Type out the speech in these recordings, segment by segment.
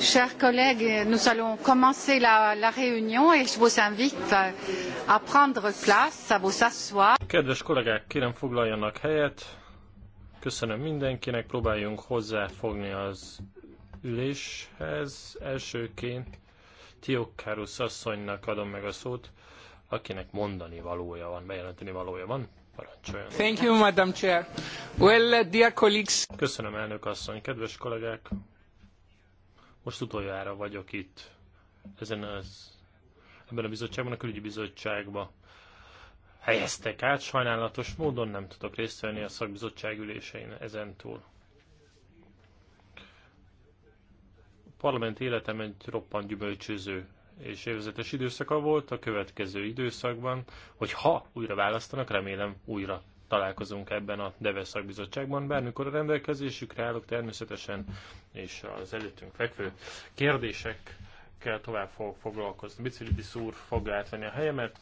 Chers collègues, nous allons commencer la, la réunion et je vous invite à prendre place, à vous asseoir. Kedves kollégák, kérem foglaljanak helyet. Köszönöm mindenkinek, próbáljunk hozzáfogni az üléshez. Elsőként Tiokkárusz asszonynak adom meg a szót, akinek mondani valója van, bejelenteni valója van. Parancsoljon. Thank you, Madam Chair. Well, dear colleagues. Köszönöm, elnök asszony, kedves kollégák. Most utoljára vagyok itt ezen az, ebben a bizottságban, a külügyi bizottságban helyeztek át, sajnálatos módon nem tudok részt venni a szakbizottság ülésein ezentúl. A parlament életem egy roppant gyümölcsöző és évezetes időszaka volt a következő időszakban, hogy ha újra választanak, remélem újra találkozunk ebben a Deves szakbizottságban. Bármikor a rendelkezésükre állok természetesen, és az előttünk fekvő kérdésekkel tovább fogok foglalkozni. Bicilibis szúr fog átvenni a helyemet.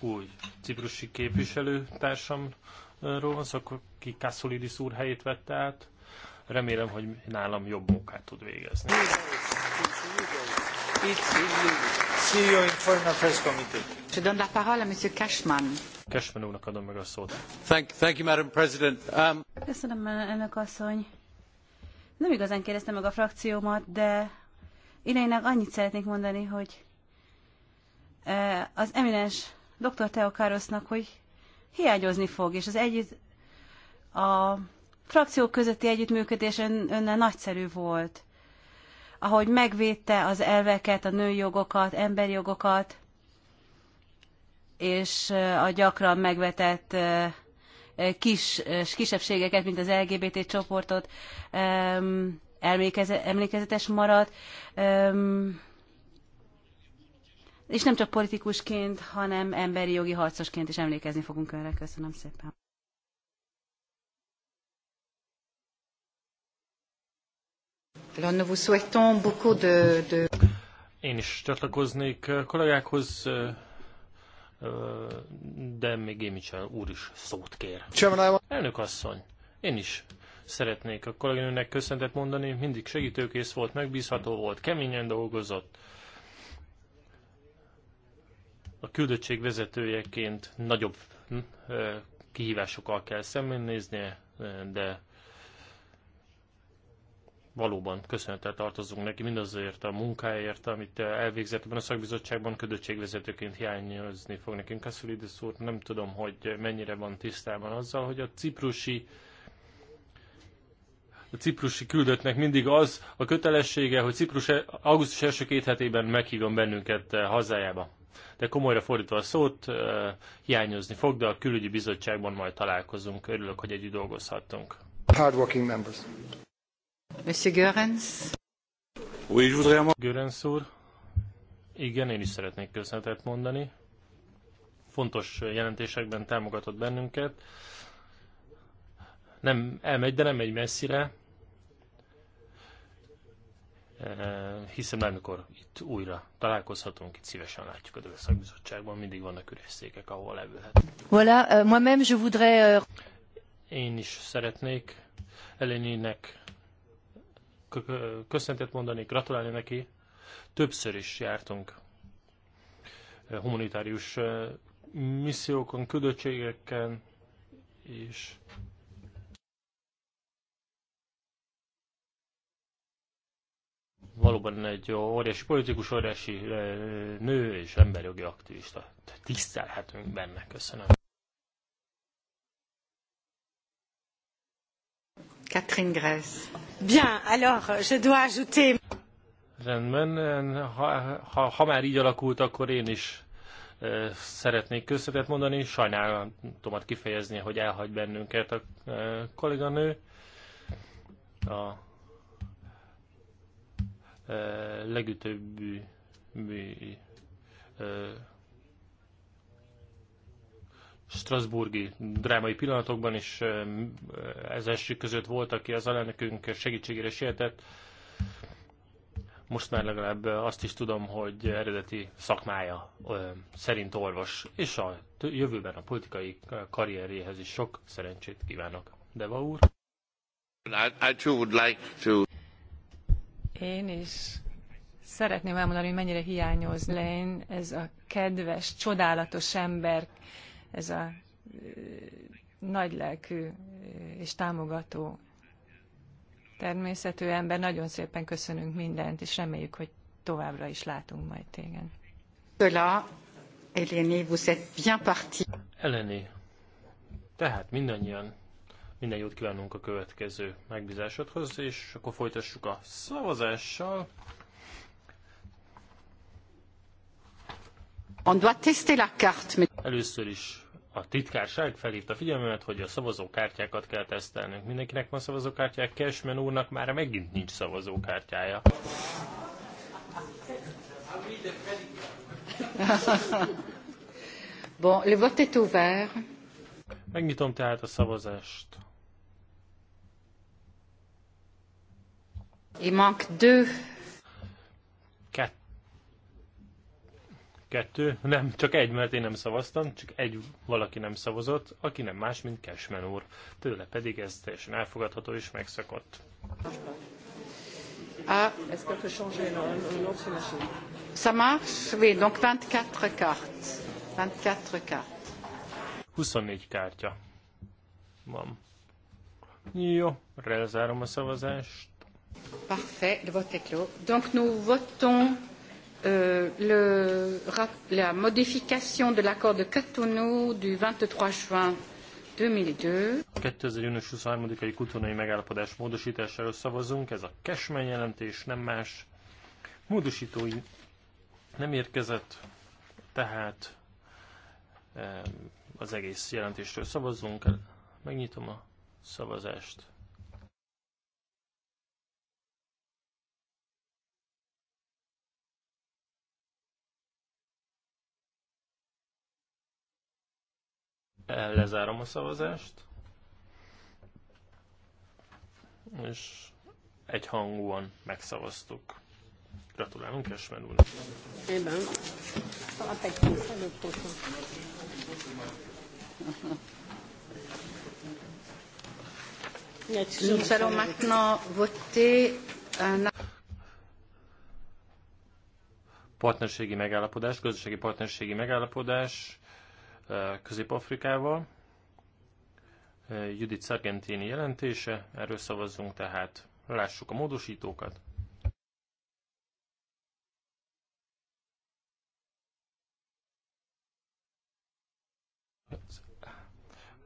Új ciprusi képviselőtársamról van szó, aki Kassolidis úr helyét vette át. Remélem, hogy nálam jobb munkát tud végezni. itt, itt, itt, itt, itt, itt, Cashman. Thank, thank you, Madam President. Um, Köszönöm, elnök asszony. Nem igazán kérdeztem meg a frakciómat, de idejének annyit szeretnék mondani, hogy e, az eminens dr. Teo Károsznak, hogy hiányozni fog, és az együtt a frakciók közötti együttműködés ön, önnel nagyszerű volt. Ahogy megvédte az elveket, a női jogokat, emberi jogokat, és a gyakran megvetett kis, kisebbségeket, mint az LGBT csoportot emlékezetes maradt, és nem csak politikusként, hanem emberi jogi harcosként is emlékezni fogunk önre. Köszönöm szépen. Én is csatlakoznék kollégákhoz de még Gémicsen úr is szót kér. Csemlában. Elnök asszony, én is szeretnék a kolléganőnek köszöntet mondani, mindig segítőkész volt, megbízható volt, keményen dolgozott. A küldöttség vezetőjeként nagyobb hm, kihívásokkal kell szemben néznie, de valóban köszönettel tartozunk neki mindazért a munkáért, amit elvégzett ebben a szakbizottságban, ködöttségvezetőként hiányozni fog nekünk Kasszulidis úr. Nem tudom, hogy mennyire van tisztában azzal, hogy a ciprusi a ciprusi küldöttnek mindig az a kötelessége, hogy Ciprus e, augusztus első két hetében meghívjon bennünket eh, hazájába. De komolyra fordítva a szót, eh, hiányozni fog, de a külügyi bizottságban majd találkozunk. Örülök, hogy együtt dolgozhattunk. Hardworking members. Monsieur Görens. úr, igen, én is szeretnék köszönetet mondani. Fontos jelentésekben támogatott bennünket. Nem elmegy, de nem megy messzire, e, hiszen bármikor itt újra találkozhatunk, itt szívesen látjuk a Szakbizottságban, mindig vannak üres székek, ahol levőhet. Voilà, euh, moi-même je voudrais... Euh, én is szeretnék Elénének köszöntet mondani, gratulálni neki. Többször is jártunk eh, humanitárius eh, missziókon, küldöttségeken, és valóban egy óriási politikus, óriási eh, nő és emberjogi aktivista. Tisztelhetünk benne, köszönöm. Catherine Grace. Bien, alors, je dois ajouter... Rendben, ha, ha, ha már így alakult, akkor én is e, szeretnék köszönetet mondani, sajnálatomat kifejezni, hogy elhagy bennünket a e, kolléganő. A e, legütőbbi mi, e, Strasburgi drámai pillanatokban is ez esik között volt, aki az alelnökünk segítségére sietett. Most már legalább azt is tudom, hogy eredeti szakmája szerint orvos, és a jövőben a politikai karrieréhez is sok szerencsét kívánok. Deva úr? I, I too would like to... Én is szeretném elmondani, hogy mennyire hiányoz Lane, ez a kedves, csodálatos ember, ez a nagylelkű és támogató természetű ember. Nagyon szépen köszönünk mindent, és reméljük, hogy továbbra is látunk majd téged. Eleni, vous êtes bien Eleni, tehát mindannyian minden jót kívánunk a következő megbízásodhoz, és akkor folytassuk a szavazással. On doit tester la carte. Először is a titkárság felhívta a figyelmemet, hogy a szavazókártyákat kell tesztelnünk. Mindenkinek van szavazókártyája, Cashman úrnak már megint nincs szavazókártyája. bon, le vote est ouvert. Megnyitom tehát a szavazást. Il manque deux Kettő? Nem, csak egy, mert én nem szavaztam, csak egy valaki nem szavazott, aki nem más, mint Cashman úr. Tőle pedig ez teljesen elfogadható és megszakott. Ah, est-ce qu'on peut changer l'autre machine Ça marche Oui, donc 24 cartes. 24 cartes. 24 kártya van. Jó, lezárom a szavazást. Parfait, le vote est clos. Donc nous votons euh, le, la modification de l'accord de Cotonou du 23 juin 2002. 2000-június kutonai megállapodás módosításáról szavazunk, ez a Cashman jelentés, nem más. Módosítói nem érkezett, tehát az egész jelentésről szavazzunk. Megnyitom a szavazást. Eh, lezárom a szavazást. És egyhangúan megszavaztuk. Gratulálunk Esmer úr. Eben. Nous allons maintenant voter un euh, partnerségi megállapodás, gazdasági partnerségi megállapodás Közép-Afrikával. Judit Sargentini jelentése, erről szavazzunk tehát. Lássuk a módosítókat.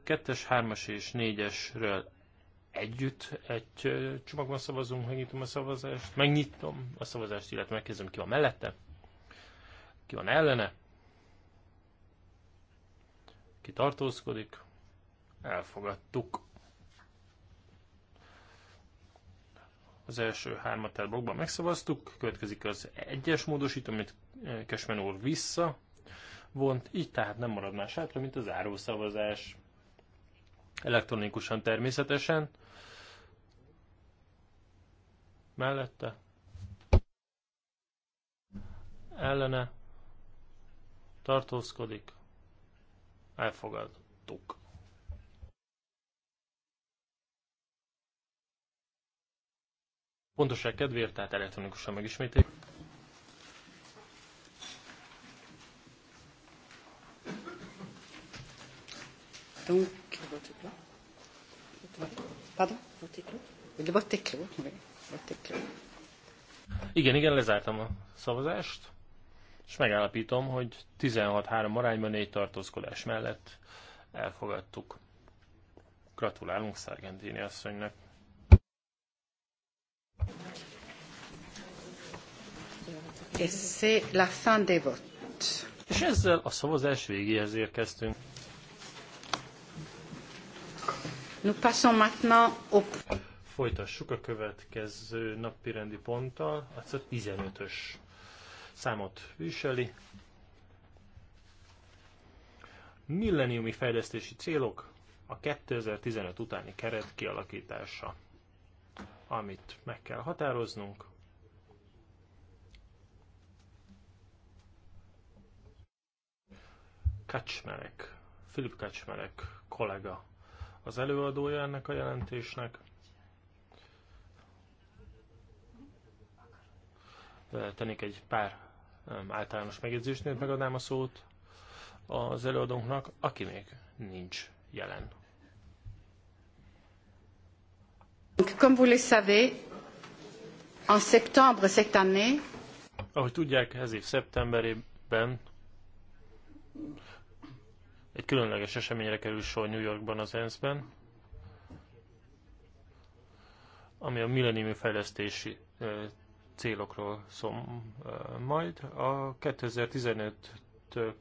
Kettes, hármas és négyesről együtt egy csomagban szavazunk, megnyitom a szavazást, megnyitom a szavazást, illetve megkezdem ki van mellette, ki van ellene, ki tartózkodik? Elfogadtuk. Az első hármat blogban megszavaztuk, következik az egyes módosító, amit Kesmen eh, úr vissza vont, így tehát nem marad más hátra, mint az árószavazás. Elektronikusan természetesen. Mellette. Ellene. Tartózkodik Elfogadtuk. Pontosság kedvéért, tehát elektronikusan megismételjük. Igen, igen, lezártam a szavazást és megállapítom, hogy 16-3 arányban négy tartózkodás mellett elfogadtuk. Gratulálunk Szargentini asszonynak! la fin des votes. És ezzel a szavazás végéhez érkeztünk. Nous passons maintenant au... Folytassuk a következő napi rendi ponttal, az a 15-ös számot viseli. Milleniumi fejlesztési célok a 2015 utáni keret kialakítása, amit meg kell határoznunk. Kacsmerek, Filip Kacsmerek kollega az előadója ennek a jelentésnek. Tennék egy pár általános megjegyzésnél megadnám a szót az előadónknak, aki még nincs jelen. Comme vous le savez, en septembre cette année, ahogy tudják, ez év szeptemberében egy különleges eseményre kerül sor New Yorkban az ENSZ-ben, ami a milleniumi fejlesztési célokról szom majd. A 2015-től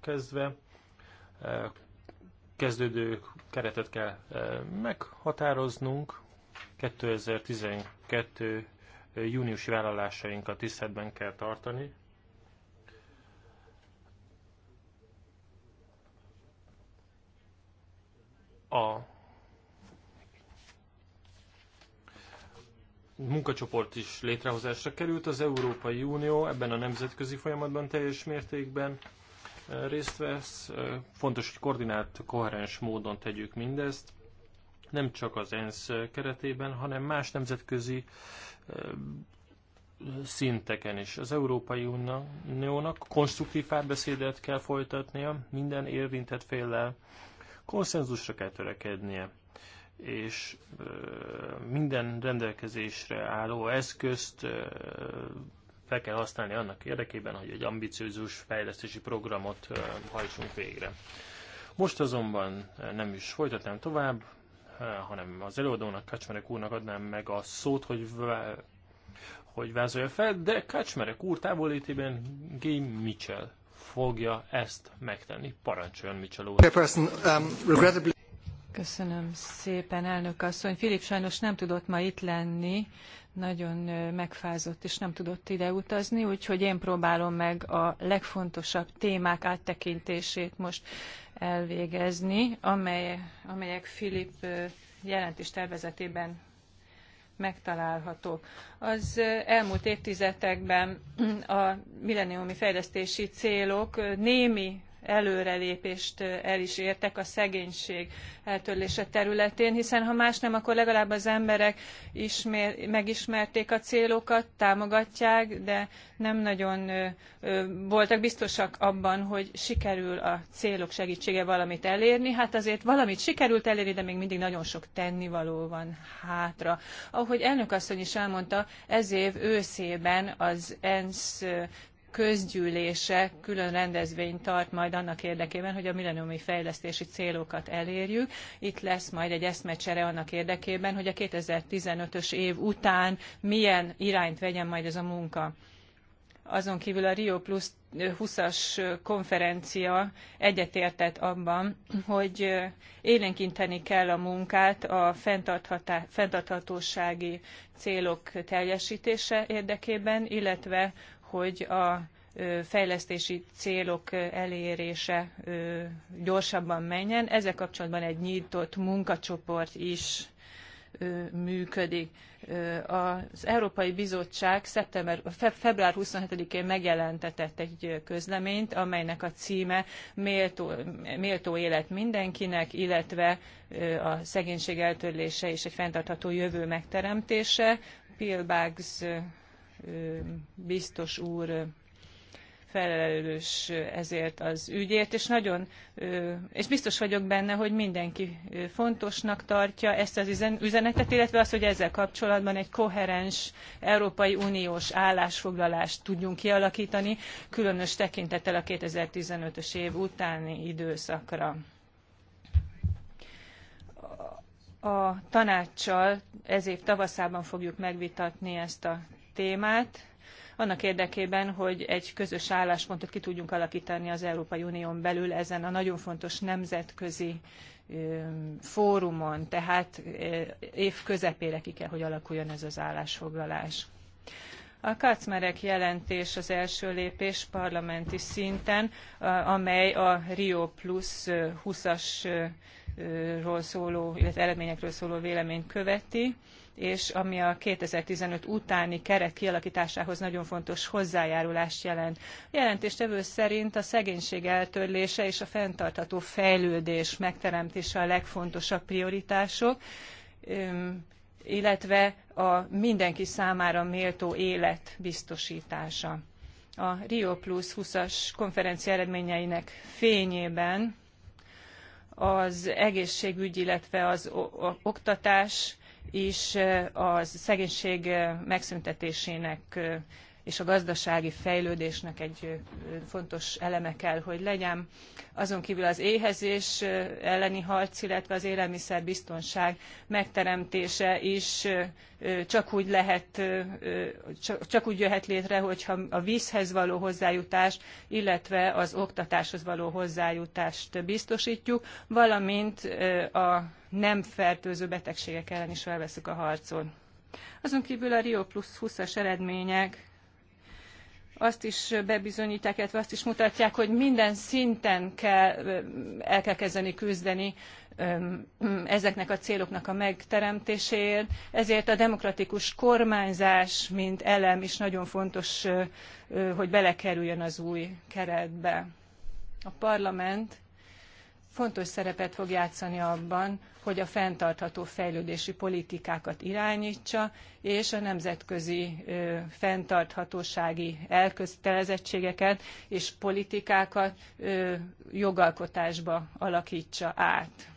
kezdve kezdődő keretet kell meghatároznunk. 2012 júniusi vállalásainkat tisztetben kell tartani. A munkacsoport is létrehozásra került. Az Európai Unió ebben a nemzetközi folyamatban teljes mértékben részt vesz. Fontos, hogy koordinált, koherens módon tegyük mindezt, nem csak az ENSZ keretében, hanem más nemzetközi szinteken is. Az Európai Uniónak konstruktív párbeszédet kell folytatnia minden érintett féllel, konszenzusra kell törekednie és minden rendelkezésre álló eszközt fel kell használni annak érdekében, hogy egy ambiciózus fejlesztési programot hajtsunk végre. Most azonban nem is folytatnám tovább, hanem az előadónak, Kacsmerek úrnak adnám meg a szót, hogy, hogy vázolja fel, de Kacsmerek úr távolétében Game Mitchell fogja ezt megtenni. Parancsoljon Mitchell úr. Person, um, regrettably... Köszönöm szépen, elnök asszony. Filip sajnos nem tudott ma itt lenni, nagyon megfázott és nem tudott ide utazni, úgyhogy én próbálom meg a legfontosabb témák áttekintését most elvégezni, amely, amelyek Filip jelentés tervezetében megtalálhatók. Az elmúlt évtizedekben a milleniumi fejlesztési célok némi előrelépést el is értek a szegénység eltörlése területén, hiszen ha más nem, akkor legalább az emberek ismer, megismerték a célokat, támogatják, de nem nagyon voltak biztosak abban, hogy sikerül a célok segítsége valamit elérni. Hát azért valamit sikerült elérni, de még mindig nagyon sok tennivaló van hátra. Ahogy elnök asszony is elmondta, ez év őszében az ENSZ közgyűlése külön rendezvényt tart majd annak érdekében, hogy a milleniumi fejlesztési célokat elérjük. Itt lesz majd egy eszmecsere annak érdekében, hogy a 2015-ös év után milyen irányt vegyen majd ez a munka. Azon kívül a Rio Plus 20-as konferencia egyetértett abban, hogy élénkinteni kell a munkát a fenntarthatósági célok teljesítése érdekében, illetve hogy a fejlesztési célok elérése gyorsabban menjen. Ezzel kapcsolatban egy nyitott munkacsoport is működik. Az Európai Bizottság szeptember, február 27-én megjelentetett egy közleményt, amelynek a címe Méltó, méltó élet mindenkinek, illetve a szegénység eltörlése és egy fenntartható jövő megteremtése. Pilbags biztos úr felelős ezért az ügyért, és nagyon, és biztos vagyok benne, hogy mindenki fontosnak tartja ezt az üzenetet, illetve azt, hogy ezzel kapcsolatban egy koherens Európai Uniós állásfoglalást tudjunk kialakítani, különös tekintettel a 2015-ös év utáni időszakra. A tanácssal ez év tavaszában fogjuk megvitatni ezt a témát, annak érdekében, hogy egy közös álláspontot ki tudjunk alakítani az Európai Unión belül ezen a nagyon fontos nemzetközi fórumon, tehát év közepére ki kell, hogy alakuljon ez az állásfoglalás. A kacmerek jelentés az első lépés parlamenti szinten, amely a Rio Plus 20-asról szóló, illetve eredményekről szóló véleményt követi és ami a 2015 utáni keret kialakításához nagyon fontos hozzájárulást jelent. A jelentéstevő szerint a szegénység eltörlése és a fenntartható fejlődés megteremtése a legfontosabb prioritások, illetve a mindenki számára méltó élet biztosítása. A Rio Plus 20-as konferencia eredményeinek fényében az egészségügy, illetve az oktatás és eh, a szegénység eh, megszüntetésének eh, és a gazdasági fejlődésnek egy fontos eleme kell, hogy legyen. Azon kívül az éhezés elleni harc, illetve az élelmiszerbiztonság megteremtése is csak úgy lehet, csak úgy jöhet létre, hogyha a vízhez való hozzájutás, illetve az oktatáshoz való hozzájutást biztosítjuk, valamint a nem fertőző betegségek ellen is felveszük a harcon. Azon kívül a Rio Plus 20-as eredmények azt is bebizonyítják, illetve azt is mutatják, hogy minden szinten kell, el kell kezdeni küzdeni ezeknek a céloknak a megteremtéséért. Ezért a demokratikus kormányzás, mint elem is nagyon fontos, hogy belekerüljön az új keretbe. A parlament fontos szerepet fog játszani abban, hogy a fenntartható fejlődési politikákat irányítsa, és a nemzetközi ö, fenntarthatósági elkötelezettségeket és politikákat ö, jogalkotásba alakítsa át.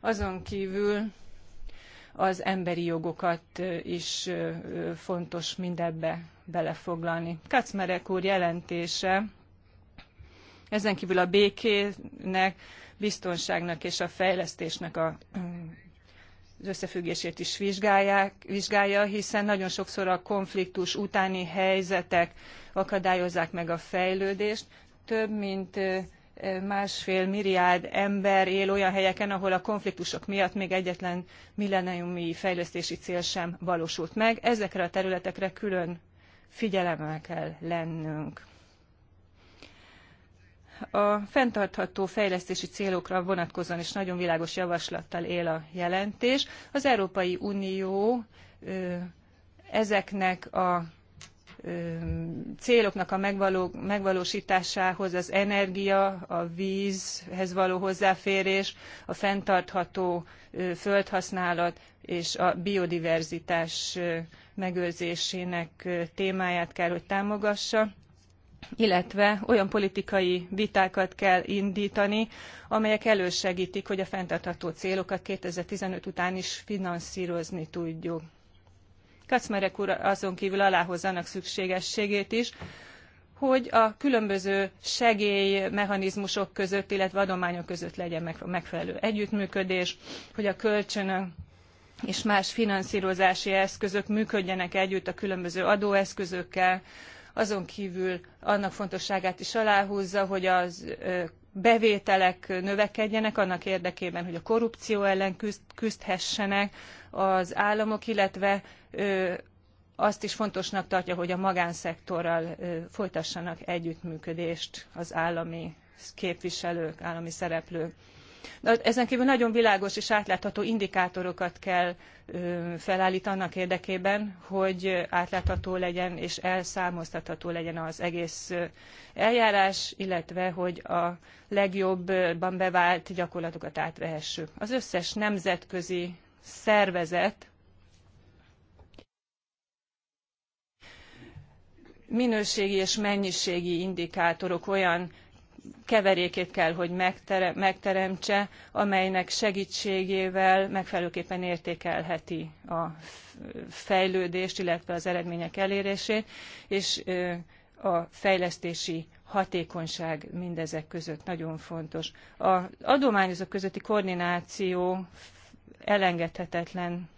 Azon kívül az emberi jogokat is fontos mindebbe belefoglalni. Kacmerek úr jelentése ezen kívül a békének biztonságnak és a fejlesztésnek a az összefüggését is vizsgálják, vizsgálja, hiszen nagyon sokszor a konfliktus utáni helyzetek akadályozzák meg a fejlődést. Több mint másfél milliárd ember él olyan helyeken, ahol a konfliktusok miatt még egyetlen milleniumi fejlesztési cél sem valósult meg. Ezekre a területekre külön figyelemmel kell lennünk a fenntartható fejlesztési célokra vonatkozóan is nagyon világos javaslattal él a jelentés. Az Európai Unió ezeknek a céloknak a megvalósításához az energia, a vízhez való hozzáférés, a fenntartható földhasználat és a biodiverzitás megőrzésének témáját kell, hogy támogassa illetve olyan politikai vitákat kell indítani, amelyek elősegítik, hogy a fenntartható célokat 2015 után is finanszírozni tudjuk. Kacmerek úr azon kívül alához annak szükségességét is, hogy a különböző segélymechanizmusok között, illetve adományok között legyen megfelelő együttműködés, hogy a kölcsönök és más finanszírozási eszközök működjenek együtt a különböző adóeszközökkel, azon kívül annak fontosságát is aláhúzza hogy a bevételek növekedjenek annak érdekében hogy a korrupció ellen küzdhessenek az államok illetve azt is fontosnak tartja hogy a magánszektorral folytassanak együttműködést az állami képviselők állami szereplők. Ezen kívül nagyon világos és átlátható indikátorokat kell felállítani annak érdekében, hogy átlátható legyen és elszámoztatható legyen az egész eljárás, illetve hogy a legjobban bevált gyakorlatokat átvehessük. Az összes nemzetközi szervezet minőségi és mennyiségi indikátorok olyan keverékét kell, hogy megteremtse, amelynek segítségével megfelelőképpen értékelheti a fejlődést, illetve az eredmények elérését, és a fejlesztési hatékonyság mindezek között nagyon fontos. Az adományozók közötti koordináció elengedhetetlen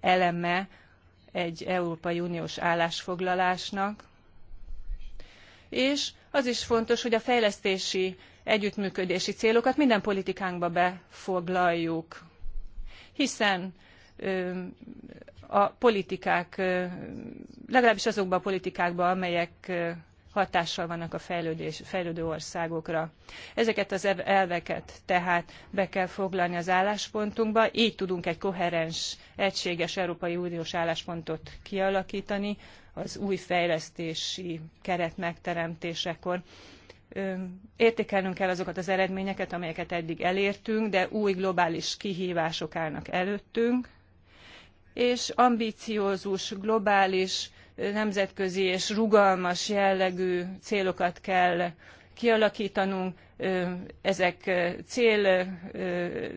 eleme egy Európai Uniós állásfoglalásnak, és az is fontos, hogy a fejlesztési együttműködési célokat minden politikánkba befoglaljuk. Hiszen a politikák, legalábbis azokba a politikákba, amelyek hatással vannak a fejlődés, fejlődő országokra. Ezeket az elveket tehát be kell foglalni az álláspontunkba, így tudunk egy koherens, egységes Európai Uniós álláspontot kialakítani az új fejlesztési keret megteremtésekor értékelnünk kell azokat az eredményeket, amelyeket eddig elértünk, de új globális kihívások állnak előttünk, és ambíciózus, globális nemzetközi és rugalmas jellegű célokat kell kialakítanunk, ezek cél,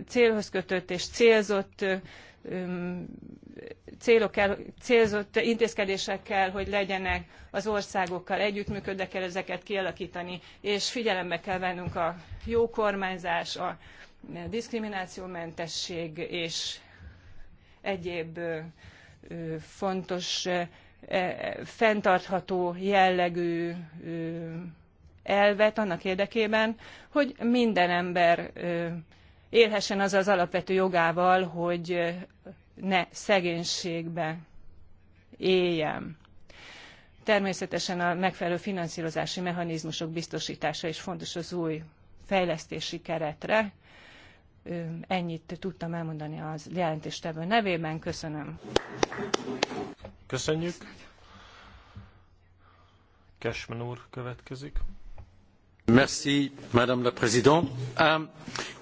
célhoz kötött és célzott célok kell, célzott intézkedések kell, hogy legyenek az országokkal együttműködve kell ezeket kialakítani, és figyelembe kell vennünk a jó kormányzás, a diszkriminációmentesség és egyéb fontos E, fenntartható jellegű elvet annak érdekében, hogy minden ember élhessen az az alapvető jogával, hogy ne szegénységbe éljen. Természetesen a megfelelő finanszírozási mechanizmusok biztosítása is fontos az új fejlesztési keretre, ennyit tudtam elmondani az jelentéstevő nevében. Köszönöm. Köszönjük. Cashman úr következik. Merci, Madame la Présidente. Um,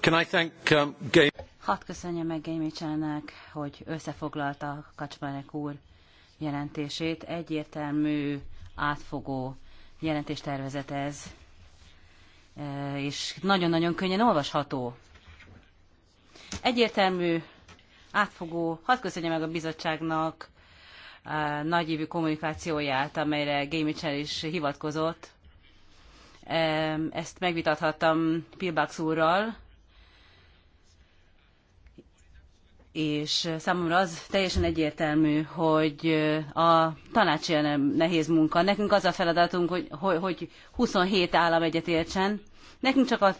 can I thank um, Game... Hadd köszönjem meg Gémicsának, hogy összefoglalta Kacsmarek úr jelentését. Egyértelmű, átfogó jelentéstervezet ez, és nagyon-nagyon könnyen olvasható Egyértelmű, átfogó, hadd köszönje meg a bizottságnak eh, nagyévű kommunikációját, amelyre Gémicser is hivatkozott. Ezt megvitathattam Pilbax úrral, és számomra az teljesen egyértelmű, hogy a tanács ilyen nehéz munka. Nekünk az a feladatunk, hogy, hogy 27 állam egyetértsen, nekünk csak a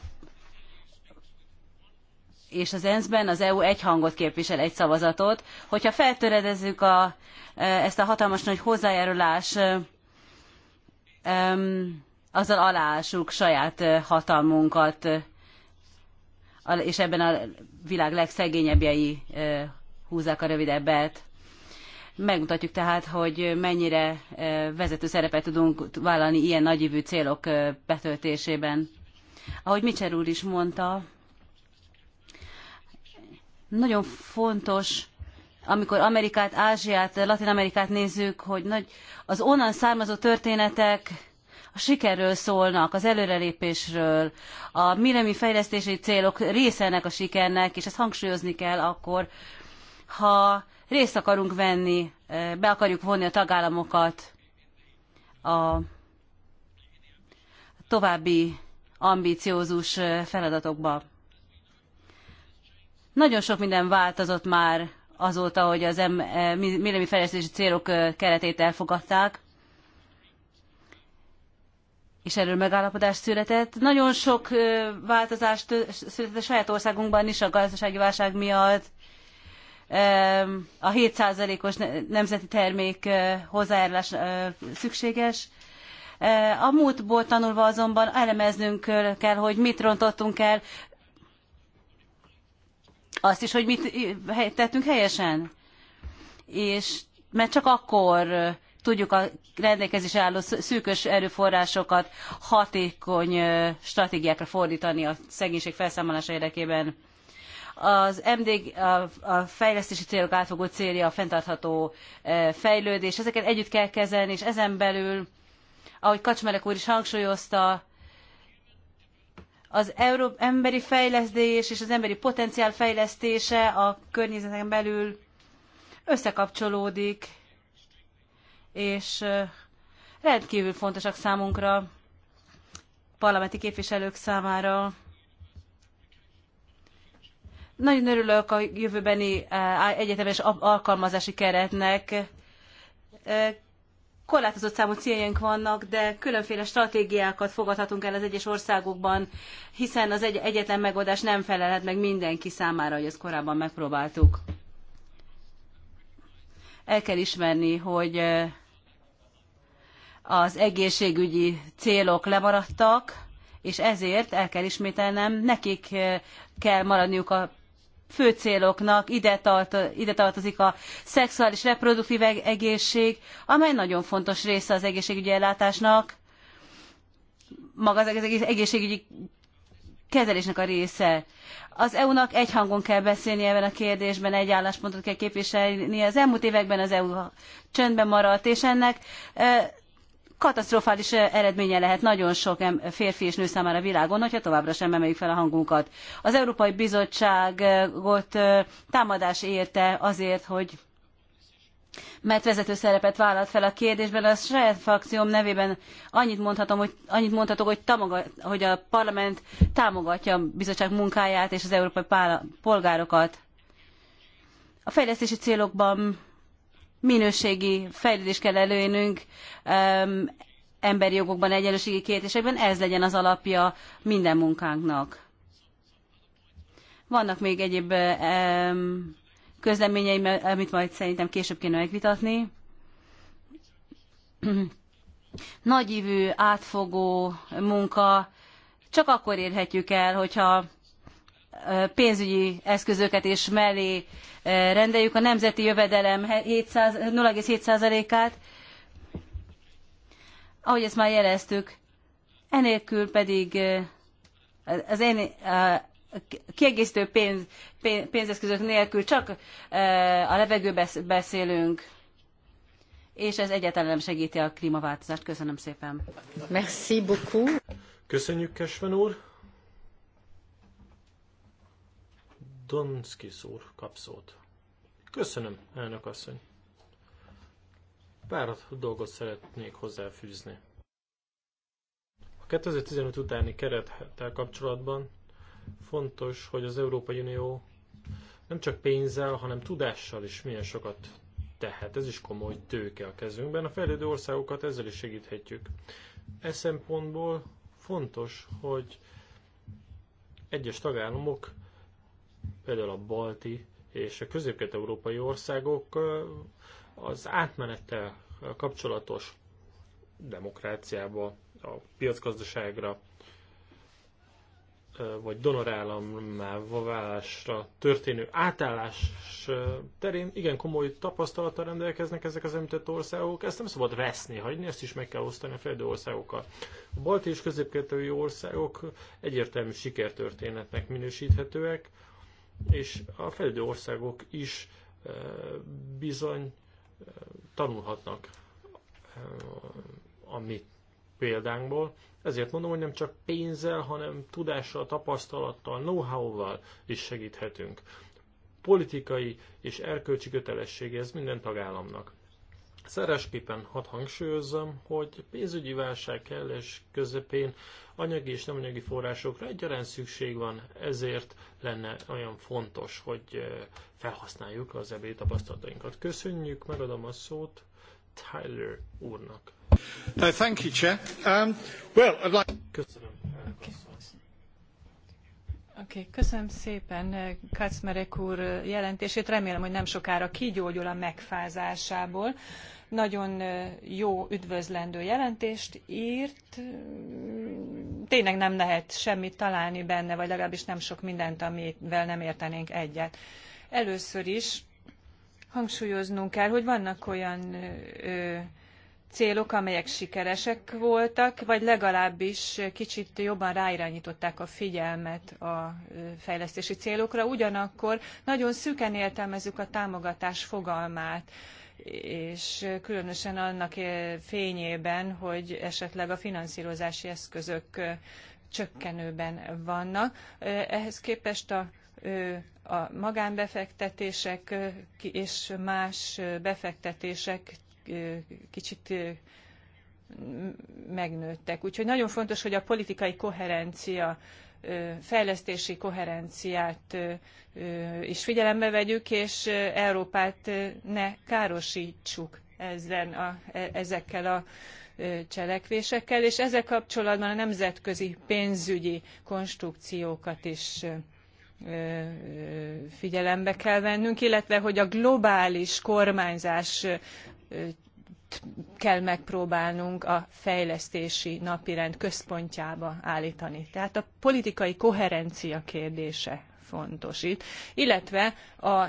és az ENSZ-ben az EU egy hangot képvisel, egy szavazatot. Hogyha feltöredezzük a, e, ezt a hatalmas nagy hozzájárulás, e, azzal aláásuk saját e, hatalmunkat, és ebben a világ legszegényebbjei húzzák a rövidebbet. Megmutatjuk tehát, hogy mennyire vezető szerepet tudunk vállalni ilyen nagyívű célok betöltésében. Ahogy Micser úr is mondta, nagyon fontos, amikor Amerikát, Ázsiát, Latin Amerikát nézzük, hogy nagy, az onnan származó történetek a sikerről szólnak, az előrelépésről, a miremi fejlesztési célok része ennek a sikernek, és ezt hangsúlyozni kell akkor, ha részt akarunk venni, eh, be akarjuk vonni a tagállamokat a további ambíciózus eh, feladatokba. Nagyon sok minden változott már azóta, hogy az eh, millemi fejlesztési célok eh, keretét elfogadták, és erről megállapodás született. Nagyon sok eh, változást született a saját országunkban is a gazdasági válság miatt. A 7%-os nemzeti termék hozzájárulás szükséges. A múltból tanulva azonban elemeznünk kell, hogy mit rontottunk el, azt is, hogy mit tettünk helyesen. És mert csak akkor tudjuk a rendelkezés álló szűkös erőforrásokat hatékony stratégiákra fordítani a szegénység felszámolása érdekében. Az MD a, a fejlesztési célok átfogó célja a fenntartható fejlődés, ezeket együtt kell kezelni, és ezen belül, ahogy Kacsmerek úr is hangsúlyozta, az Euró- emberi fejlesztés és az emberi potenciál fejlesztése a környezeten belül összekapcsolódik, és rendkívül fontosak számunkra, parlamenti képviselők számára. Nagyon örülök a jövőbeni egyetemes alkalmazási keretnek korlátozott számú céljaink vannak, de különféle stratégiákat fogadhatunk el az egyes országokban, hiszen az egy, egyetlen megoldás nem felelhet meg mindenki számára, hogy ezt korábban megpróbáltuk. El kell ismerni, hogy az egészségügyi célok lemaradtak, és ezért el kell ismételnem, nekik kell maradniuk a fő céloknak ide, tart, ide tartozik a szexuális reproduktív egészség, amely nagyon fontos része az egészségügyi ellátásnak, maga az egészségügyi kezelésnek a része. Az EU-nak egyhangon kell beszélni ebben a kérdésben, egy álláspontot kell képviselni. Az elmúlt években az EU csöndben maradt, és ennek katasztrofális eredménye lehet nagyon sok férfi és nő számára a világon, hogyha továbbra sem emeljük fel a hangunkat. Az Európai Bizottságot támadás érte azért, hogy mert vezető szerepet vállalt fel a kérdésben, a saját frakcióm nevében annyit, mondhatom, hogy, annyit mondhatok, hogy, tamogat, hogy a parlament támogatja a bizottság munkáját és az európai polgárokat. A fejlesztési célokban minőségi fejlődést kell előnünk emberi jogokban, egyenlőségi kérdésekben, ez legyen az alapja minden munkánknak. Vannak még egyéb közleményeim, amit majd szerintem később kéne megvitatni. Nagyívű, átfogó munka csak akkor érhetjük el, hogyha pénzügyi eszközöket is mellé eh, rendeljük a nemzeti jövedelem 0,7%-át, ahogy ezt már jeleztük, enélkül pedig eh, az én eh, kiegészítő pénz, pénz, pénzeszközök nélkül csak a levegőbe beszélünk, és ez egyáltalán nem segíti a klímaváltozást. Köszönöm szépen. Merci beaucoup. Köszönjük, Kesven úr. Donski úr kap szót. Köszönöm, elnök asszony. Pár dolgot szeretnék hozzáfűzni. A 2015 utáni kerettel kapcsolatban fontos, hogy az Európai Unió nem csak pénzzel, hanem tudással is milyen sokat tehet. Ez is komoly tőke a kezünkben. A fejlődő országokat ezzel is segíthetjük. E szempontból fontos, hogy egyes tagállamok például a balti és a közép-európai országok az átmenettel kapcsolatos demokráciába, a piacgazdaságra, vagy donorállammá válásra történő átállás terén igen komoly tapasztalata rendelkeznek ezek az említett országok. Ezt nem szabad veszni, hagyni, ezt is meg kell osztani a fejlődő országokkal. A balti és középkettői országok egyértelmű sikertörténetnek minősíthetőek, és a fejlődő országok is e, bizony e, tanulhatnak e, a mi példánkból. Ezért mondom, hogy nem csak pénzzel, hanem tudással, tapasztalattal, know-how-val is segíthetünk. Politikai és erkölcsi kötelessége ez minden tagállamnak. Szeresképpen hadd hangsúlyozzam, hogy pénzügyi válság kellés közepén anyagi és nem anyagi forrásokra egyaránt szükség van, ezért lenne olyan fontos, hogy eh, felhasználjuk az ebéd tapasztalatainkat. Köszönjük, megadom a szót Tyler úrnak. Köszönöm. Uh, thank you, Chair. Um, well, I'd like... Köszönöm, Okay, köszönöm szépen eh, Kacmerek úr eh, jelentését. Remélem, hogy nem sokára kigyógyul a megfázásából. Nagyon eh, jó, üdvözlendő jelentést írt. Mm, tényleg nem lehet semmit találni benne, vagy legalábbis nem sok mindent, amivel nem értenénk egyet. Először is hangsúlyoznunk kell, hogy vannak olyan ö, célok, amelyek sikeresek voltak, vagy legalábbis kicsit jobban ráirányították a figyelmet a fejlesztési célokra. Ugyanakkor nagyon szűken értelmezzük a támogatás fogalmát és különösen annak fényében, hogy esetleg a finanszírozási eszközök csökkenőben vannak. Ehhez képest a a magánbefektetések és más befektetések kicsit megnőttek. Úgyhogy nagyon fontos, hogy a politikai koherencia, fejlesztési koherenciát is figyelembe vegyük, és Európát ne károsítsuk ezen a, e, ezekkel a cselekvésekkel, és ezzel kapcsolatban a nemzetközi pénzügyi konstrukciókat is figyelembe kell vennünk, illetve hogy a globális kormányzás kell megpróbálnunk a fejlesztési napirend központjába állítani. Tehát a politikai koherencia kérdése fontos itt, illetve a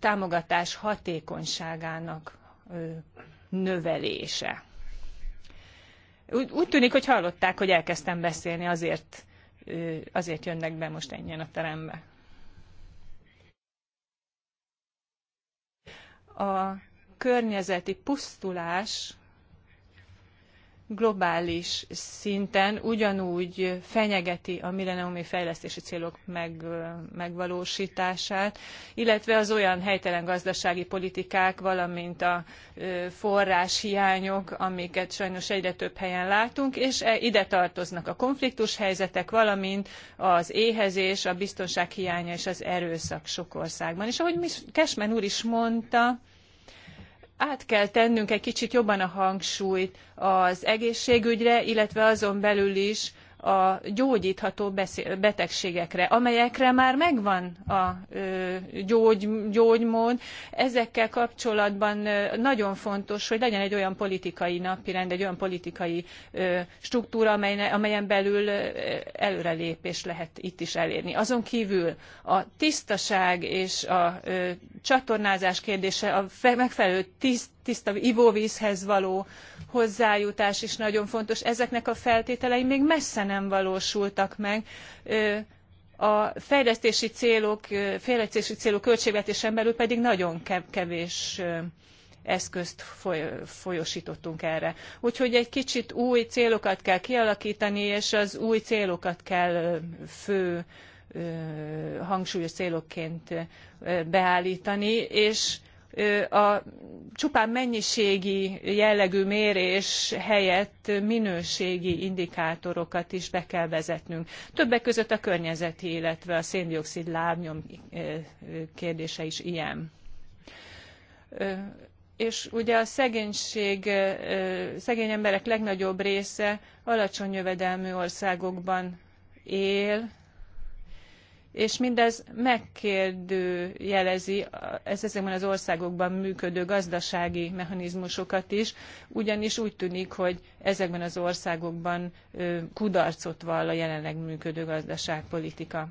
támogatás hatékonyságának növelése. Úgy, tűnik, hogy hallották, hogy elkezdtem beszélni, azért, azért jönnek be most ennyien a terembe. A környezeti pusztulás globális szinten ugyanúgy fenyegeti a millenniumi fejlesztési célok meg, megvalósítását, illetve az olyan helytelen gazdasági politikák, valamint a forráshiányok, amiket sajnos egyre több helyen látunk, és e, ide tartoznak a konfliktus helyzetek, valamint az éhezés, a biztonság hiánya és az erőszak sok országban. És ahogy Kesmen úr is mondta, át kell tennünk egy kicsit jobban a hangsúlyt az egészségügyre, illetve azon belül is a gyógyítható betegségekre, amelyekre már megvan a gyógy, gyógymód. Ezekkel kapcsolatban nagyon fontos, hogy legyen egy olyan politikai napirend, egy olyan politikai struktúra, amelyen belül előrelépés lehet itt is elérni. Azon kívül a tisztaság és a csatornázás kérdése, a megfelelő tiszt, tiszta ivóvzhez való hozzájutás is nagyon fontos. Ezeknek a feltételei még messze nem valósultak meg. A fejlesztési célok, fejlesztési célok költségvetésen belül pedig nagyon kevés eszközt folyosítottunk erre. Úgyhogy egy kicsit új célokat kell kialakítani, és az új célokat kell fő hangsúlyos célokként beállítani, és a csupán mennyiségi jellegű mérés helyett minőségi indikátorokat is be kell vezetnünk többek között a környezeti illetve a szén dioxid lábnyom kérdése is ilyen és ugye a szegénység, szegény emberek legnagyobb része alacsony jövedelmű országokban él, és mindez megkérdőjelezi ez ezekben az országokban működő gazdasági mechanizmusokat is, ugyanis úgy tűnik, hogy ezekben az országokban kudarcot vall a jelenleg működő gazdaságpolitika.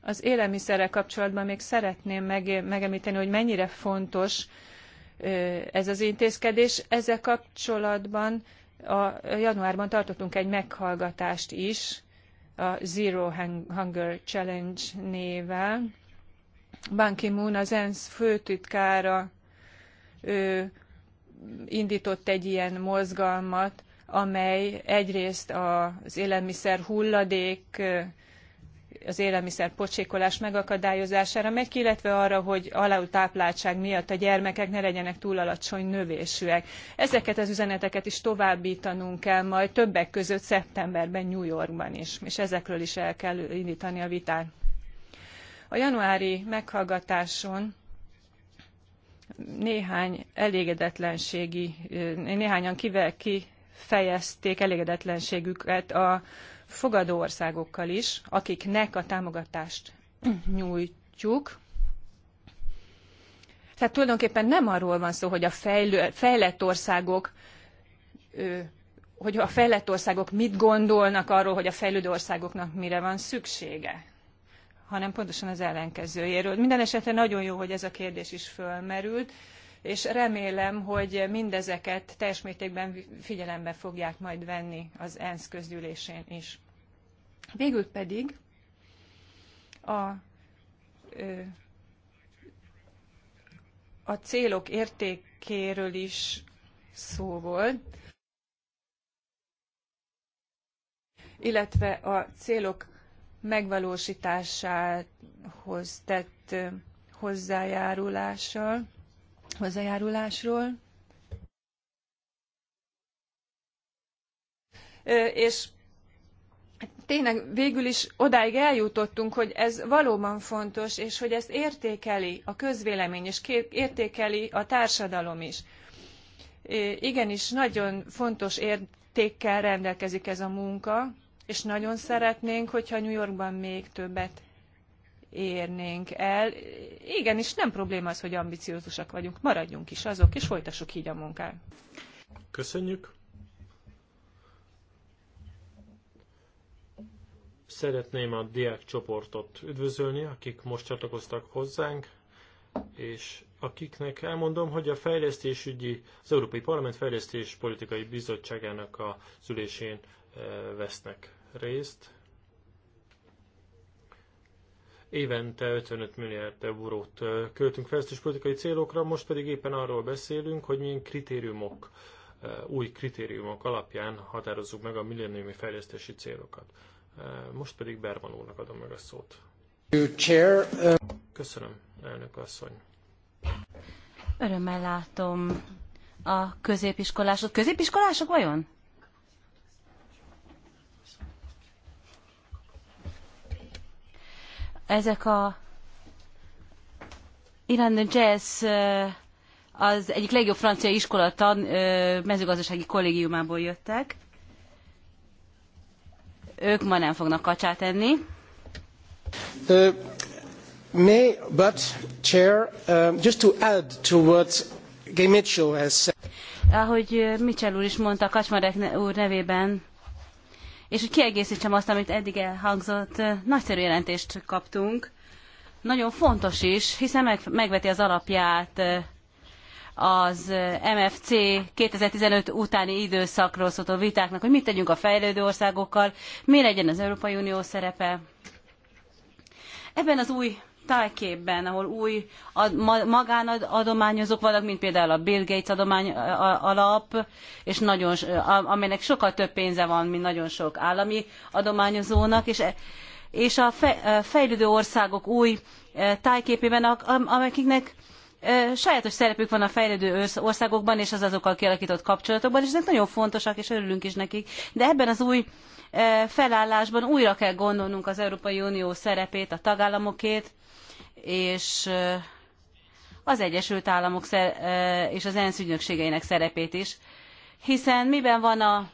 Az élelmiszerrel kapcsolatban még szeretném megemlíteni, hogy mennyire fontos ez az intézkedés. Ezzel kapcsolatban a januárban tartottunk egy meghallgatást is, a Zero Hunger Challenge néven. Ban Ki-moon, az ENSZ főtitkára ő indított egy ilyen mozgalmat, amely egyrészt az élelmiszer hulladék az élelmiszer pocsékolás megakadályozására megy ki, illetve arra, hogy alultápláltság miatt a gyermekek ne legyenek túl alacsony növésűek. Ezeket az üzeneteket is továbbítanunk kell majd többek között szeptemberben New Yorkban is, és ezekről is el kell indítani a vitát. A januári meghallgatáson néhány elégedetlenségi, néhányan kivel kifejezték elégedetlenségüket a fogadó országokkal is, akiknek a támogatást nyújtjuk. Tehát tulajdonképpen nem arról van szó, hogy a fejlő, fejlett országok hogy a fejlett országok mit gondolnak arról, hogy a fejlődő országoknak mire van szüksége, hanem pontosan az ellenkezőjéről. Minden esetre nagyon jó, hogy ez a kérdés is fölmerült és remélem, hogy mindezeket teljes mértékben figyelembe fogják majd venni az ENSZ közgyűlésén is. Végül pedig a, a célok értékéről is szó volt, illetve a célok megvalósításához tett hozzájárulással hozzájárulásról. És tényleg végül is odáig eljutottunk, hogy ez valóban fontos, és hogy ezt értékeli a közvélemény, és értékeli a társadalom is. Igenis, nagyon fontos értékkel rendelkezik ez a munka, és nagyon szeretnénk, hogyha New Yorkban még többet érnénk el. Igen, és nem probléma az, hogy ambiciózusak vagyunk, maradjunk is azok, és folytassuk így a munkát. Köszönjük. Szeretném a diák csoportot üdvözölni, akik most csatlakoztak hozzánk, és akiknek elmondom, hogy a fejlesztésügyi, az Európai Parlament Fejlesztés Politikai Bizottságának a ülésén eh, vesznek részt. Évente 55 milliárd eurót költünk fejlesztés politikai célokra, most pedig éppen arról beszélünk, hogy milyen kritériumok, új kritériumok alapján határozzuk meg a milleniumi fejlesztési célokat. Most pedig Berman adom meg a szót. Köszönöm, elnök asszony. Örömmel látom a középiskolások. Középiskolások vajon? ezek a Iran Jazz az egyik legjobb francia iskola tan, mezőgazdasági kollégiumából jöttek. Ők ma nem fognak kacsát enni. Uh, may, but, Chair, uh, just to add to what Gay Mitchell has said. Ahogy Mitchell úr is mondta, Kacsmarek úr nevében, és hogy kiegészítsem azt, amit eddig elhangzott, nagyszerű jelentést kaptunk. Nagyon fontos is, hiszen meg, megveti az alapját az MFC 2015 utáni időszakról szóló vitáknak, hogy mit tegyünk a fejlődő országokkal, mi legyen az Európai Unió szerepe. Ebben az új tájképben, ahol új ad, magánadományozók vannak, mint például a Bill Gates adomány alap, és nagyon, aminek sokkal több pénze van, mint nagyon sok állami adományozónak, és, e- és a fejlődő országok új tájképében, amelyiknek sajátos szerepük van a fejlődő országokban és az azokkal kialakított kapcsolatokban, és ezek nagyon fontosak, és örülünk is nekik. De ebben az új felállásban újra kell gondolnunk az Európai Unió szerepét, a tagállamokét, és az Egyesült Államok és az ENSZ ügynökségeinek szerepét is, hiszen miben van a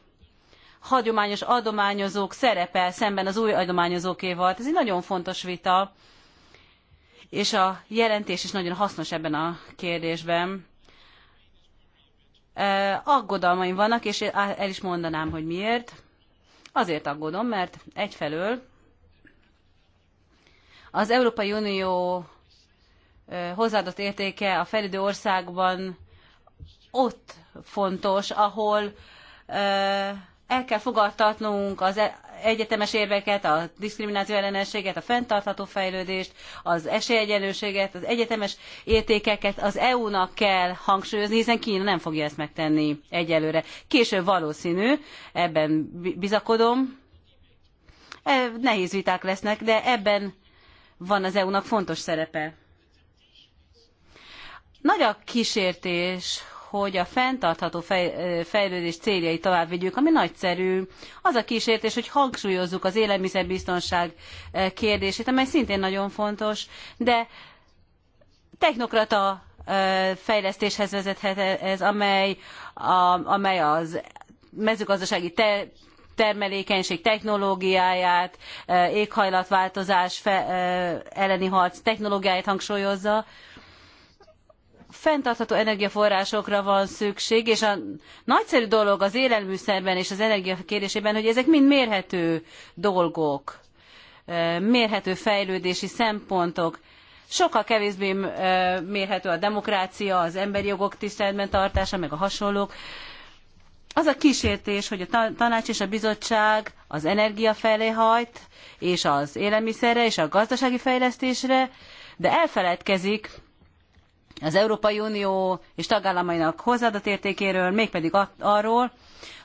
hagyományos adományozók szerepe szemben az új adományozókéval. Hát ez egy nagyon fontos vita, és a jelentés is nagyon hasznos ebben a kérdésben. Aggodalmaim vannak, és el is mondanám, hogy miért. Azért aggódom, mert egyfelől az Európai Unió hozzáadott értéke a fejlődő országban ott fontos, ahol el kell fogadtatnunk az e- egyetemes érveket, a diszkrimináció ellenességet, a fenntartható fejlődést, az esélyegyenlőséget, az egyetemes értékeket az EU-nak kell hangsúlyozni, hiszen Kína nem fogja ezt megtenni egyelőre. Később valószínű, ebben bizakodom. E- nehéz viták lesznek, de ebben van az EU-nak fontos szerepe. Nagy a kísértés, hogy a fenntartható fejlődés céljai tovább vigyük, ami nagyszerű. Az a kísértés, hogy hangsúlyozzuk az élelmiszerbiztonság kérdését, amely szintén nagyon fontos, de technokrata fejlesztéshez vezethet e-, ez, amely, a, amely az mezőgazdasági te, termelékenység technológiáját, e, éghajlatváltozás e, elleni harc technológiáját hangsúlyozza. Fenntartható energiaforrásokra van szükség, és a nagyszerű dolog az élelműszerben és az energia kérdésében, hogy ezek mind mérhető dolgok, e, mérhető fejlődési szempontok sokkal kevésbé mérhető a demokrácia, az emberi jogok tiszteletben tartása, meg a hasonlók az a kísértés, hogy a tanács és a bizottság az energia felé hajt, és az élelmiszerre, és a gazdasági fejlesztésre, de elfeledkezik az Európai Unió és tagállamainak hozzáadott értékéről, mégpedig arról,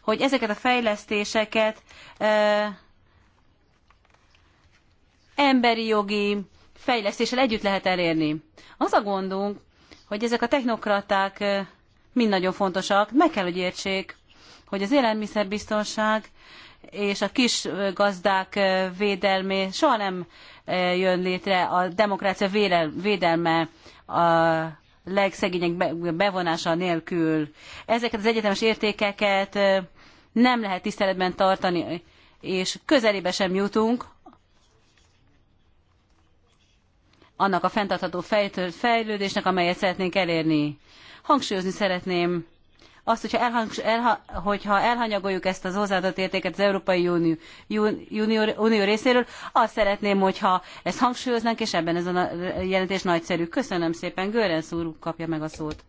hogy ezeket a fejlesztéseket e, emberi jogi fejlesztéssel együtt lehet elérni. Az a gondunk, hogy ezek a technokraták e, mind nagyon fontosak, meg kell, hogy értsék, hogy az élelmiszerbiztonság és a kis gazdák védelmé soha nem e, jön létre, a demokrácia védelme a legszegények bevonása nélkül. Ezeket az egyetemes értékeket e, nem lehet tiszteletben tartani, és közelébe sem jutunk annak a fenntartható fejlődésnek, amelyet szeretnénk elérni. Hangsúlyozni szeretném azt, hogyha, elhang, elha, hogyha elhanyagoljuk ezt az hozzáadott értéket az Európai Unió, Unió, Unió részéről, azt szeretném, hogyha ezt hangsúlyoznánk, és ebben ez a jelentés nagyszerű. Köszönöm szépen, Görenc úr kapja meg a szót.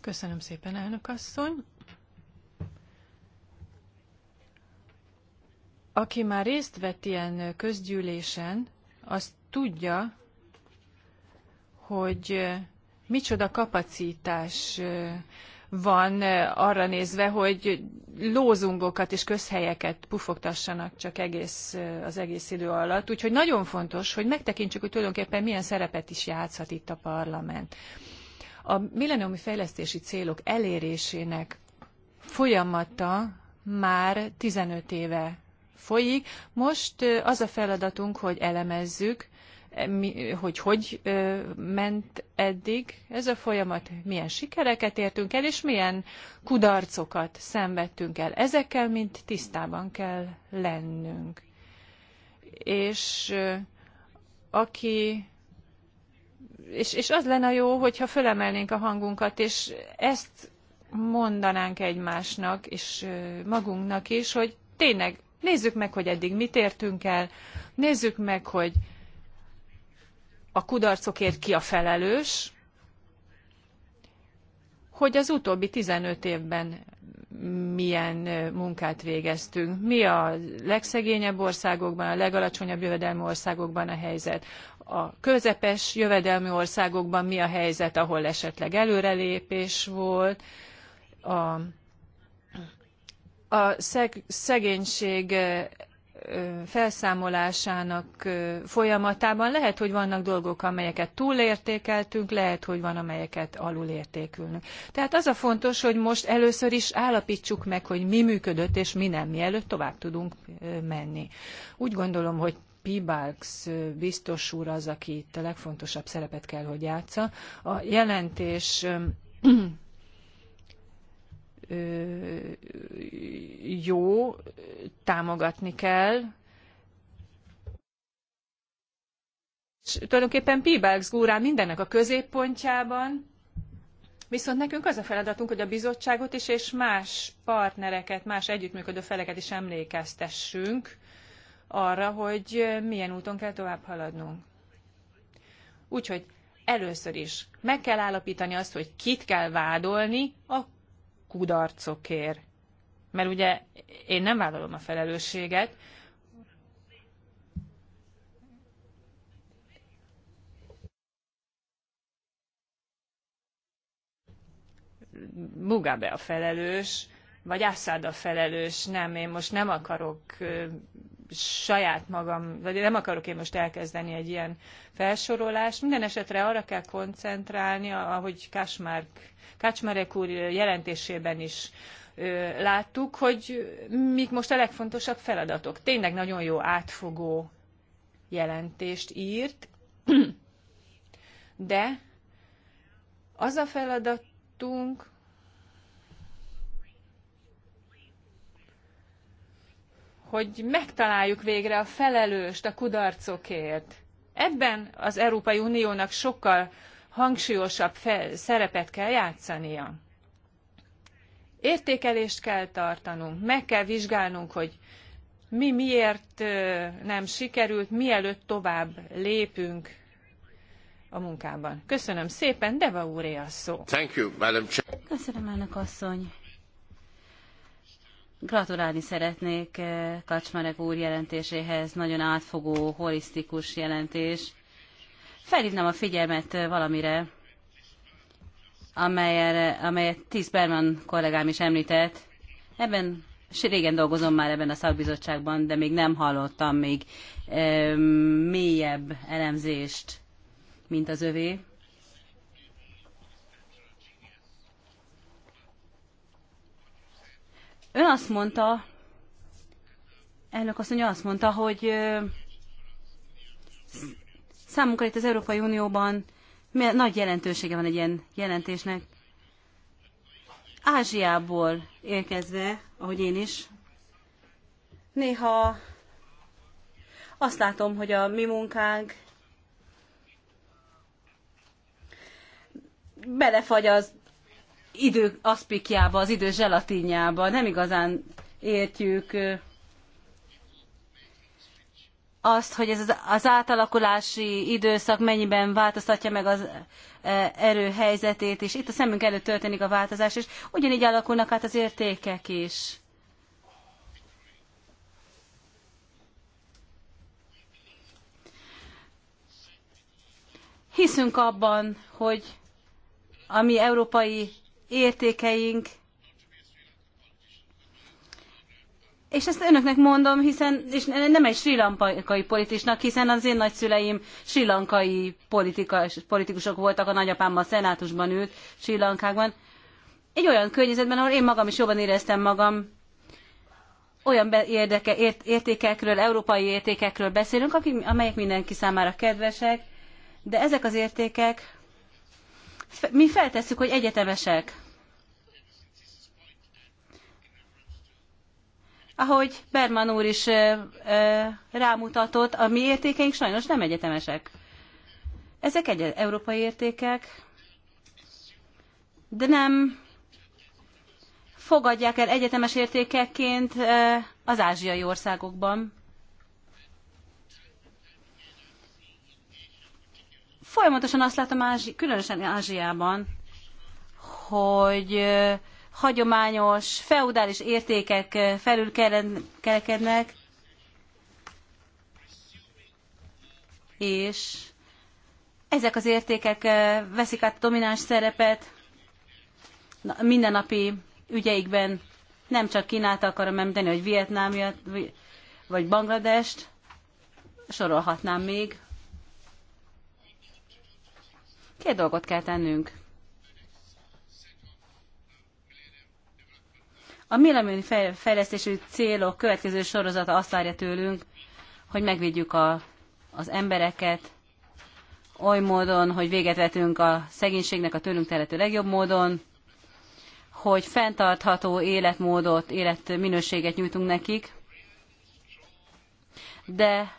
Köszönöm szépen, elnök asszony. Aki már részt vett ilyen közgyűlésen, azt tudja, hogy micsoda kapacitás van arra nézve, hogy lózungokat és közhelyeket pufogtassanak csak egész, az egész idő alatt. Úgyhogy nagyon fontos, hogy megtekintsük, hogy tulajdonképpen milyen szerepet is játszhat itt a parlament. A milleniumi fejlesztési célok elérésének folyamata már 15 éve folyik. Most az a feladatunk, hogy elemezzük, hogy hogy ment eddig ez a folyamat, milyen sikereket értünk el, és milyen kudarcokat szenvedtünk el. Ezekkel mind tisztában kell lennünk. És aki és, és az lenne jó, hogyha fölemelnénk a hangunkat, és ezt mondanánk egymásnak, és magunknak is, hogy tényleg nézzük meg, hogy eddig mit értünk el, nézzük meg, hogy a kudarcokért ki a felelős, hogy az utóbbi 15 évben milyen munkát végeztünk, mi a legszegényebb országokban, a legalacsonyabb jövedelmi országokban a helyzet, a közepes jövedelmi országokban mi a helyzet, ahol esetleg előrelépés volt, a, a szeg, szegénység felszámolásának folyamatában lehet, hogy vannak dolgok, amelyeket túlértékeltünk, lehet, hogy van, amelyeket alulértékülünk. Tehát az a fontos, hogy most először is állapítsuk meg, hogy mi működött és mi nem, mielőtt tovább tudunk menni. Úgy gondolom, hogy Pibalks biztos úr az, aki itt a legfontosabb szerepet kell, hogy játsza. A jelentés jó, támogatni kell. És tulajdonképpen Pibalgs gúrán mindennek a középpontjában, viszont nekünk az a feladatunk, hogy a bizottságot is és más partnereket, más együttműködő feleket is emlékeztessünk arra, hogy milyen úton kell tovább haladnunk. Úgyhogy először is meg kell állapítani azt, hogy kit kell vádolni, a kudarcokért. Mert ugye én nem vállalom a felelősséget, Mugabe a felelős, vagy Assad a felelős, nem, én most nem akarok saját magam, vagy nem akarok én most elkezdeni egy ilyen felsorolást. Minden esetre arra kell koncentrálni, ahogy Kásmár, Kácsmarek úr jelentésében is láttuk, hogy mik most a legfontosabb feladatok. Tényleg nagyon jó átfogó jelentést írt, de az a feladatunk, hogy megtaláljuk végre a felelőst a kudarcokért. Ebben az Európai Uniónak sokkal hangsúlyosabb szerepet kell játszania. Értékelést kell tartanunk, meg kell vizsgálnunk, hogy mi miért nem sikerült, mielőtt tovább lépünk a munkában. Köszönöm szépen, Deva úré a szó. Thank you, Madam Chair. Köszönöm, elnök asszony. Gratulálni szeretnék eh, Kacsmarek úr jelentéséhez, nagyon átfogó, holisztikus jelentés. Felhívnám a figyelmet eh, valamire, amelyre, amelyet Tisz Berman kollégám is említett. Ebben régen dolgozom már ebben a szakbizottságban, de még nem hallottam még ö, eh, mélyebb elemzést, mint az övé. Ön azt mondta, elnök asszony azt mondta, hogy számunkra itt az Európai Unióban nagy jelentősége van egy ilyen jelentésnek. Ázsiából érkezve, ahogy én is, néha azt látom, hogy a mi munkánk belefagy az idő aszpikjába, az idő zselatinjába. Nem igazán értjük azt, hogy ez az átalakulási időszak mennyiben változtatja meg az erő helyzetét, és itt a szemünk előtt történik a változás, és ugyanígy alakulnak át az értékek is. Hiszünk abban, hogy a mi európai értékeink. És ezt önöknek mondom, hiszen, és nem egy sri lankai politikusnak, hiszen az én nagyszüleim sri lankai politikusok voltak, a nagyapám a szenátusban ült Sri Egy olyan környezetben, ahol én magam is jobban éreztem magam, olyan érdeke, ért, értékekről, európai értékekről beszélünk, akik, amelyek mindenki számára kedvesek, de ezek az értékek mi feltesszük, hogy egyetemesek. Ahogy Berman úr is ö, ö, rámutatott, a mi értékeink sajnos nem egyetemesek. Ezek egy európai értékek, de nem fogadják el egyetemes értékekként az ázsiai országokban. Folyamatosan azt látom, Ázsi, különösen Ázsiában, hogy hagyományos, feudális értékek felül kerekednek, és ezek az értékek veszik át a domináns szerepet mindennapi ügyeikben. Nem csak Kínát akarom említeni, hogy Vietnámiat, vagy Bangladest, sorolhatnám még. Két dolgot kell tennünk. A millenniumi fejlesztési célok következő sorozata azt várja tőlünk, hogy megvédjük a, az embereket oly módon, hogy véget vetünk a szegénységnek a tőlünk telető legjobb módon, hogy fenntartható életmódot, életminőséget nyújtunk nekik, de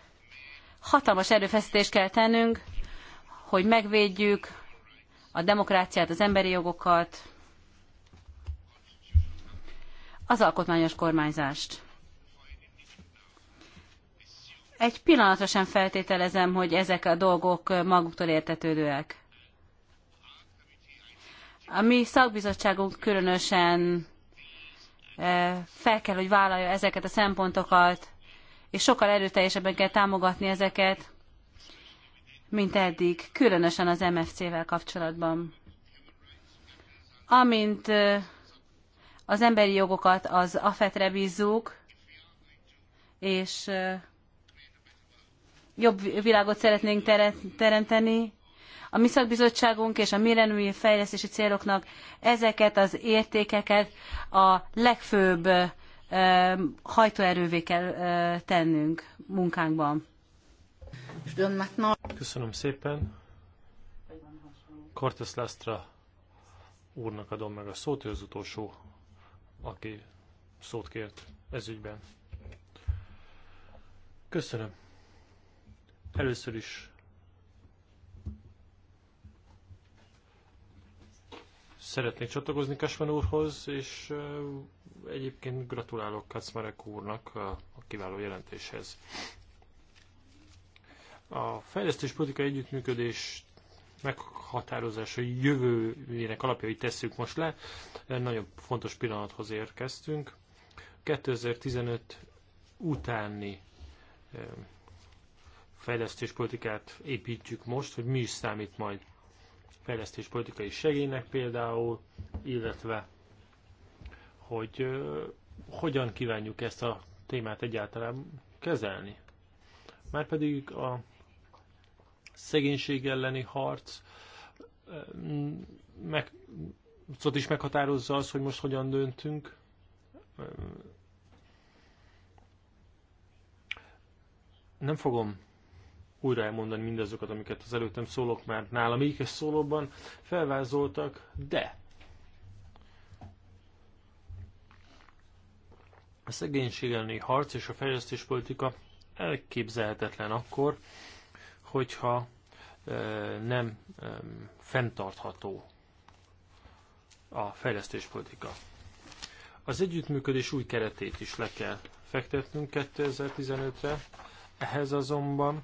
hatalmas erőfeszítést kell tennünk, hogy megvédjük a demokráciát, az emberi jogokat, az alkotmányos kormányzást. Egy pillanatra sem feltételezem, hogy ezek a dolgok maguktól értetődőek. A mi szakbizottságunk különösen eh, fel kell, hogy vállalja ezeket a szempontokat, és sokkal erőteljesebben kell támogatni ezeket, mint eddig, különösen az MFC-vel kapcsolatban. Amint az emberi jogokat az AFET-re bízzuk, és jobb világot szeretnénk teremteni, a mi szakbizottságunk és a millenniumi fejlesztési céloknak ezeket az értékeket a legfőbb hajtóerővé kell tennünk munkánkban. Köszönöm szépen. Cortes lestra úrnak adom meg a szót, ő az utolsó, aki szót kért ezügyben. Köszönöm. Először is szeretnék csatlakozni Kasman úrhoz, és egyébként gratulálok Kacmarek úrnak a kiváló jelentéshez. A fejlesztés politikai együttműködés meghatározása jövőjének alapjait tesszük most le. Nagyon fontos pillanathoz érkeztünk. 2015 utáni fejlesztéspolitikát építjük most, hogy mi is számít majd fejlesztéspolitikai segélynek például, illetve hogy hogyan kívánjuk ezt a témát egyáltalán kezelni. Márpedig a szegénység elleni harc, meg, szóval is meghatározza az, hogy most hogyan döntünk. Nem fogom újra elmondani mindazokat, amiket az előttem szólok mert nálam ékes szólóban felvázoltak, de a szegénység elleni harc és a fejlesztéspolitika elképzelhetetlen akkor, hogyha nem fenntartható a fejlesztéspolitika. Az együttműködés új keretét is le kell fektetnünk 2015-re, ehhez azonban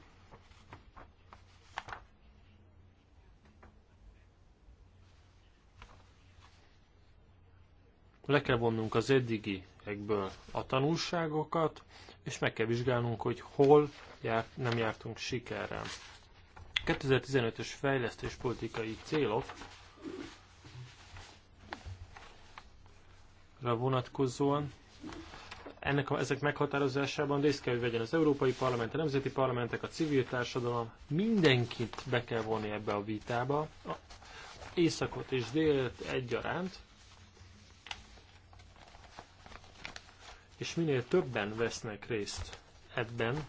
le kell vonnunk az eddigiekből a tanulságokat, és meg kell vizsgálnunk, hogy hol járt, nem jártunk sikerrel. 2015-ös fejlesztéspolitikai célok vonatkozóan ennek, ezek meghatározásában részt kell, hogy vegyen az Európai Parlament, a Nemzeti Parlamentek, a civil társadalom, mindenkit be kell vonni ebbe a vitába, északot és délt egyaránt, és minél többen vesznek részt ebben,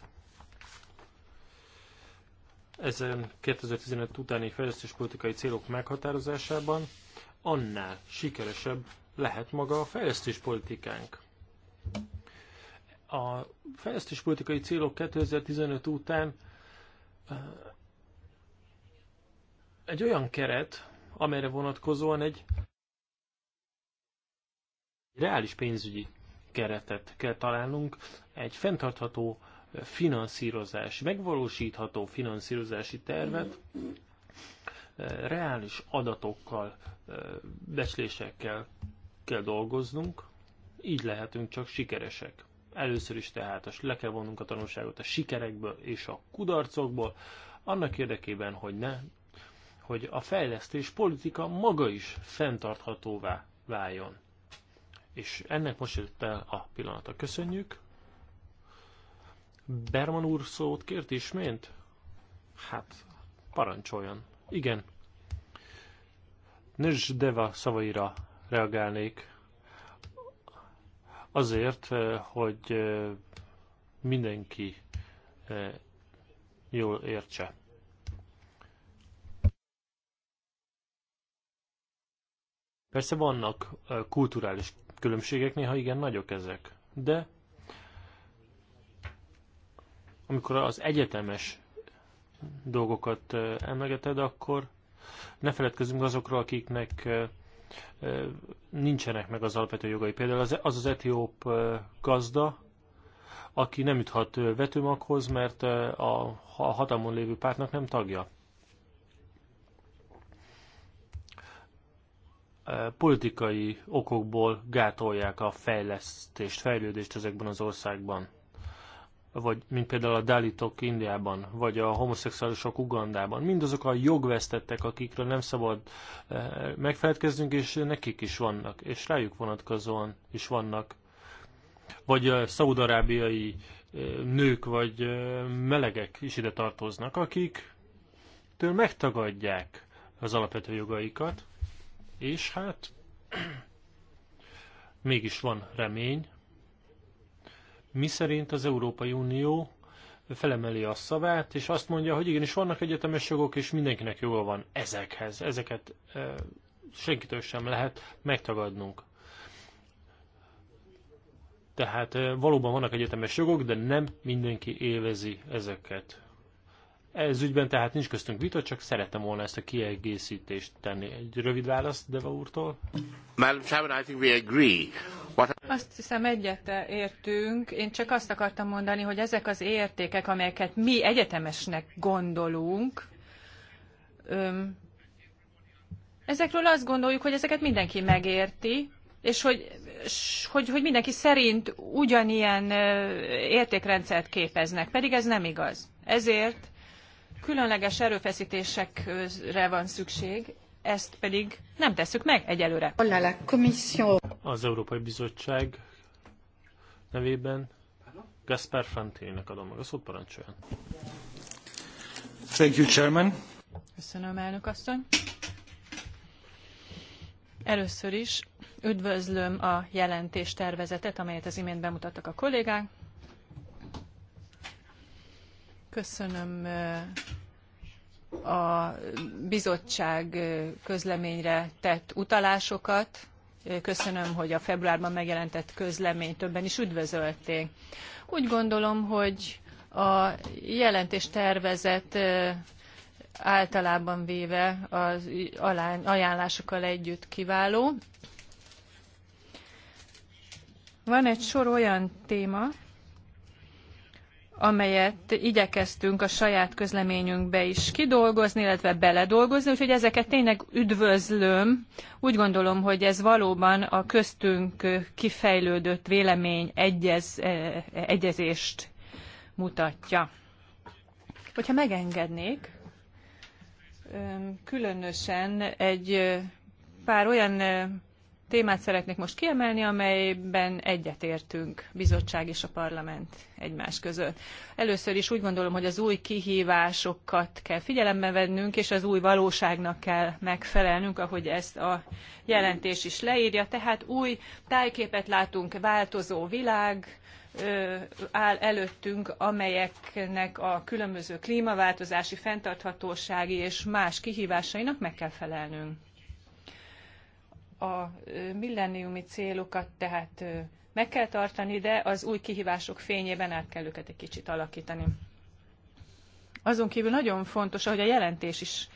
ezen 2015 utáni fejlesztéspolitikai célok meghatározásában, annál sikeresebb lehet maga a fejlesztéspolitikánk. A fejlesztéspolitikai célok 2015 után eh, egy olyan keret, amelyre vonatkozóan egy reális pénzügyi keretet kell találnunk, egy fenntartható finanszírozás, megvalósítható finanszírozási tervet, eh, reális adatokkal, eh, becslésekkel kell dolgoznunk, így lehetünk csak sikeresek. Először is tehát le kell vonnunk a tanulságot a sikerekből és a kudarcokból, annak érdekében, hogy ne, hogy a fejlesztés politika maga is fenntarthatóvá váljon. És ennek most jött el a pillanata. Köszönjük. Berman úr szót kért ismét? Hát, parancsoljon. Igen. Nős Deva szavaira reagálnék. Azért, eh, hogy eh, mindenki eh, jól értse. Persze vannak kulturális különbségek néha igen nagyok ezek. De amikor az egyetemes dolgokat emlegeted, akkor ne feledkezzünk azokról, akiknek nincsenek meg az alapvető jogai. Például az az, etióp gazda, aki nem juthat vetőmaghoz, mert a hatalmon lévő pártnak nem tagja. politikai okokból gátolják a fejlesztést, fejlődést ezekben az országban. Vagy mint például a Dalitok Indiában, vagy a homoszexuálisok Ugandában. Mindazok a jogvesztettek, akikről nem szabad megfelelkeznünk, és nekik is vannak, és rájuk vonatkozóan is vannak. Vagy a szaudarábiai nők, vagy melegek is ide tartoznak, akik től megtagadják az alapvető jogaikat, és hát mégis van remény, miszerint az Európai Unió felemeli a szavát, és azt mondja, hogy igenis vannak egyetemes jogok, és mindenkinek joga van ezekhez. Ezeket e, senkitől sem lehet megtagadnunk. Tehát e, valóban vannak egyetemes jogok, de nem mindenki élvezi ezeket. Ez ügyben tehát nincs köztünk vita, csak szerettem volna ezt a kiegészítést tenni. Egy rövid választ Deva úrtól. Madam Chairman, I think we agree. Azt hiszem egyet értünk. Én csak azt akartam mondani, hogy ezek az értékek, amelyeket mi egyetemesnek gondolunk, öm, ezekről azt gondoljuk, hogy ezeket mindenki megérti, és hogy, hogy, hogy mindenki szerint ugyanilyen értékrendszert képeznek, pedig ez nem igaz. Ezért különleges erőfeszítésekre van szükség, ezt pedig nem tesszük meg egyelőre. Az Európai Bizottság nevében Gaspar Frantének adom meg a szót, parancsoljon. Thank you, Chairman. Köszönöm, elnök asszony. Először is üdvözlöm a jelentéstervezetet, amelyet az imént bemutattak a kollégák. Köszönöm eh, a bizottság eh, közleményre tett utalásokat. Eh, köszönöm, hogy a februárban megjelentett közleményt többen is üdvözölték. Úgy gondolom, hogy a jelentés tervezet általában véve az ajánlásokkal együtt kiváló. Van egy sor olyan téma, amelyet igyekeztünk a saját közleményünkbe is kidolgozni, illetve beledolgozni, úgyhogy ezeket tényleg üdvözlöm. Úgy gondolom, hogy ez valóban a köztünk kifejlődött vélemény egyez, e, egyezést mutatja. Hogyha megengednék, különösen egy pár olyan témát szeretnék most kiemelni, amelyben egyetértünk bizottság és a parlament egymás között. Először is úgy gondolom, hogy az új kihívásokat kell figyelembe vennünk, és az új valóságnak kell megfelelnünk, ahogy ezt a jelentés is leírja. Tehát új tájképet látunk, változó világ, áll előttünk, amelyeknek a különböző klímaváltozási, fenntarthatósági és más kihívásainak meg kell felelnünk a milleniumi célokat tehát meg kell tartani, de az új kihívások fényében át kell őket egy kicsit alakítani. Azon kívül nagyon fontos, ahogy a jelentés is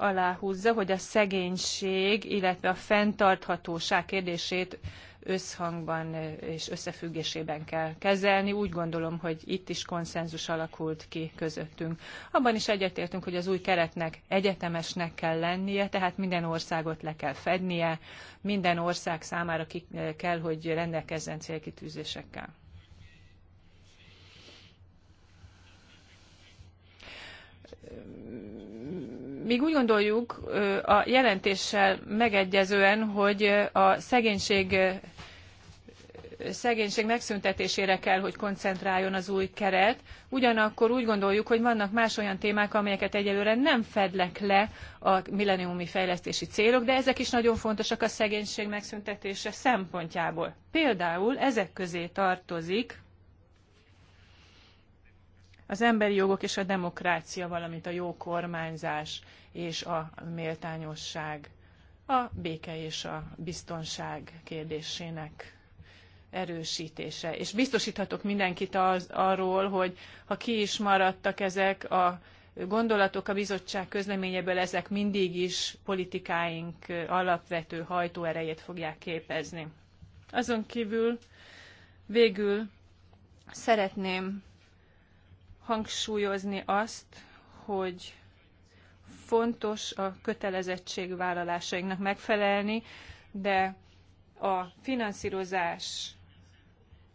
aláhúzza, hogy a szegénység, illetve a fenntarthatóság kérdését összhangban és összefüggésében kell kezelni. Úgy gondolom, hogy itt is konszenzus alakult ki közöttünk. Abban is egyetértünk, hogy az új keretnek egyetemesnek kell lennie, tehát minden országot le kell fednie, minden ország számára ki kell, hogy rendelkezzen célkitűzésekkel még úgy gondoljuk a jelentéssel megegyezően, hogy a szegénység szegénység megszüntetésére kell, hogy koncentráljon az új keret. Ugyanakkor úgy gondoljuk, hogy vannak más olyan témák, amelyeket egyelőre nem fedlek le a milleniumi fejlesztési célok, de ezek is nagyon fontosak a szegénység megszüntetése szempontjából. Például ezek közé tartozik az emberi jogok és a demokrácia, valamint a jó kormányzás és a méltányosság, a béke és a biztonság kérdésének erősítése. És biztosíthatok mindenkit az, arról, hogy ha ki is maradtak ezek a gondolatok a bizottság közleményéből, ezek mindig is politikáink alapvető hajtóerejét fogják képezni. Azon kívül végül szeretném hangsúlyozni azt, hogy fontos a kötelezettségvállalásainknak megfelelni, de a finanszírozás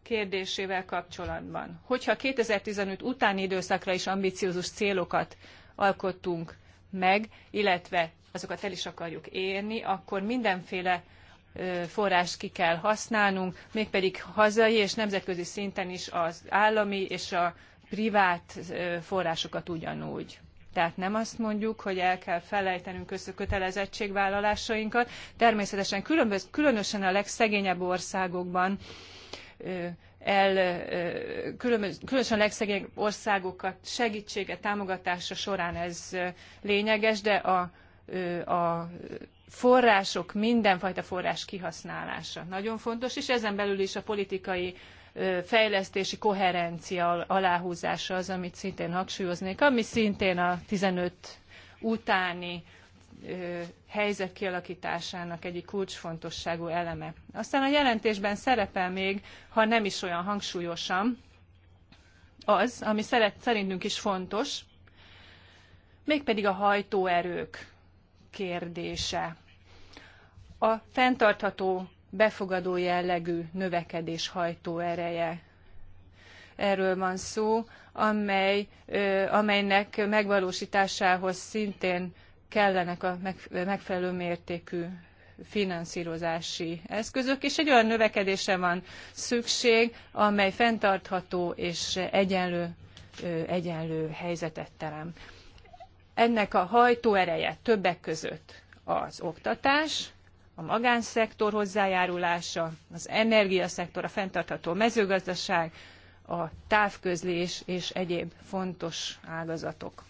kérdésével kapcsolatban. Hogyha 2015 utáni időszakra is ambiciózus célokat alkottunk meg, illetve azokat el is akarjuk érni, akkor mindenféle forrást ki kell használnunk, mégpedig hazai és nemzetközi szinten is az állami és a privát forrásokat ugyanúgy. Tehát nem azt mondjuk, hogy el kell felejtenünk kötelezettségvállalásainkat. Természetesen különböz, különösen a legszegényebb országokban el, különböz, különösen a legszegényebb országokat segítsége, támogatása során ez lényeges, de a, a források, mindenfajta forrás kihasználása nagyon fontos, és ezen belül is a politikai fejlesztési koherencia aláhúzása az, amit szintén hangsúlyoznék, ami szintén a 15 utáni helyzet kialakításának egyik kulcsfontosságú eleme. Aztán a jelentésben szerepel még, ha nem is olyan hangsúlyosan, az, ami szerintünk is fontos, mégpedig a hajtóerők kérdése. A fenntartható befogadó jellegű növekedés hajtó ereje. Erről van szó, amely, amelynek megvalósításához szintén kellenek a megfelelő mértékű finanszírozási eszközök, és egy olyan növekedésre van szükség, amely fenntartható és egyenlő, egyenlő helyzetet terem. Ennek a hajtóereje többek között az oktatás, a magánszektor hozzájárulása, az energiaszektor, a fenntartható mezőgazdaság, a távközlés és egyéb fontos ágazatok.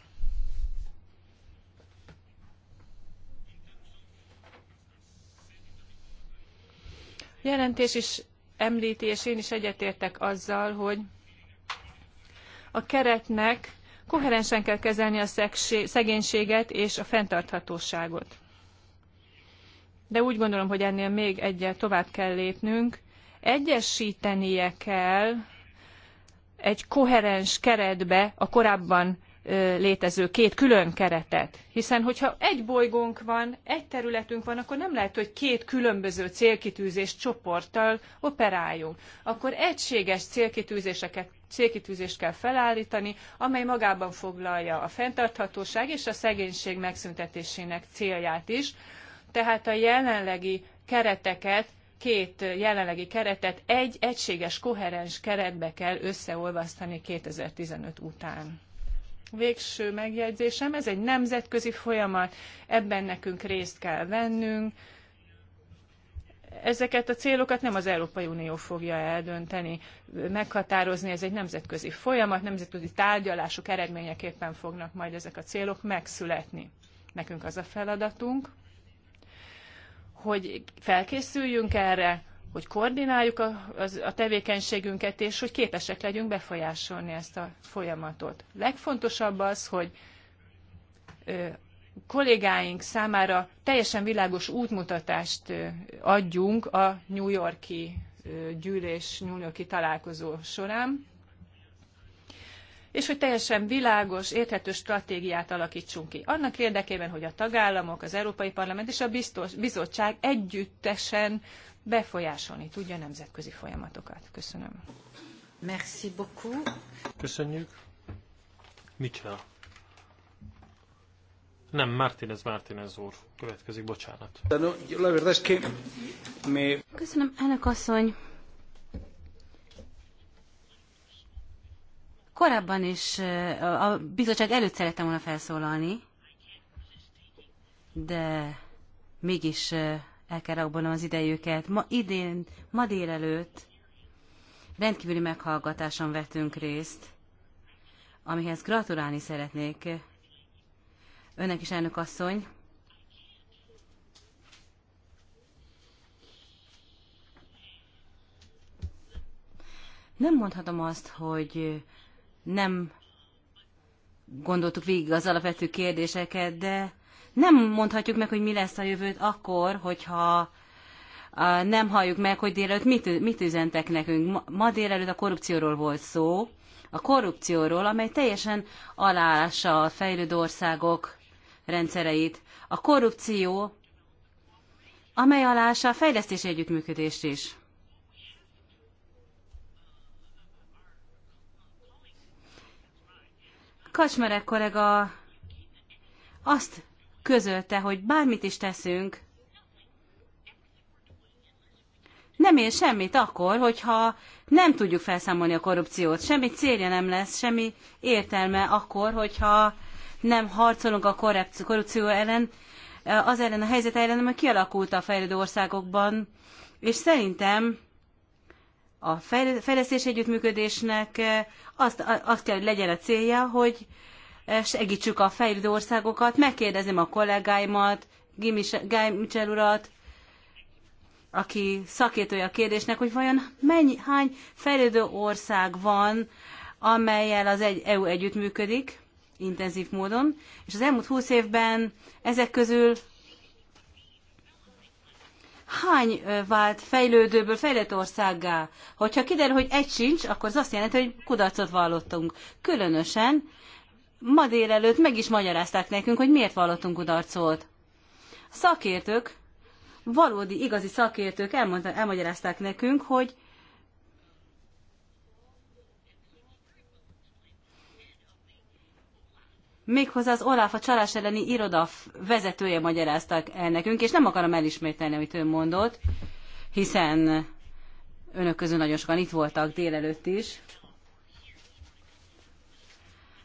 jelentés is említi, és én is egyetértek azzal, hogy a keretnek koherensen kell kezelni a szegénységet és a fenntarthatóságot de úgy gondolom, hogy ennél még egyet tovább kell lépnünk. Egyesítenie kell egy koherens keretbe a korábban létező két külön keretet. Hiszen, hogyha egy bolygónk van, egy területünk van, akkor nem lehet, hogy két különböző célkitűzés csoporttal operáljunk. Akkor egységes célkitűzéseket célkitűzést kell felállítani, amely magában foglalja a fenntarthatóság és a szegénység megszüntetésének célját is, tehát a jelenlegi kereteket, két jelenlegi keretet egy egységes, koherens keretbe kell összeolvasztani 2015 után. Végső megjegyzésem, ez egy nemzetközi folyamat, ebben nekünk részt kell vennünk, ezeket a célokat nem az Európai Unió fogja eldönteni, meghatározni, ez egy nemzetközi folyamat, nemzetközi tárgyalások eredményeképpen fognak majd ezek a célok megszületni. Nekünk az a feladatunk, hogy felkészüljünk erre, hogy koordináljuk a, az, a tevékenységünket, és hogy képesek legyünk befolyásolni ezt a folyamatot. Legfontosabb az, hogy ö, kollégáink számára teljesen világos útmutatást ö, adjunk a New Yorki ö, gyűlés, New Yorki találkozó során és hogy teljesen világos, érthető stratégiát alakítsunk ki. Annak érdekében, hogy a tagállamok, az Európai Parlament és a biztos, bizottság együttesen befolyásolni tudja a nemzetközi folyamatokat. Köszönöm. Merci beaucoup. Köszönjük. Mitchell. Nem, Martínez Martínez úr. Következik, bocsánat. Köszönöm, elnök asszony. Korábban is a bizottság előtt szerettem volna felszólalni, de mégis el kell rakbanom az idejüket. Ma idén, ma délelőtt rendkívüli meghallgatáson vettünk részt, amihez gratulálni szeretnék önnek is, elnök asszony. Nem mondhatom azt, hogy nem gondoltuk végig az alapvető kérdéseket, de nem mondhatjuk meg, hogy mi lesz a jövőt akkor, hogyha nem halljuk meg, hogy délelőtt mit, mit üzentek nekünk. Ma délelőtt a korrupcióról volt szó, a korrupcióról, amely teljesen aláássa a fejlődő országok rendszereit. A korrupció, amely aláássa a fejlesztési együttműködést is. Kacsmerek kollega azt közölte, hogy bármit is teszünk, nem ér semmit akkor, hogyha nem tudjuk felszámolni a korrupciót. Semmi célja nem lesz, semmi értelme akkor, hogyha nem harcolunk a korrupció ellen, az ellen a helyzet ellen, ami kialakult a fejlődő országokban, és szerintem a fejlesztés együttműködésnek eh, azt, azt kell, hogy legyen a célja, hogy eh, segítsük a fejlődő országokat. Megkérdezem a kollégáimat, Guy Mitchell urat, aki szakértője a kérdésnek, hogy vajon mennyi, hány fejlődő ország van, amelyel az egy EU együttműködik intenzív módon, és az elmúlt húsz évben ezek közül hány vált fejlődőből fejlett országgá? Hogyha kiderül, hogy egy sincs, akkor az azt jelenti, hogy kudarcot vallottunk. Különösen ma délelőtt meg is magyarázták nekünk, hogy miért vallottunk kudarcot. szakértők, valódi, igazi szakértők elmagyarázták nekünk, hogy Méghozzá az Olaf, a csalás elleni iroda vezetője magyarázta el nekünk, és nem akarom elismételni, amit ön mondott, hiszen önök közül nagyon sokan itt voltak délelőtt is.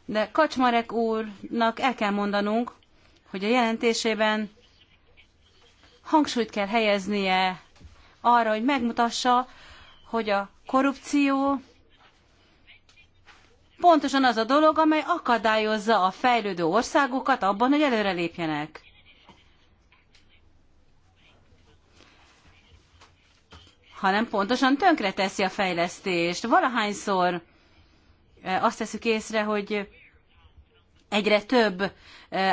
De Kacsmarek úrnak el kell mondanunk, hogy a jelentésében hangsúlyt kell helyeznie arra, hogy megmutassa, hogy a korrupció pontosan az a dolog, amely akadályozza a fejlődő országokat abban, hogy előrelépjenek. hanem pontosan tönkreteszi a fejlesztést. Valahányszor e, azt teszük észre, hogy egyre több e,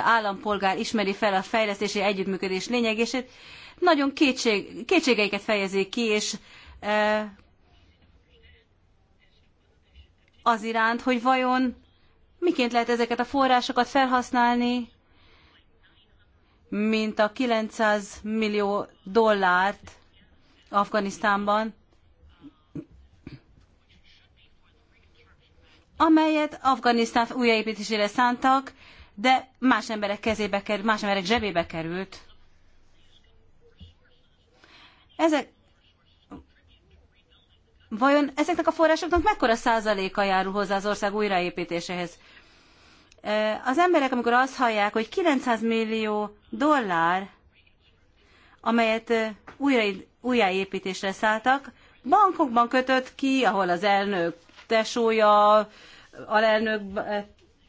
állampolgár ismeri fel a fejlesztési együttműködés lényegését, nagyon kétség, kétségeiket fejezik ki, és e, az iránt, hogy vajon miként lehet ezeket a forrásokat felhasználni, mint a 900 millió dollárt Afganisztánban, amelyet Afganisztán újjáépítésére szántak, de más emberek kezébe került, más emberek zsebébe került. Ezek Vajon ezeknek a forrásoknak mekkora százaléka járul hozzá az ország újraépítéséhez? Az emberek, amikor azt hallják, hogy 900 millió dollár, amelyet újra, újjáépítésre szálltak, bankokban kötött ki, ahol az elnök tesója, alelnök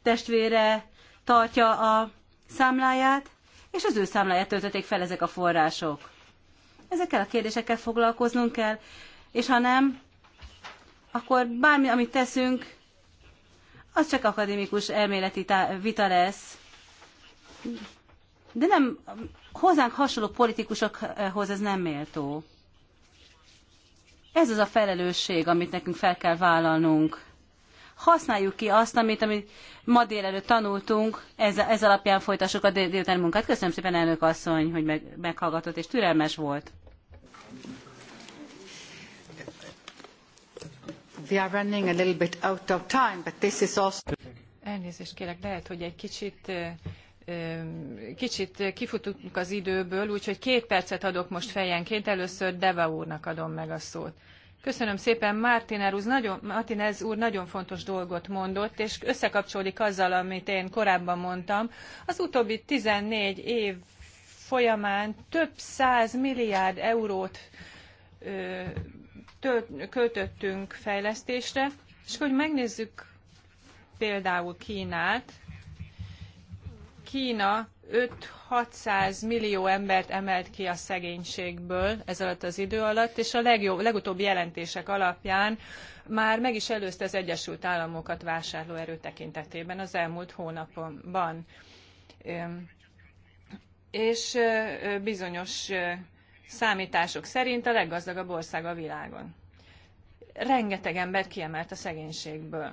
testvére tartja a számláját, és az ő számláját töltötték fel ezek a források. Ezekkel a kérdésekkel foglalkoznunk kell, és ha nem, akkor bármi, amit teszünk, az csak akadémikus elméleti vita lesz. De nem, hozzánk hasonló politikusokhoz ez nem méltó. Ez az a felelősség, amit nekünk fel kell vállalnunk. Használjuk ki azt, amit, amit ma délelőtt tanultunk, ez, ez alapján folytassuk a dél délután munkát. Köszönöm szépen, elnök asszony, hogy meg, meghallgatott és türelmes volt. we are running a little bit out of time, but this is also... Elnézést kérek, lehet, hogy egy kicsit kicsit kifutunk az időből, úgyhogy két percet adok most fejenként. Először Deva úrnak adom meg a szót. Köszönöm szépen, Martinez úr, nagyon, úr nagyon fontos dolgot mondott, és összekapcsolódik azzal, amit én korábban mondtam. Az utóbbi 14 év folyamán több száz milliárd eurót költöttünk fejlesztésre, és hogy megnézzük például Kínát, Kína 5-600 millió embert emelt ki a szegénységből ez alatt az idő alatt, és a legjobb, legutóbbi jelentések alapján már meg is előzte az Egyesült Államokat vásárlóerő tekintetében az elmúlt hónapban. És bizonyos számítások szerint a leggazdagabb ország a világon. Rengeteg ember kiemelt a szegénységből.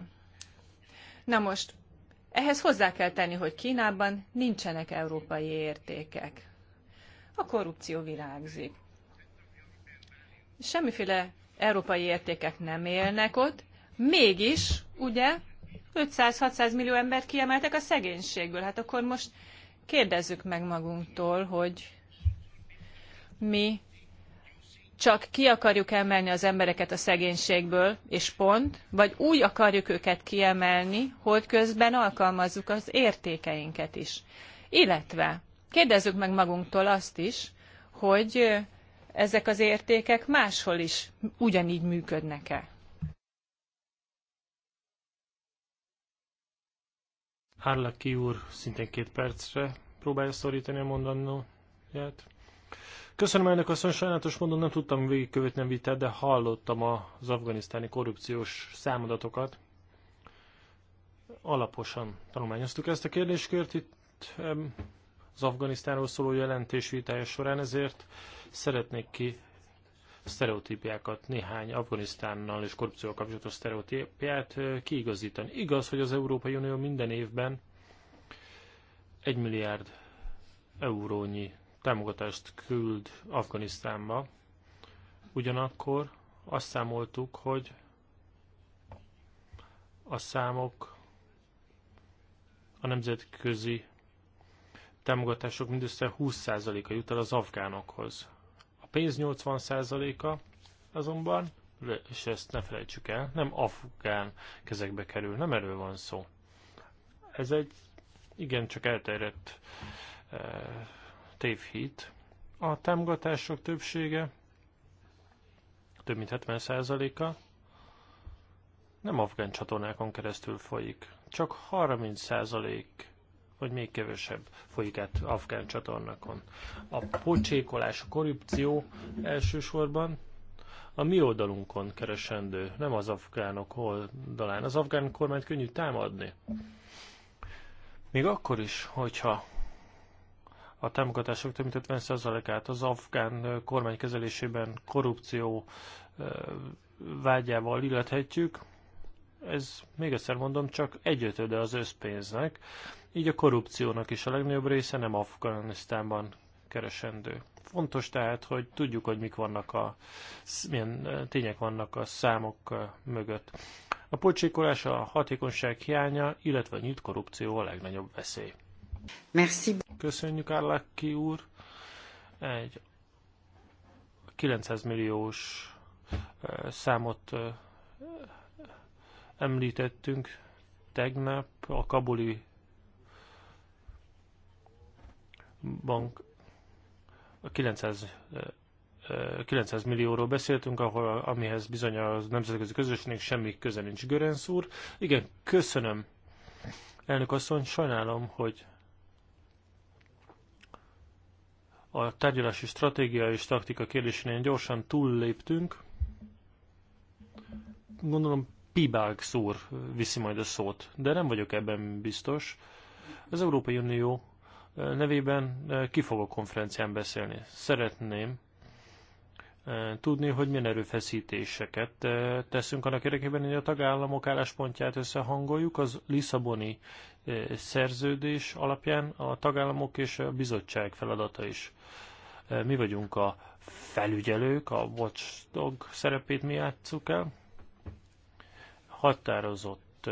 Na most, ehhez hozzá kell tenni, hogy Kínában nincsenek európai értékek. A korrupció virágzik. Semmiféle európai értékek nem élnek ott, mégis, ugye, 500-600 millió embert kiemeltek a szegénységből. Hát akkor most kérdezzük meg magunktól, hogy mi csak ki akarjuk emelni az embereket a szegénységből, és pont, vagy úgy akarjuk őket kiemelni, hogy közben alkalmazzuk az értékeinket is. Illetve kérdezzük meg magunktól azt is, hogy ezek az értékek máshol is ugyanígy működnek-e. Harlaki úr szintén két percre próbálja szorítani a mondanóját. Köszönöm elnök asszony, sajnálatos módon nem tudtam végigkövetni a vitát, de hallottam az afganisztáni korrupciós számadatokat. Alaposan tanulmányoztuk ezt a kérdéskört itt az Afganisztánról szóló jelentés vitája során, ezért szeretnék ki sztereotípiákat, néhány Afganisztánnal és korrupcióval kapcsolatos sztereotípiát eh, kiigazítani. Igaz, hogy az Európai Unió minden évben egy milliárd eurónyi támogatást küld Afganisztánba. Ugyanakkor azt számoltuk, hogy a számok a nemzetközi támogatások mindössze 20%-a jut el az afgánokhoz. A pénz 80%-a azonban, és ezt ne felejtsük el, nem afgán kezekbe kerül, nem erről van szó. Ez egy igencsak elterjedt eh, tévhit. A támogatások többsége, több mint 70%-a nem afgán csatornákon keresztül folyik. Csak 30% vagy még kevesebb folyik át afgán csatornákon. A pocsékolás, a korrupció elsősorban a mi oldalunkon keresendő, nem az afgánok oldalán. Az afgán kormányt könnyű támadni. Még akkor is, hogyha a támogatások több mint 50%-át az afgán kormány kezelésében korrupció vágyával illethetjük. Ez még egyszer mondom, csak egyötöde az összpénznek, így a korrupciónak is a legnagyobb része nem Afganisztánban keresendő. Fontos tehát, hogy tudjuk, hogy mik vannak a, milyen tények vannak a számok mögött. A pocsékolás, a hatékonyság hiánya, illetve a nyílt korrupció a legnagyobb veszély. Merci. Köszönjük, Arlaki úr. Egy 900 milliós számot említettünk tegnap a kabuli bank 900 900 millióról beszéltünk, ahol, amihez bizony a nemzetközi közösségnek semmi köze nincs, Görensz úr. Igen, köszönöm. Elnök asszony, sajnálom, hogy a tárgyalási stratégia és taktika kérdésénél gyorsan túlléptünk. Gondolom Pibák úr viszi majd a szót, de nem vagyok ebben biztos. Az Európai Unió eh, nevében eh, ki fogok konferencián beszélni. Szeretném, tudni, hogy milyen erőfeszítéseket teszünk annak érdekében, hogy a tagállamok álláspontját összehangoljuk. Az Lisszaboni szerződés alapján a tagállamok és a bizottság feladata is. Mi vagyunk a felügyelők, a watchdog szerepét mi játsszuk el. Határozott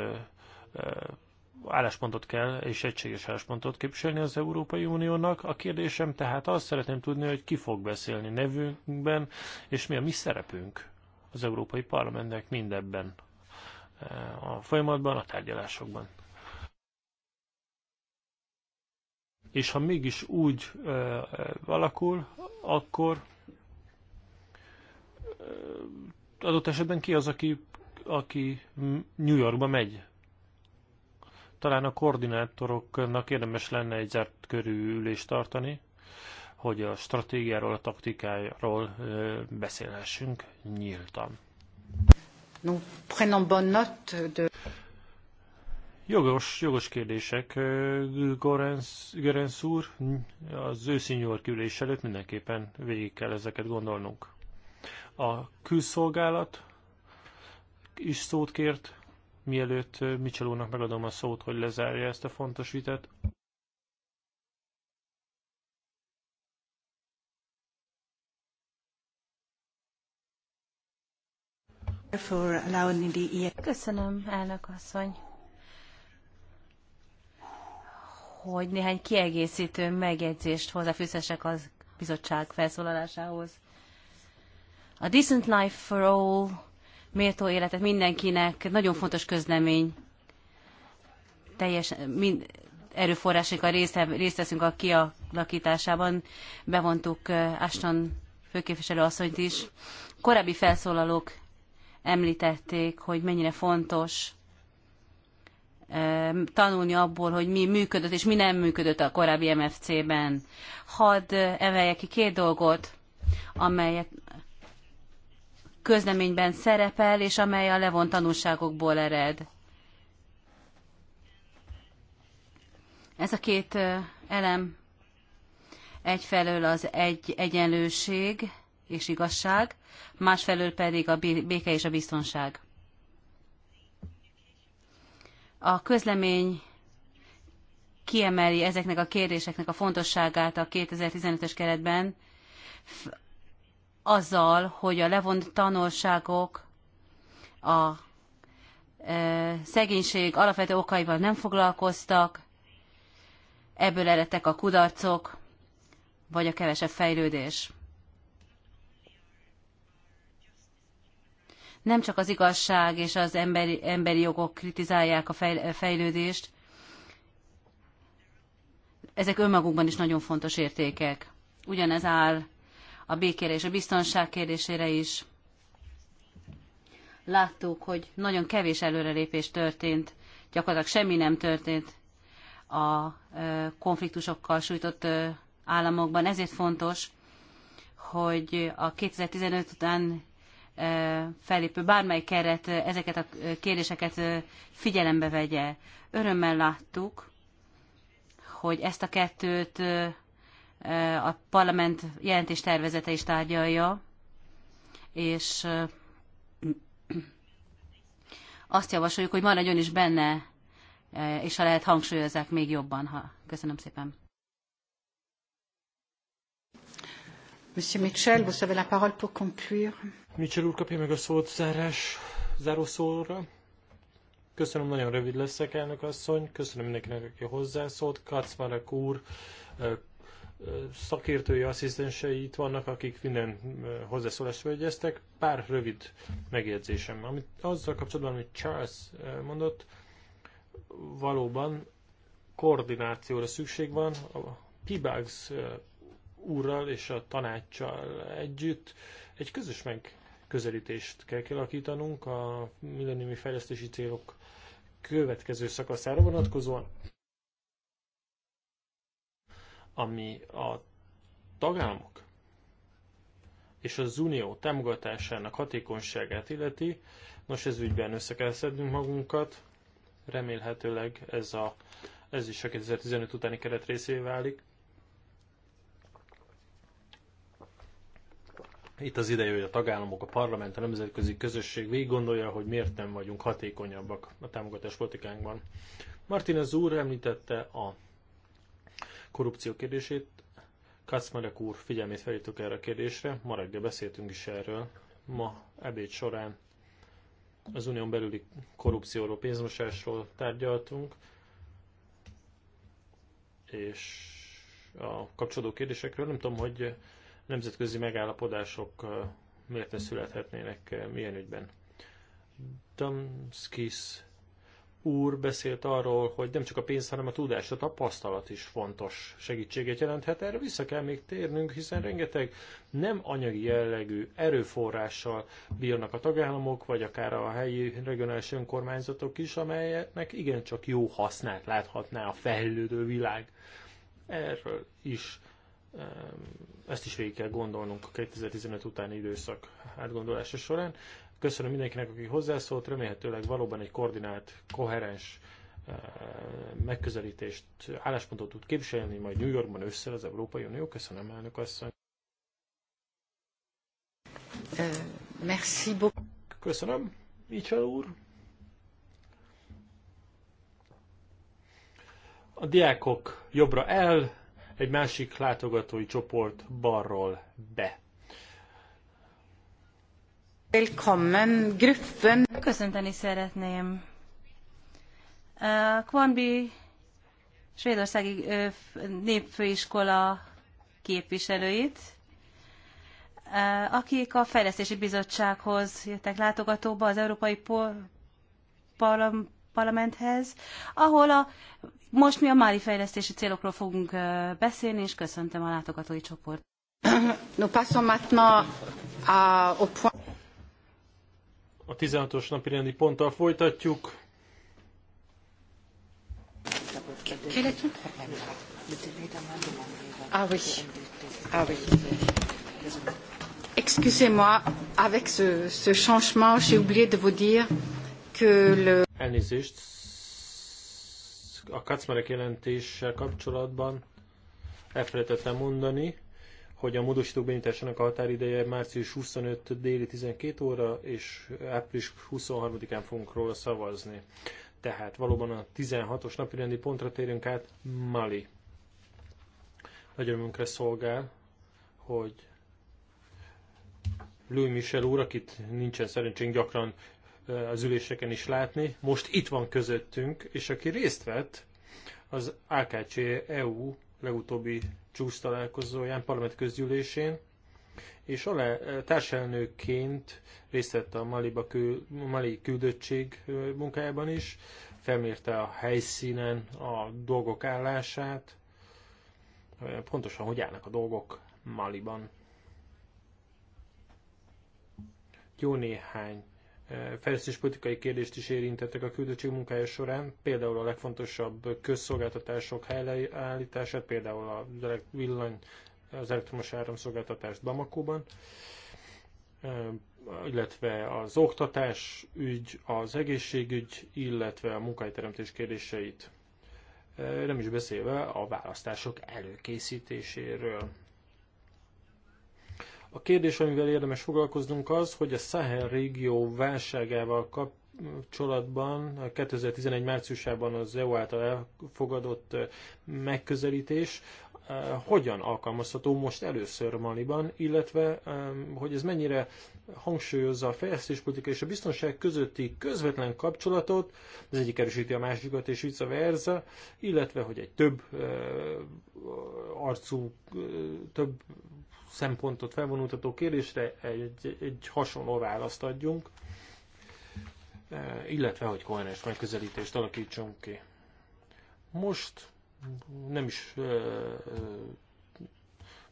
álláspontot kell, és egységes álláspontot képviselni az Európai Uniónak. A kérdésem tehát azt szeretném tudni, hogy ki fog beszélni nevünkben, és mi a mi szerepünk az Európai Parlamentnek mindebben eh, a folyamatban, a tárgyalásokban. És ha mégis úgy ö, eh, alakul, akkor ö, eh, adott esetben ki az, aki, aki New Yorkba megy talán a koordinátoroknak érdemes lenne egy zárt körű ülést tartani, hogy a stratégiáról, a taktikáról beszélhessünk nyíltan. Jogos, jogos kérdések. Görenc úr, az őszínyúr külés előtt mindenképpen végig kell ezeket gondolnunk. A külszolgálat is szót kért, mielőtt Mitchell megadom a szót, hogy lezárja ezt a fontos vitát. Köszönöm, elnök asszony, hogy néhány kiegészítő megjegyzést hozzáfűzhessek az bizottság felszólalásához. A Decent Life for All méltó életet mindenkinek, nagyon fontos közlemény. Teljes, mind, erőforrásikkal részt, részt veszünk a kialakításában. Bevontuk Ashton főképviselő asszonyt is. Korábbi felszólalók említették, hogy mennyire fontos tanulni abból, hogy mi működött és mi nem működött a korábbi MFC-ben. Hadd emeljek ki két dolgot, amelyet közleményben szerepel, és amely a levont tanulságokból ered. Ez a két elem egyfelől az egy egyenlőség és igazság, másfelől pedig a béke és a biztonság. A közlemény kiemeli ezeknek a kérdéseknek a fontosságát a 2015-ös keretben, azzal, hogy a levont tanulságok a e, szegénység alapvető okaival nem foglalkoztak, ebből eredtek a kudarcok, vagy a kevesebb fejlődés. Nem csak az igazság és az emberi, emberi jogok kritizálják a fejlődést, ezek önmagukban is nagyon fontos értékek. Ugyanez áll a békére és a biztonság kérdésére is. Láttuk, hogy nagyon kevés előrelépés történt, gyakorlatilag semmi nem történt a konfliktusokkal sújtott államokban. Ezért fontos, hogy a 2015 után fellépő bármely keret ezeket a kérdéseket figyelembe vegye. Örömmel láttuk, hogy ezt a kettőt a parlament jelentés tervezete is tárgyalja, és azt javasoljuk, hogy maradjon is benne, és ha lehet hangsúlyozzák még jobban. Ha. Köszönöm szépen. Monsieur Mitchell, vous avez la parole pour conclure. Mitchell úr kapja meg a szót zárás, zárószóra. Köszönöm, nagyon rövid leszek, elnök asszony. Köszönöm mindenkinek, aki hozzászólt. Kacmarek úr, szakértői asszisztensei itt vannak, akik minden hozzászólást vegyeztek. Pár rövid megjegyzésem. Amit azzal kapcsolatban, amit Charles mondott, valóban koordinációra szükség van. A Pibags úrral és a tanácssal együtt egy közös megközelítést kell kialakítanunk a milleniumi fejlesztési célok következő szakaszára vonatkozóan ami a tagállamok és az unió támogatásának hatékonyságát illeti. Nos, ez ügyben össze kell szednünk magunkat. Remélhetőleg ez, a, ez is a 2015 utáni keret részévé válik. Itt az ideje, hogy a tagállamok, a parlament, a nemzetközi közösség végig gondolja, hogy miért nem vagyunk hatékonyabbak a támogatás politikánkban. Martinez úr említette a korrupció kérdését. Kacmarek úr figyelmét felhívtuk erre a kérdésre, ma reggel beszéltünk is erről. Ma ebéd során az unión belüli korrupcióról, pénzmosásról tárgyaltunk, és a kapcsolódó kérdésekről. Nem tudom, hogy nemzetközi megállapodások miért ne születhetnének milyen ügyben. Damskis úr beszélt arról, hogy nem csak a pénz, hanem a tudás, a tapasztalat is fontos segítséget jelenthet. Erre vissza kell még térnünk, hiszen rengeteg nem anyagi jellegű erőforrással bírnak a tagállamok, vagy akár a helyi regionális önkormányzatok is, amelyeknek igencsak jó hasznát láthatná a fejlődő világ. Erről is ezt is végig kell gondolnunk a 2015 utáni időszak átgondolása során. Köszönöm mindenkinek, aki hozzászólt, remélhetőleg valóban egy koordinált, koherens eh, megközelítést, álláspontot tud képviselni, majd New Yorkban össze az Európai Unió. Köszönöm, elnök asszony. Eh, merci beaucoup. Köszönöm, Michel úr. A diákok jobbra el, egy másik látogatói csoport balról be. Willkommen, Gruppen. Köszönteni szeretném. A Kvanbi Svédországi Népfőiskola képviselőit, akik a Fejlesztési Bizottsághoz jöttek látogatóba az Európai Parlamenthez, ahol a, most mi a Máli fejlesztési célokról fogunk beszélni, és köszöntöm a látogatói csoport. Nous passons maintenant a au a 16-os napi rendi ponttal folytatjuk. Ah oui. Ah oui. Excusez-moi, avec ce, ce changement, j'ai oublié de vous dire que le... Elnézést, a kacmerek jelentéssel kapcsolatban elfelejtettem mondani, hogy a módosítók benyújtásának a határideje március 25 déli 12 óra, és április 23-án fogunk róla szavazni. Tehát valóban a 16-os napirendi pontra térünk át, Mali. Nagyon örömünkre szolgál, hogy Louis Michel úr, akit nincsen szerencsénk gyakran az üléseken is látni, most itt van közöttünk, és aki részt vett az AKC EU legutóbbi csúcs találkozóján, parlament közgyűlésén, és alá, eh, társelnőként részt vett a Maliba kül, Mali küldöttség eh, munkájában is, felmérte a helyszínen a dolgok állását, eh, pontosan hogy állnak a dolgok Maliban. Jó néhány politikai kérdést is érintettek a küldöttség munkája során, például a legfontosabb közszolgáltatások helyreállítását, például a villany, az elektromos áramszolgáltatást Bamakóban, eh, illetve az oktatás ügy, az egészségügy, illetve a munkahelyteremtés kérdéseit. Eh, nem is beszélve a választások előkészítéséről. A kérdés, amivel érdemes foglalkoznunk az, hogy a Sahel régió válságával kapcsolatban 2011 márciusában az EU által elfogadott eh, megközelítés eh, hogyan alkalmazható most először Maliban, illetve hogy ez mennyire hangsúlyozza a fejlesztéspolitika és a biztonság közötti közvetlen kapcsolatot, az egyik erősíti a másikat és vice versa, illetve hogy egy több eh, arcú, több szempontot felvonultató kérdésre egy, egy hasonló választ adjunk, e, illetve hogy koherens megközelítést alakítsunk ki. Most nem is e, e,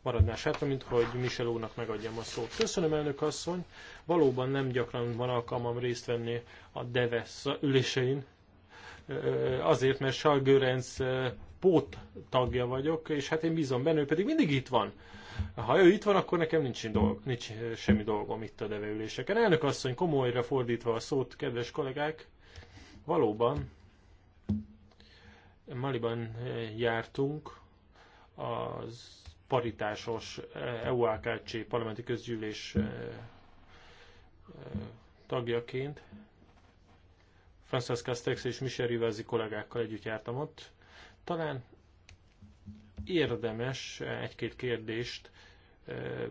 maradná hátra, mint hogy Michel úrnak megadjam a szót. Köszönöm, elnök asszony. Valóban nem gyakran van alkalmam részt venni a DEVESZ ülésein, azért, mert Sargőrenc pót tagja vagyok, és hát én bízom benne, ő pedig mindig itt van. Ha ő itt van, akkor nekem nincs, dolg, nincs semmi dolgom itt a deveüléseken. Elnök asszony, komolyra fordítva a szót, kedves kollégák, valóban Maliban eh, jártunk az paritásos EUAKC eh, e parlamenti közgyűlés eh, tagjaként. Francesca Stex és Michel Rivazi kollégákkal együtt jártam ott. Talán érdemes egy-két kérdést eh,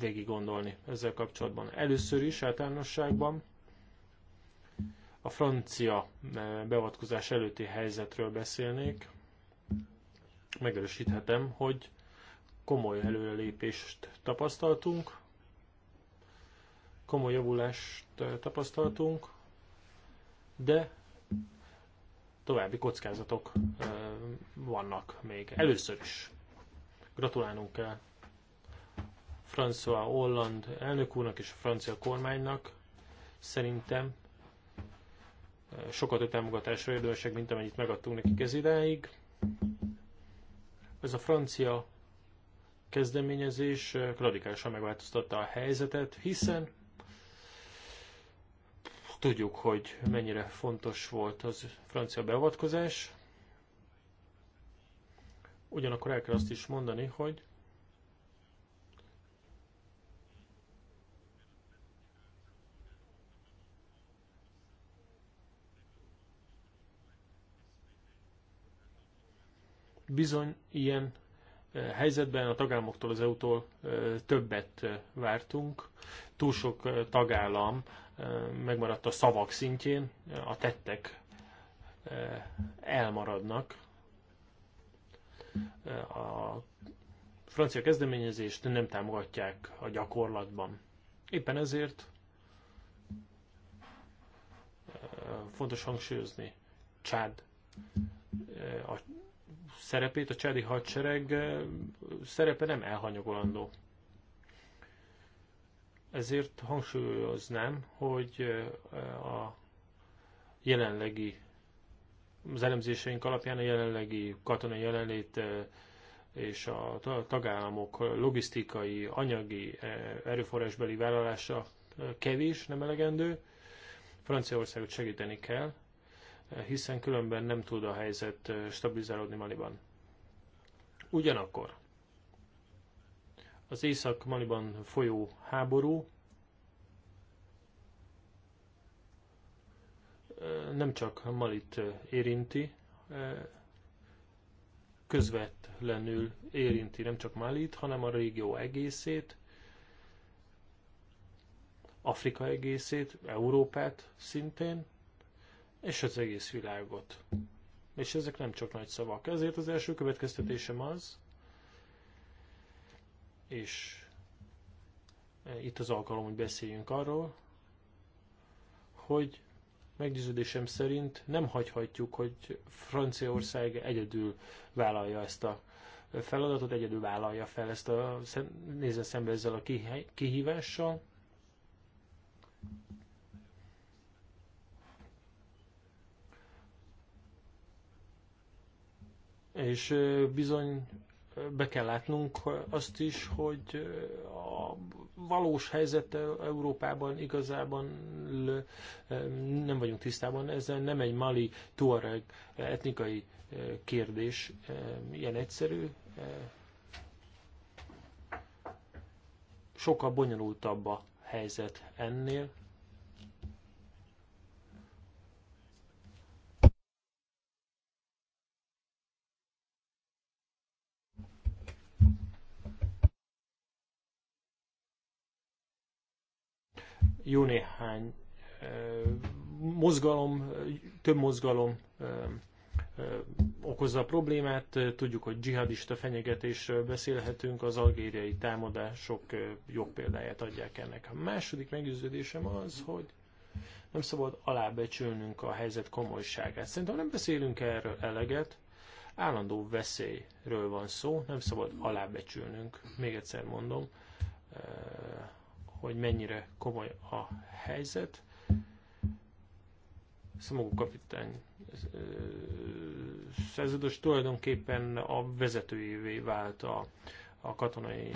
végig gondolni ezzel kapcsolatban. Először is általánosságban a francia eh, beavatkozás előtti helyzetről beszélnék. Megerősíthetem, hogy komoly előrelépést tapasztaltunk, komoly javulást eh, tapasztaltunk, de további kockázatok vannak még. Először is gratulálnunk kell François Hollande elnök úrnak és a francia kormánynak. Szerintem sokat több támogatásra érdemesek, mint amennyit megadtunk nekik ez idáig. Ez a francia kezdeményezés radikálisan megváltoztatta a helyzetet, hiszen Tudjuk, hogy mennyire fontos volt az francia beavatkozás. Ugyanakkor el kell azt is mondani, hogy bizony ilyen eh, helyzetben a tagállamoktól, az EU-tól eh, többet eh, vártunk. Túl sok tagállam megmaradt a szavak szintjén, a tettek elmaradnak. A francia kezdeményezést nem támogatják a gyakorlatban. Éppen ezért fontos hangsúlyozni Csád a szerepét, a csádi hadsereg szerepe nem elhanyagolandó. Ezért hangsúlyoznám, hogy a jelenlegi, az elemzéseink alapján a jelenlegi katonai jelenlét és a tagállamok logisztikai, anyagi, erőforrásbeli vállalása kevés, nem elegendő. Franciaországot segíteni kell, hiszen különben nem tud a helyzet stabilizálódni Maliban. Ugyanakkor az Észak-Maliban folyó háború nem csak Malit érinti, közvetlenül érinti nem csak Malit, hanem a régió egészét, Afrika egészét, Európát szintén, és az egész világot. És ezek nem csak nagy szavak. Ezért az első következtetésem az, és e, itt az alkalom, hogy beszéljünk arról, hogy meggyőződésem szerint nem hagyhatjuk, hogy Franciaország egyedül vállalja ezt a feladatot, egyedül vállalja fel ezt a, nézzen szembe ezzel a kihívással. És e, bizony be kell látnunk azt is, hogy a valós helyzet Európában igazában nem vagyunk tisztában, ez nem egy mali tuareg etnikai kérdés, ilyen egyszerű. Sokkal bonyolultabb a helyzet ennél. jó néhány mozgalom, több mozgalom okozza a problémát. Tudjuk, hogy dzsihadista fenyegetésről beszélhetünk, az algériai támadások jobb példáját adják ennek. A második meggyőződésem az, hogy nem szabad alábecsülnünk a helyzet komolyságát. Szerintem nem beszélünk erről eleget, állandó veszélyről van szó, nem szabad alábecsülnünk, még egyszer mondom, hogy mennyire komoly a helyzet. Szomogú kapitány szerződös tulajdonképpen a vezetőjévé vált a, a katonai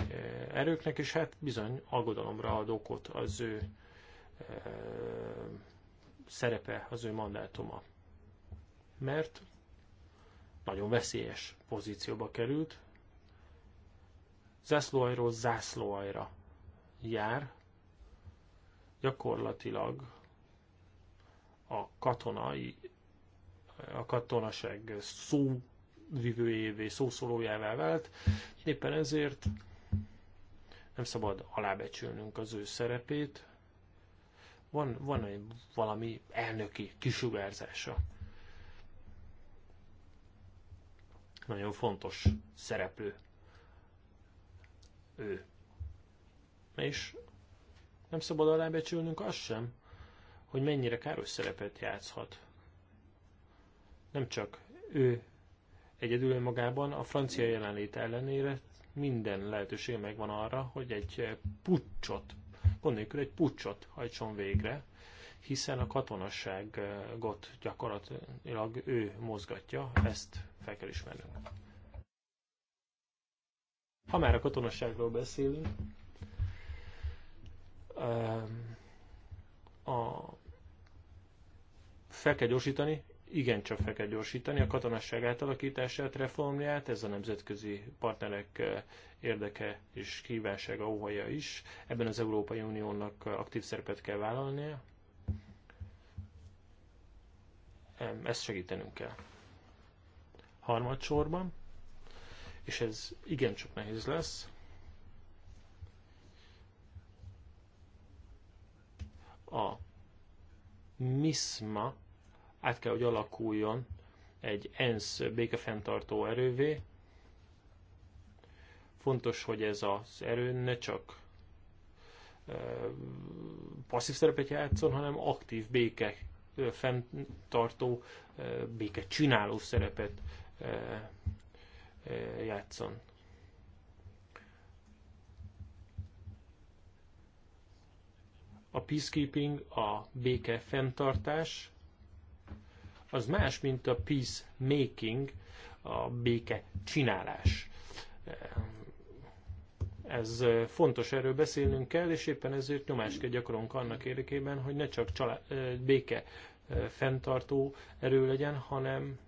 erőknek, és hát bizony aggodalomra ad okot az ő e, szerepe, az ő mandátuma. Mert nagyon veszélyes pozícióba került, zászlóajról zászlóajra jár, gyakorlatilag a katonai, a katonaság szóvivőjévé, szószólójává vált. Éppen ezért nem szabad alábecsülnünk az ő szerepét. Van, van egy valami elnöki kisugárzása. Nagyon fontos szereplő ő. És nem szabad alábecsülnünk azt sem, hogy mennyire káros szerepet játszhat. Nem csak ő egyedül magában, a francia jelenlét ellenére minden lehetőség megvan arra, hogy egy pucsot, gond nélkül egy pucsot hajtson végre, hiszen a katonasságot gyakorlatilag ő mozgatja, ezt fel kell ismernünk. Ha már a katonasságról beszélünk, a, fel kell gyorsítani, igencsak fel kell gyorsítani a katonasság átalakítását, reformját, ez a nemzetközi partnerek érdeke és kívánsága, óhaja is. Ebben az Európai Uniónak aktív szerepet kell vállalnia. Ezt segítenünk kell. Harmadsorban, és ez igencsak nehéz lesz, a MISMA át kell, hogy alakuljon egy ENSZ békefenntartó erővé. Fontos, hogy ez az erő ne csak passzív szerepet játszon, hanem aktív béke fenntartó, béke csináló szerepet játszon. a peacekeeping, a béke fenntartás, az más, mint a peace making, a béke csinálás. Ez fontos, erről beszélnünk kell, és éppen ezért nyomást kell gyakorolunk annak érdekében, hogy ne csak család, béke fenntartó erő legyen, hanem,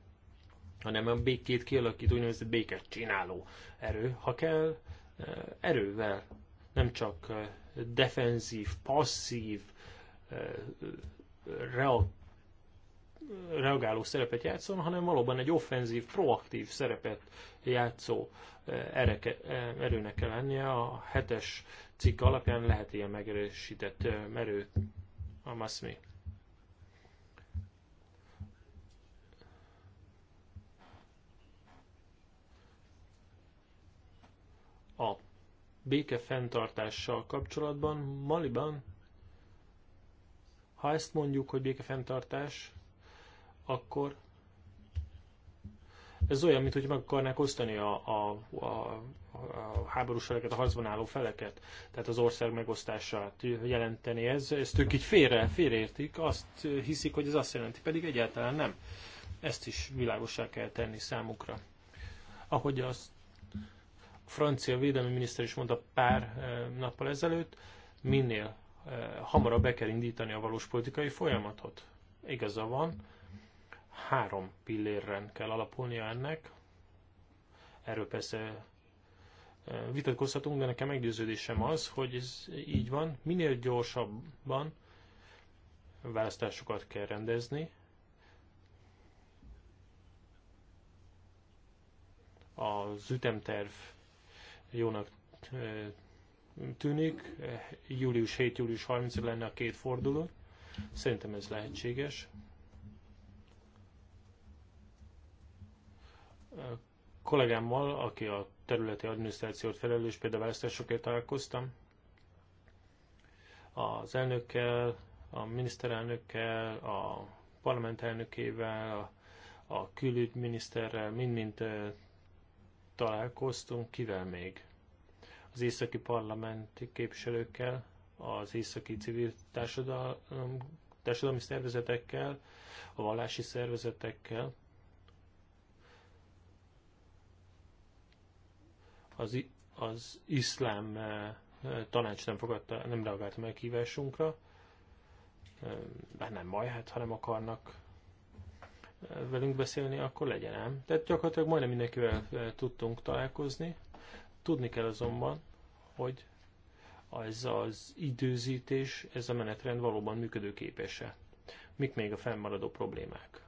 hanem a békét kialakító, úgynevezett béket csináló erő, ha kell, erővel, nem csak defenzív, passzív, rea reagáló szerepet játszon, hanem valóban egy offenzív, proaktív szerepet játszó ereke, erőnek kell lennie. A hetes cikk alapján lehet ilyen megerősített merő a maszmi. A béke fenntartással kapcsolatban Maliban, ha ezt mondjuk, hogy béke fenntartás, akkor ez olyan, mint hogy meg akarnák osztani a, a, a, a háborús feleket, a harcban álló feleket. Tehát az ország megosztását jelenteni ez. Ezt ők így félre, félreértik, azt hiszik, hogy ez azt jelenti, pedig egyáltalán nem. Ezt is világosá kell tenni számukra. Ahogy azt francia védelmi miniszter is mondta pár eh, nappal ezelőtt, minél eh, hamarabb be kell indítani a valós politikai folyamatot. Igaza van, három pillérren kell alapulnia ennek. Erről persze eh, vitatkozhatunk, de nekem meggyőződésem az, hogy ez így van. Minél gyorsabban választásokat kell rendezni. Az ütemterv jónak tűnik. Július 7, július 30 lenne a két forduló. Szerintem ez lehetséges. A kollégámmal, aki a területi adminisztrációt felelős, például választásokért találkoztam. Az elnökkel, a miniszterelnökkel, a parlament elnökével, a, a külügyminiszterrel, mind-mind találkoztunk, kivel még? Az északi parlamenti képviselőkkel, az északi civil társadalom, társadalmi szervezetekkel, a vallási szervezetekkel, az, az iszlám eh, tanács nem, fogadta, nem reagált meghívásunkra, hát nem baj, hát ha nem akarnak velünk beszélni, akkor legyen ám. Tehát gyakorlatilag majdnem mindenkivel eh, tudtunk találkozni. Tudni kell azonban, hogy ez az időzítés, ez a menetrend valóban működőképes-e. Mik még a fennmaradó problémák?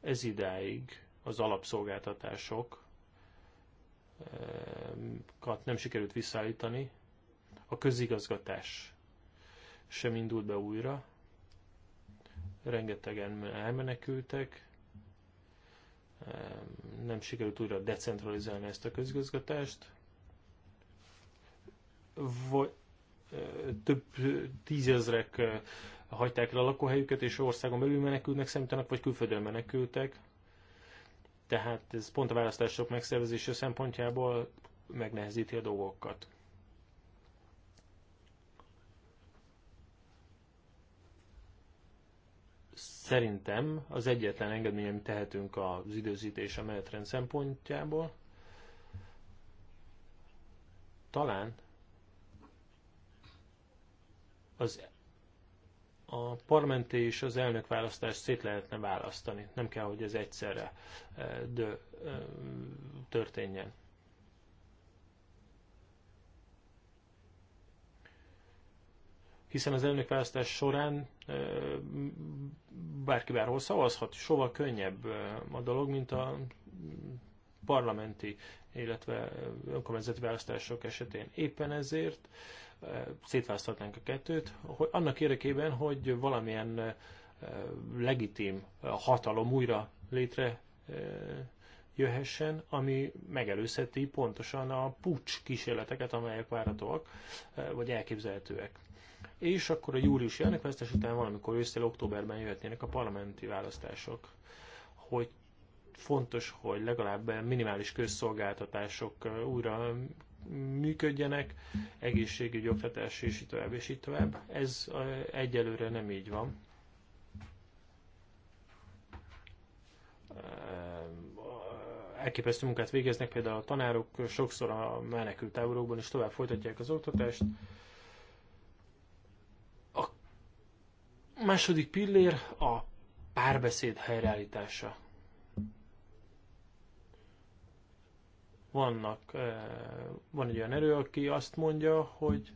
Ez idáig az alapszolgáltatásokat eh, nem sikerült visszaállítani, a közigazgatás sem indult be újra. Rengetegen elmenekültek, nem sikerült újra decentralizálni ezt a közgazgatást. Vagy több tízezrek hagyták el a lakóhelyüket, és országon belül menekülnek, számítanak, vagy külföldön menekültek. Tehát ez pont a választások megszervezése szempontjából megnehezíti a dolgokat. szerintem az egyetlen engedmény, amit tehetünk az időzítés a menetrend szempontjából. Talán az a parlamenti és az elnök választást szét lehetne választani. Nem kell, hogy ez egyszerre eh, de, eh, történjen. hiszen az elnökválasztás során bárki bárhol szavazhat, soha könnyebb a dolog, mint a parlamenti, illetve önkormányzati választások esetén. Éppen ezért szétválaszthatnánk a kettőt, hogy annak érdekében, hogy valamilyen legitim hatalom újra létre jöhessen, ami megelőzheti pontosan a pucs kísérleteket, amelyek várhatóak, vagy elképzelhetőek és akkor a júliusi elnökválasztás után valamikor ősztél októberben jöhetnének a parlamenti választások, hogy fontos, hogy legalább minimális közszolgáltatások újra működjenek, egészségügy, oktatás és így tovább, és így tovább. Ez egyelőre nem így van. Elképesztő munkát végeznek, például a tanárok sokszor a menekült is tovább folytatják az oktatást, Második pillér a párbeszéd helyreállítása. Vannak, eh, van egy olyan erő, aki azt mondja, hogy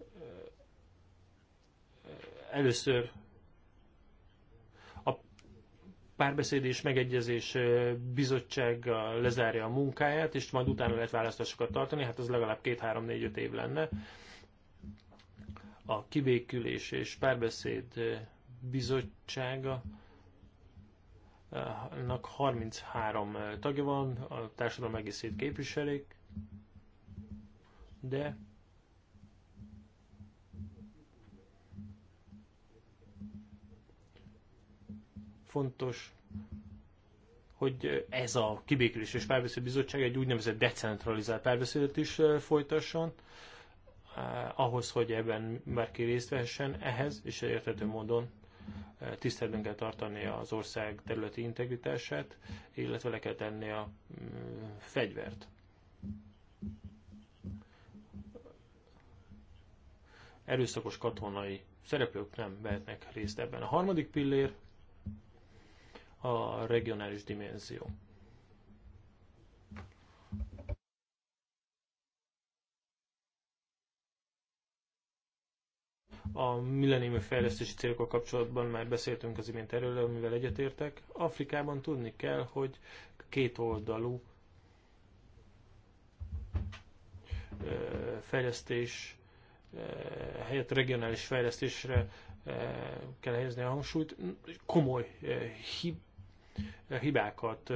eh, először a párbeszéd és megegyezés eh, bizottság lezárja a munkáját, és majd utána lehet választásokat tartani, hát az legalább két-három-négy-öt év lenne a kibékülés és párbeszéd bizottsága, 33 eh, eh, tagja van, a társadalom egészét képviselik, de fontos, hogy ez a kibékülés és párbeszéd bizottság egy úgynevezett decentralizált párbeszédet is eh, folytasson, Eh, ahhoz, hogy ebben bárki részt vehessen, ehhez, és érthető módon eh, tiszteletben kell tartani az ország területi integritását, illetve le kell tenni a mm, fegyvert. Erőszakos katonai szereplők nem vehetnek részt ebben. A harmadik pillér a regionális dimenzió. A milleniumi fejlesztési célokkal kapcsolatban már beszéltünk az imént erről, amivel egyetértek. Afrikában tudni kell, hogy két oldalú fejlesztés helyett regionális fejlesztésre kell helyezni a hangsúlyt. Komoly hib hibákat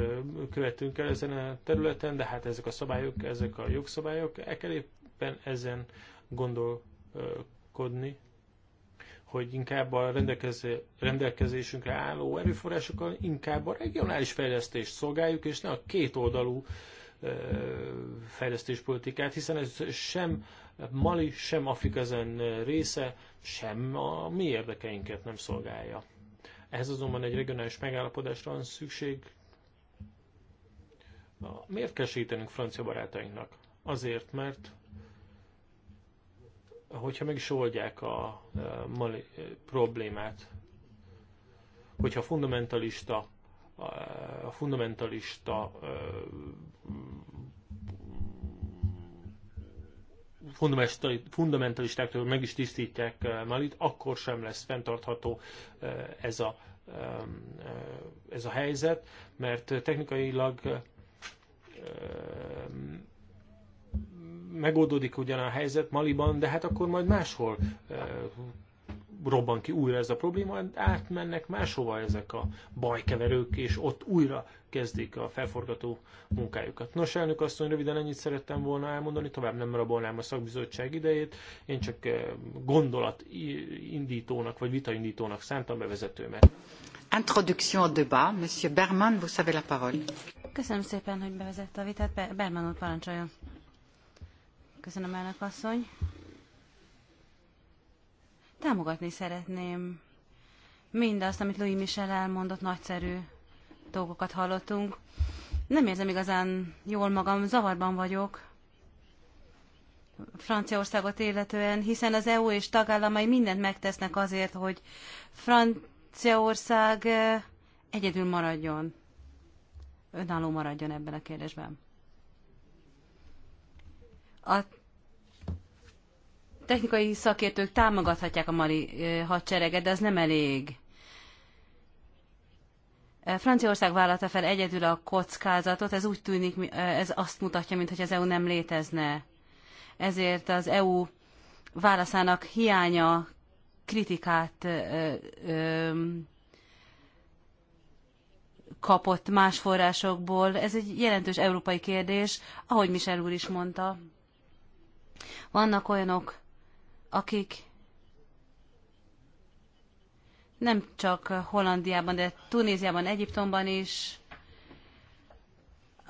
követünk el ezen a területen, de hát ezek a szabályok, ezek a jogszabályok, el kell éppen ezen gondolkodni hogy inkább a rendelkezésünkre álló erőforrásokkal inkább a regionális fejlesztést szolgáljuk, és ne a kétoldalú fejlesztéspolitikát, hiszen ez sem Mali, sem Afrika ezen része, sem a mi érdekeinket nem szolgálja. Ehhez azonban egy regionális megállapodásra van szükség. Miért kell segítenünk francia barátainknak? Azért, mert hogyha meg is oldják a e, mali e, problémát, hogyha fundamentalista e, a fundamentalista fundamentalistáktól meg is tisztítják Malit, akkor sem lesz fenntartható ez a, ez a helyzet, mert technikailag megoldódik ugyan a helyzet Maliban, de hát akkor majd máshol eh, robban ki újra ez a probléma, átmennek máshova ezek a bajkeverők, és ott újra kezdik a felforgató munkájukat. Nos, elnök asszony, röviden ennyit szerettem volna elmondani, tovább nem rabolnám a szakbizottság idejét, én csak eh, gondolat indítónak vagy vitaindítónak szántam bevezetőmet. Introduction au débat. Monsieur Berman, vous avez la parole. Köszönöm szépen, hogy bevezette a vitát. Berman úr, parancsoljon. Köszönöm, elnök asszony. Támogatni szeretném mindazt, amit Louis Michel elmondott, nagyszerű dolgokat hallottunk. Nem érzem igazán jól magam, zavarban vagyok Franciaországot illetően, hiszen az EU és tagállamai mindent megtesznek azért, hogy Franciaország eh, egyedül maradjon, önálló maradjon ebben a kérdésben. A technikai szakértők támogathatják a mali hadsereget, de ez nem elég. Franciaország vállalta fel egyedül a kockázatot, ez úgy tűnik, ez azt mutatja, mintha az EU nem létezne. Ezért az EU válaszának hiánya kritikát ö, ö, kapott más forrásokból. Ez egy jelentős európai kérdés, ahogy Michel úr is mondta. Vannak olyanok, akik nem csak Hollandiában, de Tunéziában, Egyiptomban is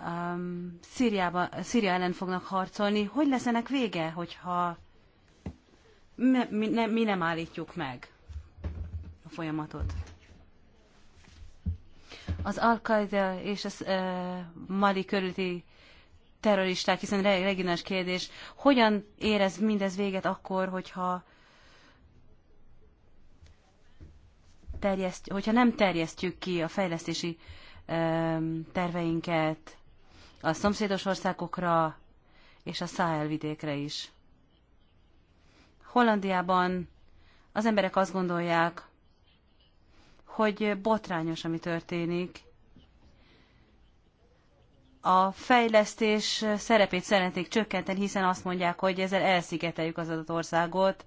um, Szíriában, Szíria ellen fognak harcolni. Hogy lesz ennek vége, hogyha mi, mi, ne, mi nem állítjuk meg a folyamatot? Az al és a uh, Mali körülti terroristák, hiszen reginás kérdés, hogyan érez mindez véget akkor, hogyha terjeszt, hogyha nem terjesztjük ki a fejlesztési um, terveinket a szomszédos országokra és a Száhel vidékre is. Hollandiában az emberek azt gondolják, hogy botrányos, ami történik, a fejlesztés szerepét szeretnék csökkenteni, hiszen azt mondják, hogy ezzel elszigeteljük az adott országot,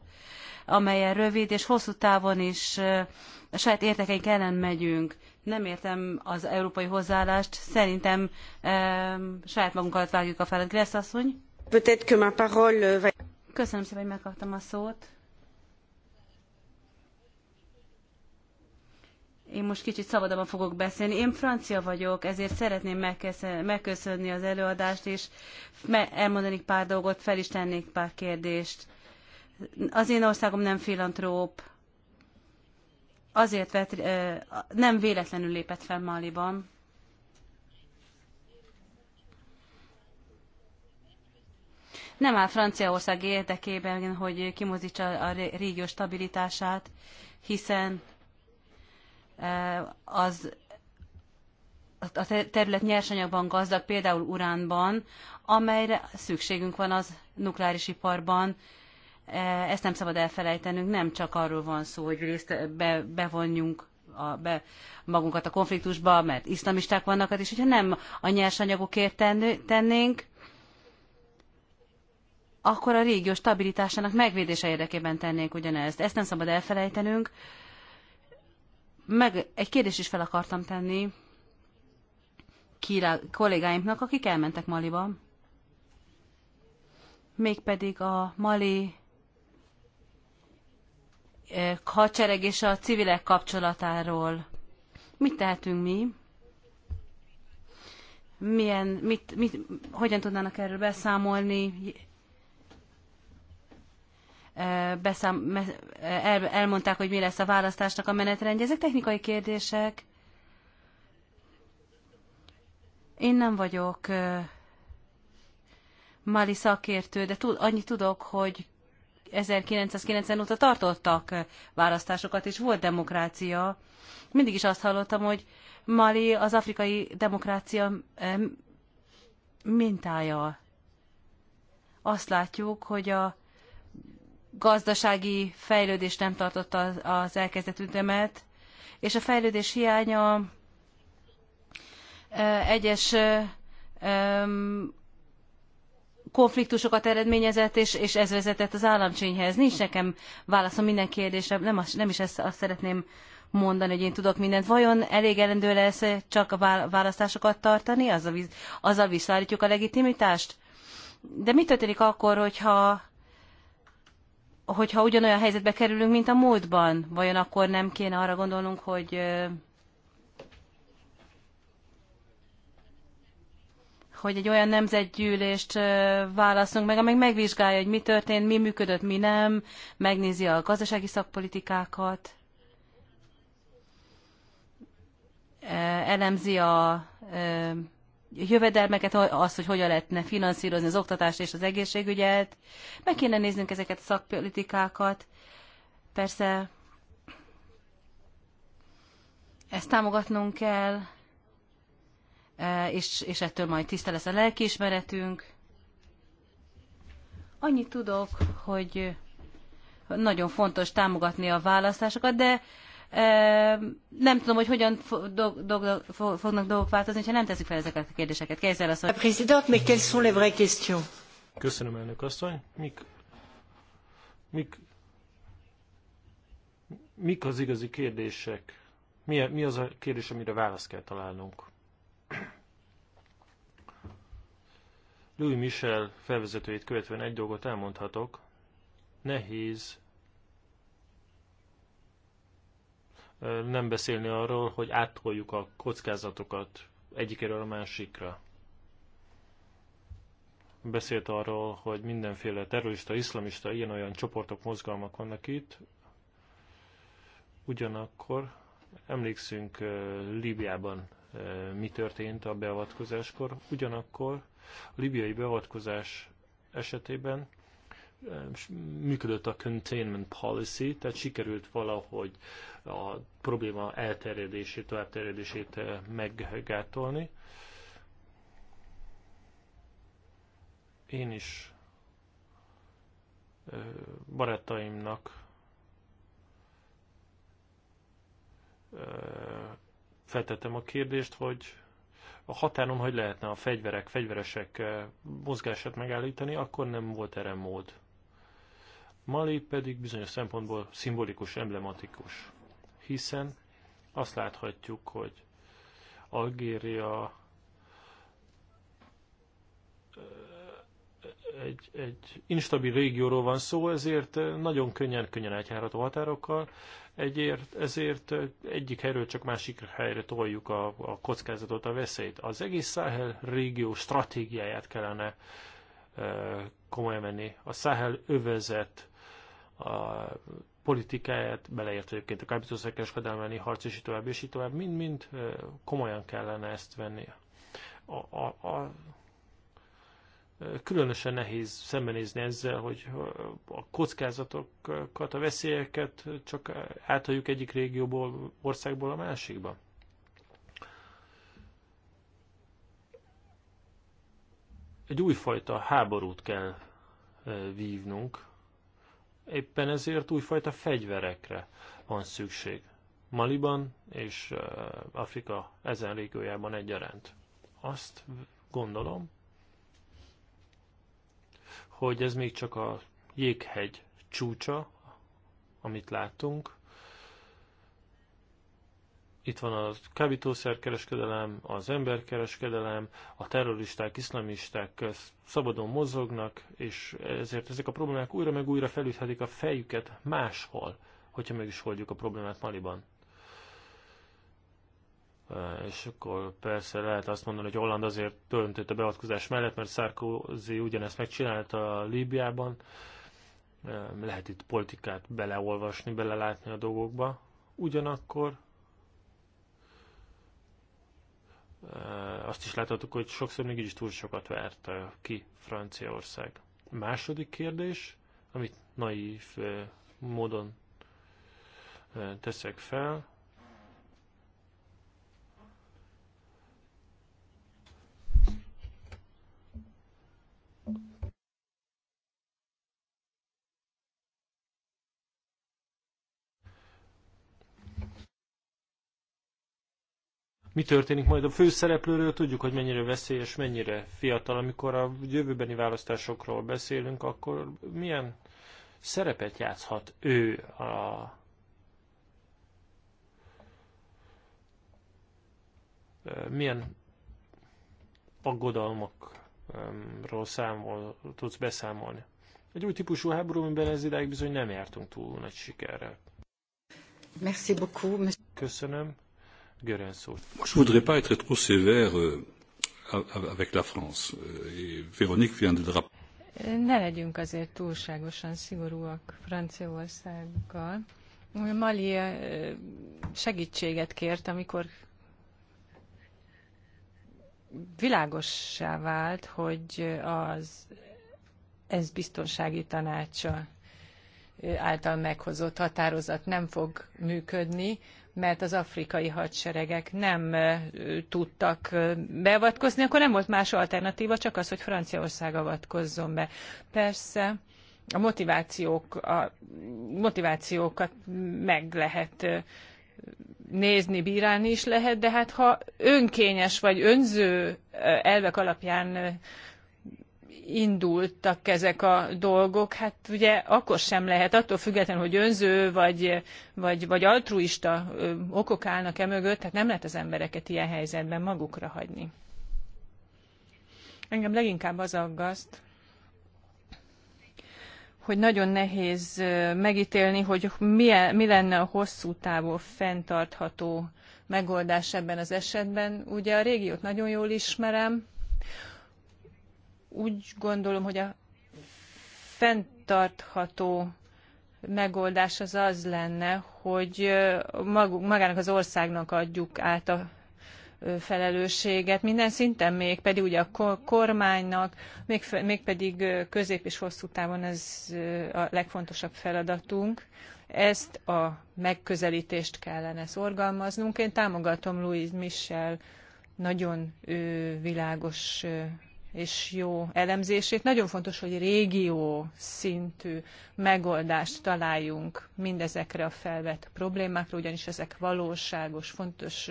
amelyen rövid és hosszú távon is a saját értekeink ellen megyünk. Nem értem az európai hozzáállást, szerintem e, saját magunkat vágjuk a felett. Gressz asszony? Köszönöm szépen, hogy megkaptam a szót. Én most kicsit szabadabban fogok beszélni. Én francia vagyok, ezért szeretném megköszönni az előadást, és elmondani pár dolgot, fel is tennék pár kérdést. Az én országom nem filantróp. Azért vett, nem véletlenül lépett fel Maliban. Nem áll Franciaország érdekében, hogy kimozdítsa a régió stabilitását, hiszen Eh, az a terület nyersanyagban gazdag, például uránban, amelyre szükségünk van az nukleáris iparban. Eh, ezt nem szabad elfelejtenünk, nem csak arról van szó, hogy részt be, bevonjunk a, be, magunkat a konfliktusba, mert iszlamisták vannak, és hát hogyha nem a nyersanyagokért tennénk, akkor a régió stabilitásának megvédése érdekében tennénk ugyanezt. Ezt nem szabad elfelejtenünk meg egy kérdés is fel akartam tenni kirá- kollégáimnak, akik elmentek Maliba. Mégpedig a Mali eh, hadsereg és a civilek kapcsolatáról. Mit tehetünk mi? Milyen, mit, mit, hogyan tudnának erről beszámolni? E, beszám, e, el, elmondták, hogy mi lesz a választásnak a menetrendje. Ezek technikai kérdések. Én nem vagyok e, mali szakértő, de tud, annyit tudok, hogy 1990 óta tartottak választásokat, és volt demokrácia. Mindig is azt hallottam, hogy Mali az afrikai demokrácia mintája. Azt látjuk, hogy a gazdasági fejlődés nem tartotta az elkezdett ütemet, és a fejlődés hiánya egyes konfliktusokat eredményezett, és, és ez vezetett az államcsényhez. Nincs nekem válaszom minden kérdésre, nem, az, nem is ezt azt szeretném mondani, hogy én tudok mindent. Vajon elég elendő lesz csak a választásokat tartani? Azzal, azzal visszaállítjuk a legitimitást? De mi történik akkor, hogyha hogyha ugyanolyan helyzetbe kerülünk, mint a múltban, vajon akkor nem kéne arra gondolnunk, hogy hogy egy olyan nemzetgyűlést válaszunk meg, amely megvizsgálja, hogy mi történt, mi működött, mi nem, megnézi a gazdasági szakpolitikákat, elemzi a jövedelmeket, az, hogy hogyan lehetne finanszírozni az oktatást és az egészségügyet. Meg kéne néznünk ezeket a szakpolitikákat. Persze ezt támogatnunk kell, e, és, és ettől majd tiszta lesz a lelkiismeretünk. Annyit tudok, hogy nagyon fontos támogatni a választásokat, de nem tudom, hogy hogyan fognak dolgok változni, ha nem teszik fel ezeket a kérdéseket. Kezdj el a szót. Köszönöm, elnök asszony. Mik, mik, mik az igazi kérdések? Mi, mi az a kérdés, amire választ kell találnunk? Louis Michel felvezetőjét követően egy dolgot elmondhatok. Nehéz nem beszélni arról, hogy áttoljuk a kockázatokat egyikéről a másikra. Beszélt arról, hogy mindenféle terrorista, iszlamista, ilyen-olyan csoportok, mozgalmak vannak itt. Ugyanakkor emlékszünk Líbiában mi történt a beavatkozáskor. Ugyanakkor a libiai beavatkozás esetében működött a containment policy, tehát sikerült valahogy a probléma elterjedését, továbbterjedését eh, meggátolni. Én is eh, barátaimnak eh, feltettem a kérdést, hogy a határon hogy lehetne a fegyverek, fegyveresek mozgását megállítani, akkor nem volt erre mód. Mali pedig bizonyos szempontból szimbolikus, emblematikus, hiszen azt láthatjuk, hogy Algéria egy, egy instabil régióról van szó, ezért nagyon könnyen, könnyen átjárható határokkal, egyért, ezért egyik helyről csak másik helyre toljuk a, a kockázatot, a veszélyt. Az egész Sahel régió stratégiáját kellene komolyan venni. A Sahel övezet a politikáját, beleértve egyébként a kábítószerkereskedelmeni harc, és így tovább, és így tovább, mind-mind komolyan kellene ezt venni. A, a, a, különösen nehéz szembenézni ezzel, hogy a kockázatokat, a veszélyeket csak átadjuk egyik régióból, országból a másikba. Egy újfajta háborút kell vívnunk, éppen ezért újfajta fegyverekre van szükség. Maliban és eh, Afrika ezen régiójában egyaránt. Azt gondolom, hogy ez még csak a jéghegy csúcsa, amit látunk, itt van a kábítószerkereskedelem, az emberkereskedelem, a terroristák, iszlamisták szabadon mozognak, és ezért ezek a problémák újra meg újra felüthetik a fejüket máshol, hogyha meg is oldjuk a problémát Maliban. Eh, és akkor persze lehet azt mondani, hogy Holland azért döntött a beavatkozás mellett, mert Sarkozy ugyanezt megcsinálta Líbiában. Eh, lehet itt politikát beleolvasni, belelátni a dolgokba. Ugyanakkor azt is láthatjuk, hogy sokszor még így is túl sokat vert ki Franciaország. második kérdés, amit naív módon teszek fel, mi történik majd a főszereplőről, tudjuk, hogy mennyire veszélyes, mennyire fiatal. Amikor a jövőbeni választásokról beszélünk, akkor milyen szerepet játszhat ő a milyen aggodalmakról számol, tudsz beszámolni. Egy új típusú háború, amiben ez idáig bizony nem jártunk túl nagy sikerrel. Merci beaucoup. Köszönöm. Görönsz szót. Most voudrais pas être trop sévère euh, avec la France. Euh, et Véronique vient de drap. Ne legyünk azért túlságosan szigorúak Franciaországgal. Mali segítséget kért, amikor világossá vált, hogy az ez biztonsági tanácsa által meghozott határozat nem fog működni, mert az afrikai hadseregek nem tudtak beavatkozni, akkor nem volt más alternatíva, csak az, hogy Franciaország avatkozzon be. Persze a, motivációk, a motivációkat meg lehet nézni, bírálni is lehet, de hát ha önkényes vagy önző elvek alapján indultak ezek a dolgok, hát ugye akkor sem lehet, attól függetlenül, hogy önző vagy, vagy, vagy altruista okok állnak e mögött, tehát nem lehet az embereket ilyen helyzetben magukra hagyni. Engem leginkább az aggaszt, hogy nagyon nehéz megítélni, hogy milyen, mi lenne a hosszú távú fenntartható megoldás ebben az esetben. Ugye a régiót nagyon jól ismerem, úgy gondolom, hogy a fenntartható megoldás az az lenne, hogy maguk, magának az országnak adjuk át a felelősséget minden szinten, még pedig ugye a kormánynak, még, még pedig közép és hosszú távon ez a legfontosabb feladatunk. Ezt a megközelítést kellene szorgalmaznunk. Én támogatom Louis Michel nagyon világos és jó elemzését. Nagyon fontos, hogy régió szintű megoldást találjunk mindezekre a felvett problémákra, ugyanis ezek valóságos, fontos,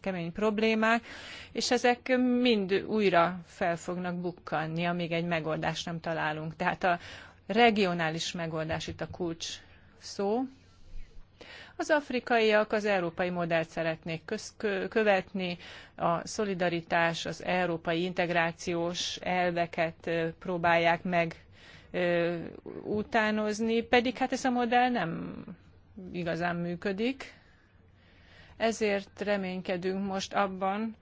kemény problémák, és ezek mind újra fel fognak bukkanni, amíg egy megoldást nem találunk. Tehát a regionális megoldás itt a kulcs szó, az afrikaiak az európai modellt szeretnék követni, a szolidaritás, az európai integrációs elveket próbálják meg utánozni, pedig hát ez a modell nem igazán működik. Ezért reménykedünk most abban,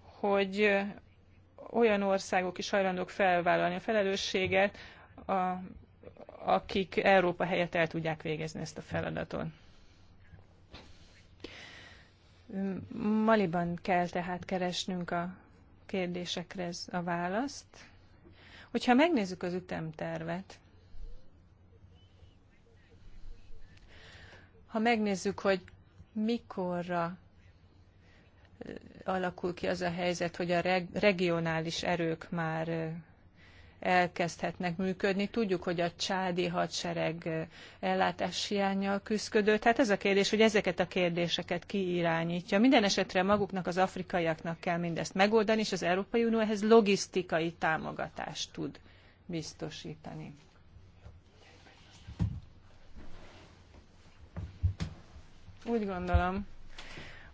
hogy olyan országok is hajlandók felvállalni a felelősséget, a, akik Európa helyett el tudják végezni ezt a feladatot. Maliban kell tehát keresnünk a kérdésekre a választ. Hogyha megnézzük az ütemtervet, ha megnézzük, hogy mikorra alakul ki az a helyzet, hogy a regionális erők már elkezdhetnek működni. Tudjuk, hogy a csádi hadsereg eh, ellátás hiányjal küzdött. Hát ez a kérdés, hogy ezeket a kérdéseket ki irányítja. Minden esetre maguknak, az afrikaiaknak kell mindezt megoldani, és az Európai Unió ehhez logisztikai támogatást tud biztosítani. Úgy gondolom,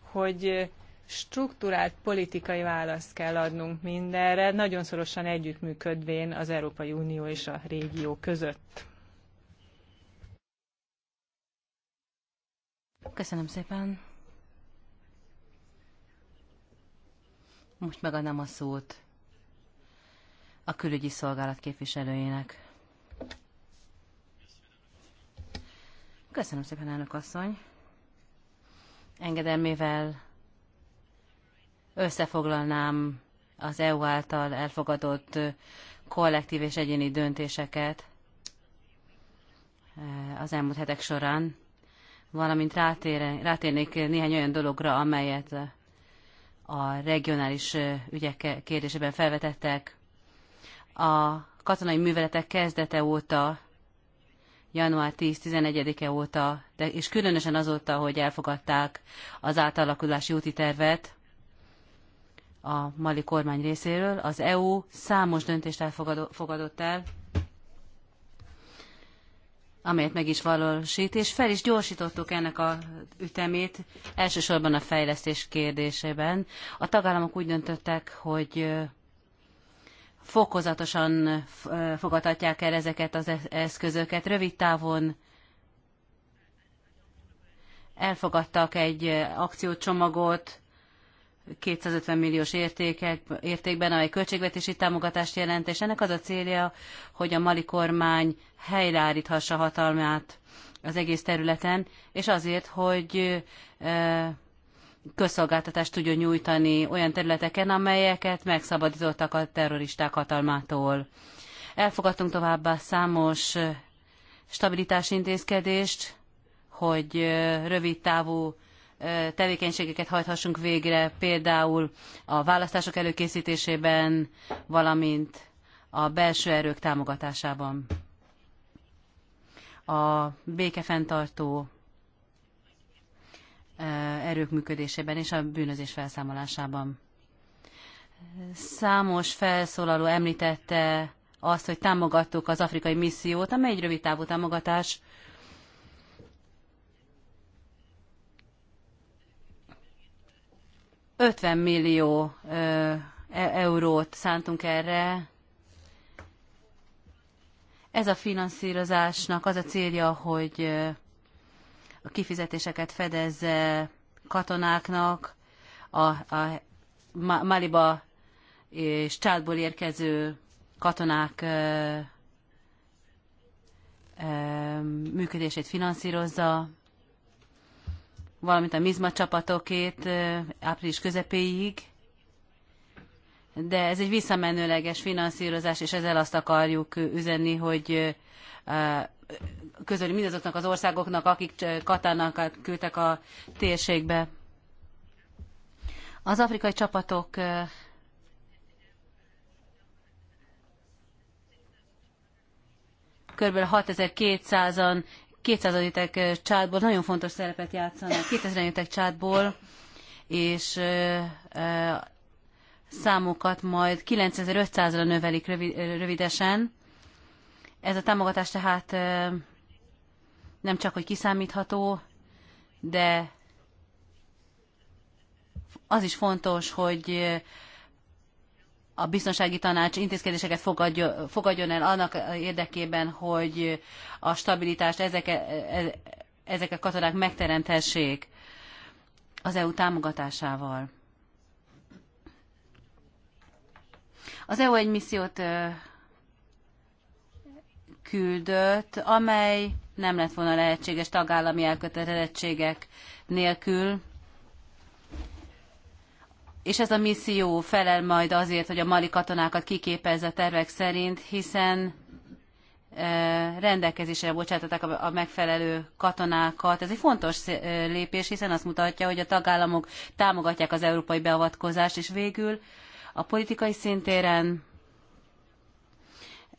hogy strukturált politikai választ kell adnunk mindenre, nagyon szorosan együttműködvén az Európai Unió és a régió között. Köszönöm szépen. Most megadnám a szót a külügyi szolgálat képviselőjének. Köszönöm szépen, elnök asszony. Engedelmével összefoglalnám az EU által elfogadott kollektív és egyéni döntéseket az elmúlt hetek során, valamint rátérnék néhány olyan dologra, amelyet a regionális ügyek kérdésében felvetettek. A katonai műveletek kezdete óta, január 10-11-e óta, de, és különösen azóta, hogy elfogadták az átalakulási úti tervet, a mali kormány részéről. Az EU számos döntést elfogadott el, amelyet meg is valósít, és fel is gyorsítottuk ennek a ütemét, elsősorban a fejlesztés kérdésében. A tagállamok úgy döntöttek, hogy fokozatosan fogadhatják el ezeket az e-, eszközöket. Rövid távon elfogadtak egy akciócsomagot, 250 milliós értékek, értékben, amely költségvetési támogatást jelent, és ennek az a célja, hogy a mali kormány helyreállíthassa hatalmát az egész területen, és azért, hogy közszolgáltatást tudjon nyújtani olyan területeken, amelyeket megszabadítottak a terroristák hatalmától. Elfogadtunk továbbá számos stabilitási intézkedést, hogy rövid távú tevékenységeket hajthassunk végre, például a választások előkészítésében, valamint a belső erők támogatásában. A békefenntartó erők működésében és a bűnözés felszámolásában. Számos felszólaló említette azt, hogy támogattuk az afrikai missziót, amely egy rövid távú támogatás, 50 millió e, eurót szántunk erre. Ez a finanszírozásnak az a célja, hogy a kifizetéseket fedezze katonáknak, a, a Maliba és Csádból érkező katonák ö, ö, működését finanszírozza valamint a Mizma csapatokét április közepéig, de ez egy visszamenőleges finanszírozás, és ezzel azt akarjuk üzenni, hogy közöli mindazoknak az országoknak, akik katánakat küldtek a térségbe. Az afrikai csapatok kb. 6200-an 200 étek csátból nagyon fontos szerepet játszanak, 2000 étek csátból, és számokat majd 9500-ra növelik rövidesen. Ez a támogatás tehát nem csak, hogy kiszámítható, de az is fontos, hogy a biztonsági tanács intézkedéseket fogadjon, fogadjon el annak érdekében, hogy a stabilitást ezek, e, ezek a katonák megteremthessék az EU támogatásával. Az EU egy missziót küldött, amely nem lett volna lehetséges tagállami elkötelezettségek nélkül, és ez a misszió felel majd azért, hogy a mali katonákat kiképezze tervek szerint, hiszen e, rendelkezésre bocsátották a megfelelő katonákat. Ez egy fontos e, lépés, hiszen azt mutatja, hogy a tagállamok támogatják az európai beavatkozást, és végül a politikai szintéren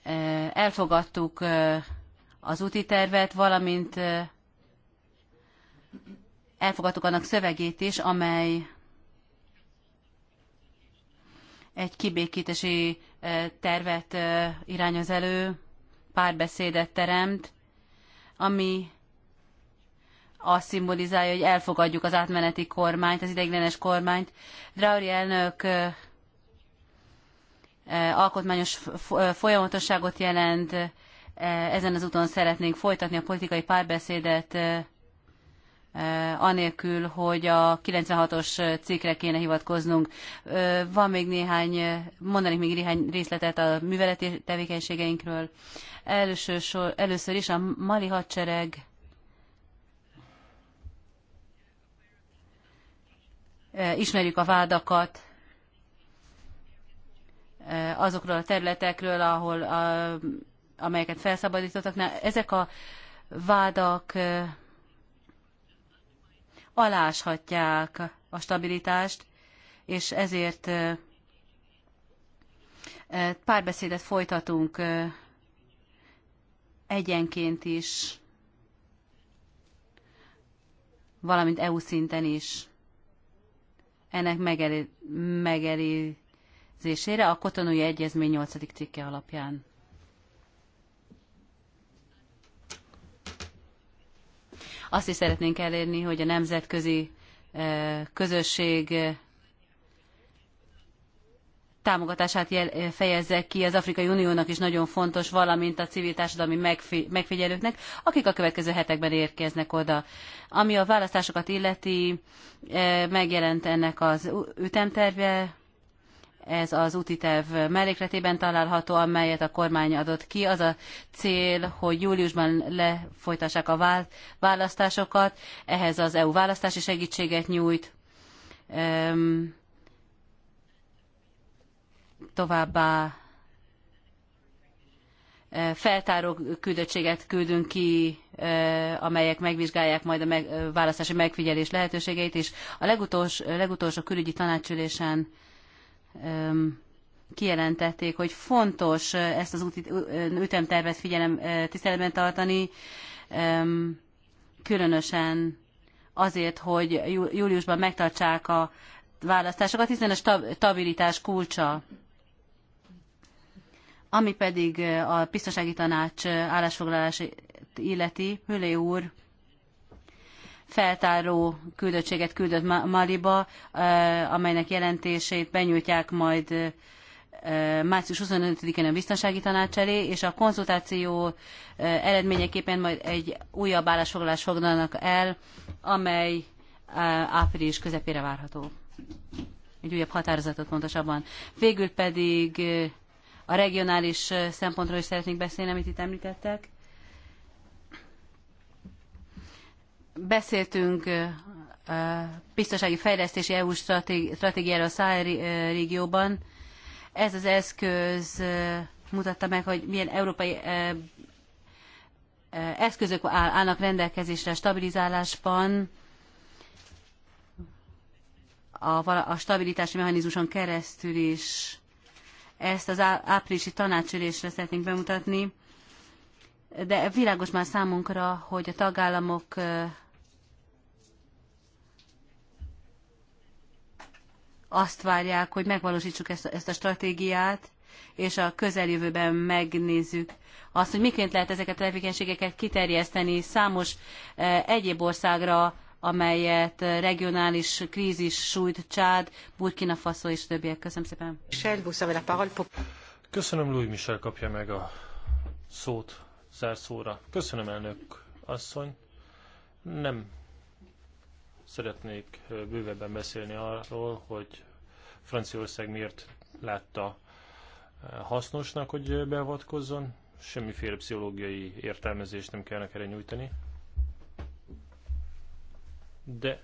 e, elfogadtuk az úti tervet, valamint elfogadtuk annak szövegét is, amely egy kibékítési tervet irányoz elő, párbeszédet teremt, ami azt szimbolizálja, hogy elfogadjuk az átmeneti kormányt, az ideiglenes kormányt. Drauri elnök alkotmányos folyamatosságot jelent, ezen az úton szeretnénk folytatni a politikai párbeszédet Eh, anélkül, hogy a 96-os cikkre kéne hivatkoznunk. Eh, van még néhány, eh, mondanék még néhány részletet a műveleti tevékenységeinkről. Először, először is a mali hadsereg ismerjük a vádakat azokról a területekről, ahol a, amelyeket felszabadítottak. Na, ezek a vádak aláshatják a stabilitást, és ezért párbeszédet folytatunk egyenként is, valamint EU szinten is ennek megeri, megerizésére a Kotonui egyezmény 8. cikke alapján. Azt is szeretnénk elérni, hogy a nemzetközi eh, közösség eh, támogatását eh, fejezze ki az Afrikai Uniónak is nagyon fontos, valamint a civil társadalmi megfi, megfigyelőknek, akik a következő hetekben érkeznek oda. Ami a választásokat illeti, megjelent ennek az ütemterve, ez az úti terv mellékletében található, amelyet a kormány adott ki. Az a cél, hogy júliusban lefolytassák a választásokat, ehhez az EU választási segítséget nyújt. Továbbá feltáró küldöttséget küldünk ki, amelyek megvizsgálják majd a választási megfigyelés lehetőségeit, és a legutolsó, legutolsó külügyi tanácsülésen kijelentették, hogy fontos ezt az ütemtervet figyelem tiszteletben tartani, különösen azért, hogy júliusban megtartsák a választásokat, hiszen a stabilitás kulcsa. Ami pedig a biztonsági tanács állásfoglalását illeti, Hülé úr feltáró küldöttséget küldött Maliba, eh, amelynek jelentését benyújtják majd eh, március 25-én a biztonsági tanács elé, és a konzultáció eh, eredményeképpen majd egy újabb állásfoglalást foglalnak el, amely április közepére várható. Egy újabb határozatot pontosabban. Végül pedig a regionális szempontról is szeretnék beszélni, amit itt említettek. Beszéltünk biztonsági fejlesztési EU stratégiáról a Száj régióban. Ez az eszköz mutatta meg, hogy milyen európai eszközök állnak rendelkezésre a stabilizálásban, a, a stabilitási mechanizmuson keresztül is. Ezt az áprilisi tanácsülésre szeretnénk bemutatni, de világos már számunkra, hogy a tagállamok azt várják, hogy megvalósítsuk ezt, ezt a stratégiát, és a közeljövőben megnézzük azt, hogy miként lehet ezeket a tevékenységeket kiterjeszteni számos e, egyéb országra, amelyet e, regionális krízis sújt Csád, Burkina Faso és többiek. Köszönöm szépen. Köszönöm, Louis Michel kapja meg a szót zárszóra. Köszönöm, elnök asszony. Nem szeretnék bővebben beszélni arról, hogy Franciaország miért látta hasznosnak, hogy beavatkozzon. Semmiféle pszichológiai értelmezést nem kellene erre nyújtani. De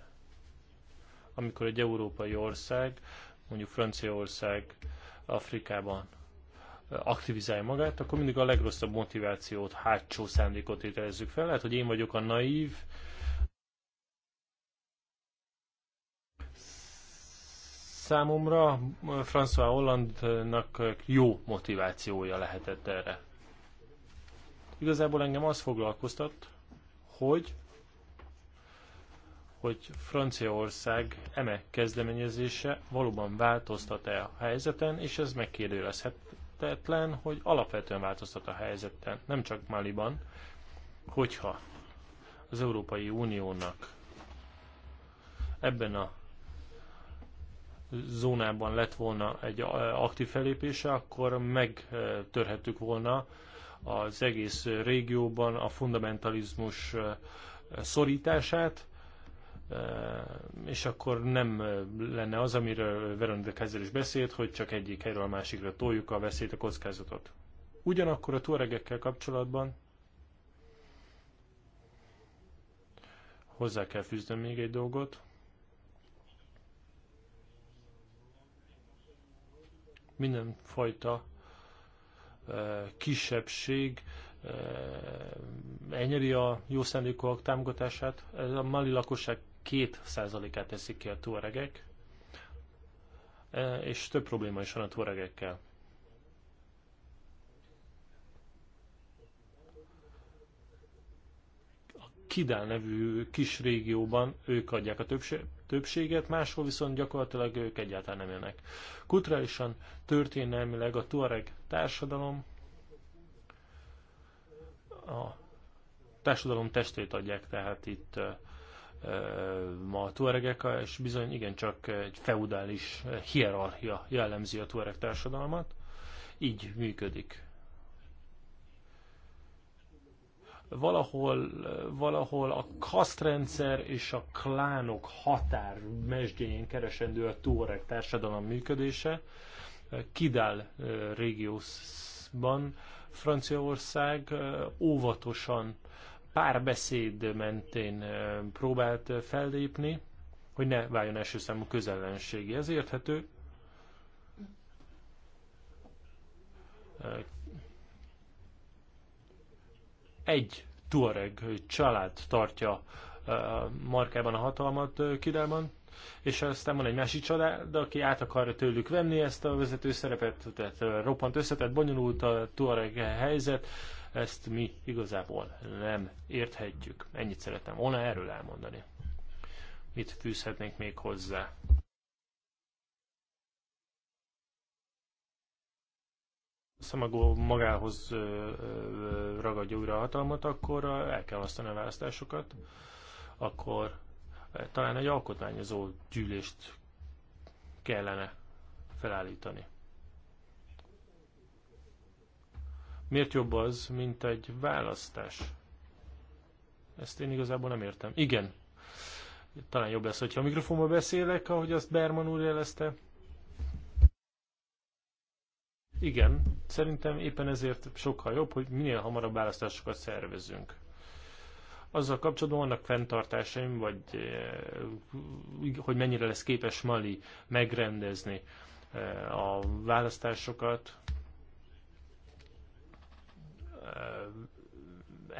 amikor egy európai ország, mondjuk Franciaország Afrikában aktivizálja magát, akkor mindig a legrosszabb motivációt, hátsó szándékot ételezzük fel. Lehet, hogy én vagyok a naív, Számomra François Hollandnak jó motivációja lehetett erre. Igazából engem az foglalkoztat, hogy hogy Franciaország eme kezdeményezése valóban változtat-e a helyzeten, és ez megkérdőjelezhetetlen, hogy alapvetően változtat a helyzeten, nem csak Máliban, hogyha az Európai Uniónak ebben a zónában lett volna egy aktív felépése, akkor megtörhettük volna az egész régióban a fundamentalizmus szorítását, és akkor nem lenne az, amiről Veronika Kezel is beszélt, hogy csak egyik helyről a másikra toljuk a veszélyt, a kockázatot. Ugyanakkor a tuaregekkel kapcsolatban hozzá kell fűznöm még egy dolgot. mindenfajta e, kisebbség enyeri a jó szándékúak támogatását. Ez a mali lakosság 2%-át teszik ki a tuaregek, e, és több probléma is van a tuaregekkel. A Kidál nevű kis régióban ők adják a többség, többséget, máshol viszont gyakorlatilag ők egyáltalán nem élnek. Kulturálisan, történelmileg a Tuareg társadalom a társadalom testét adják tehát itt ma a tuaregek, és bizony igencsak egy feudális hierarchia jellemzi a tuareg társadalmat. Így működik valahol, valahol a kasztrendszer és a klánok határ mesdjén keresendő a Tuareg társadalom működése. Kidál régiószban Franciaország óvatosan párbeszéd mentén próbált fellépni, hogy ne váljon első számú közellenségi. Ez érthető egy Tuareg család tartja markában a hatalmat Kidában, és aztán van egy másik család, aki át akarja tőlük venni ezt a vezető szerepet, tehát roppant összetett, bonyolult a Tuareg helyzet, ezt mi igazából nem érthetjük. Ennyit szerettem volna erről elmondani. Mit fűzhetnénk még hozzá? Szamagó magához ragadja újra a hatalmat, akkor el kell használni a választásokat, akkor talán egy alkotmányozó gyűlést kellene felállítani. Miért jobb az, mint egy választás? Ezt én igazából nem értem. Igen, talán jobb lesz, hogyha a mikrofonba beszélek, ahogy azt Berman úr jelezte. Igen, szerintem éppen ezért sokkal jobb, hogy minél hamarabb választásokat szervezünk. Azzal kapcsolatban vannak fenntartásaim, vagy eh, hogy mennyire lesz képes Mali megrendezni eh, a választásokat, eh,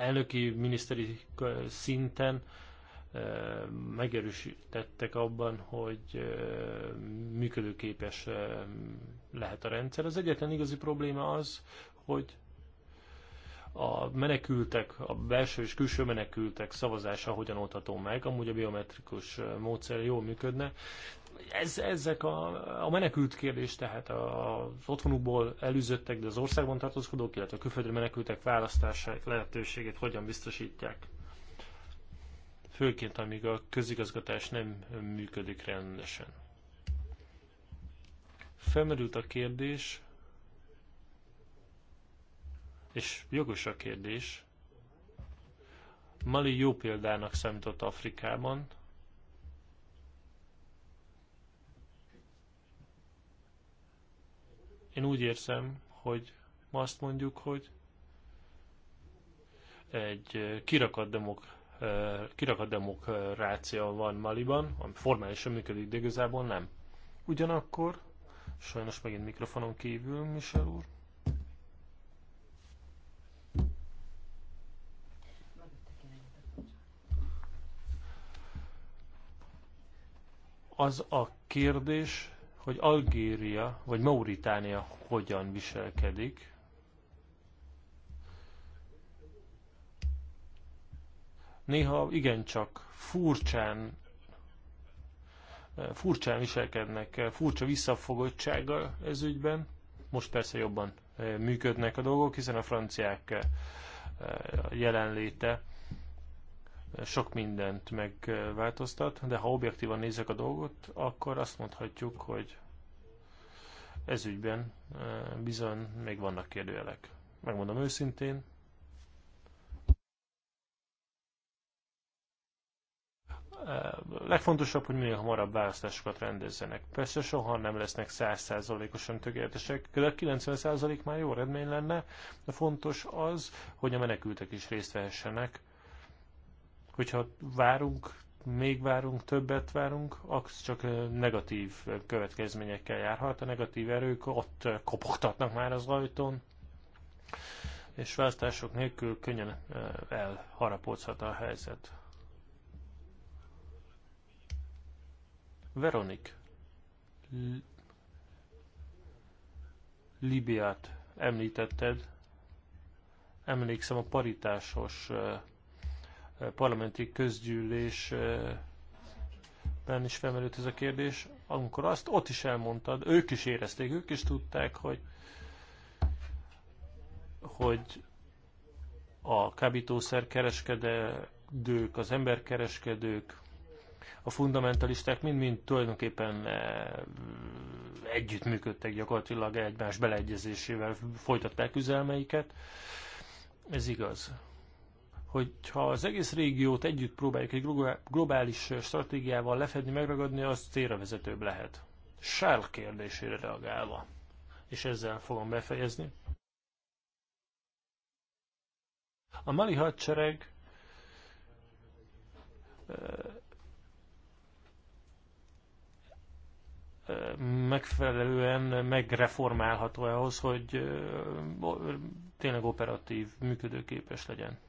elnöki, miniszteri szinten megerősítettek abban, hogy működőképes lehet a rendszer. Az egyetlen igazi probléma az, hogy a menekültek, a belső és külső menekültek szavazása hogyan oldható meg, amúgy a biometrikus módszer jól működne. Ez, ezek a, a menekült kérdés, tehát az otthonukból elűzöttek, de az országban tartózkodók, illetve a külföldre menekültek választása lehetőségét hogyan biztosítják főként amíg a közigazgatás nem működik rendesen. Felmerült a kérdés, és jogos a kérdés, Mali jó példának számított Afrikában, én úgy érzem, hogy ma azt mondjuk, hogy egy eh, kirakat demok kirakat demokrácia van Maliban, ami formálisan működik, de igazából nem. Ugyanakkor, sajnos megint mikrofonon kívül, Michel úr. Az a kérdés, hogy Algéria vagy Mauritánia hogyan viselkedik, néha igencsak furcsán eh, furcsán viselkednek, eh, furcsa visszafogottsággal ez ügyben. Most persze jobban eh, működnek a dolgok, hiszen a franciák jelenléte sok mindent megváltoztat, de ha objektívan nézek a dolgot, akkor azt mondhatjuk, hogy ez ügyben bizony még vannak kérdőjelek. Megmondom őszintén, legfontosabb, hogy minél hamarabb választásokat rendezzenek. Persze soha nem lesznek százszázalékosan tökéletesek, de 90 százalék már jó eredmény lenne, de fontos az, hogy a menekültek is részt vehessenek. Hogyha várunk, még várunk, többet várunk, az csak negatív következményekkel járhat. A negatív erők ott kopogtatnak már az ajtón, és választások nélkül könnyen elharapódhat a helyzet Veronik L- Libiát említetted. Emlékszem a paritásos parlamenti közgyűlésben is felmerült ez a kérdés, amikor azt ott is elmondtad, ők is érezték, ők is tudták, hogy hogy a kábítószer kereskedők, az emberkereskedők a fundamentalisták mind-mind tulajdonképpen eh, együttműködtek gyakorlatilag egymás beleegyezésével, folytatták üzelmeiket. Ez igaz. Hogyha az egész régiót együtt próbáljuk egy globális stratégiával lefedni, megragadni, az célra vezetőbb lehet. Sárl kérdésére reagálva, és ezzel fogom befejezni. A mali hadsereg eh, megfelelően megreformálható ahhoz, hogy tényleg operatív, működőképes legyen.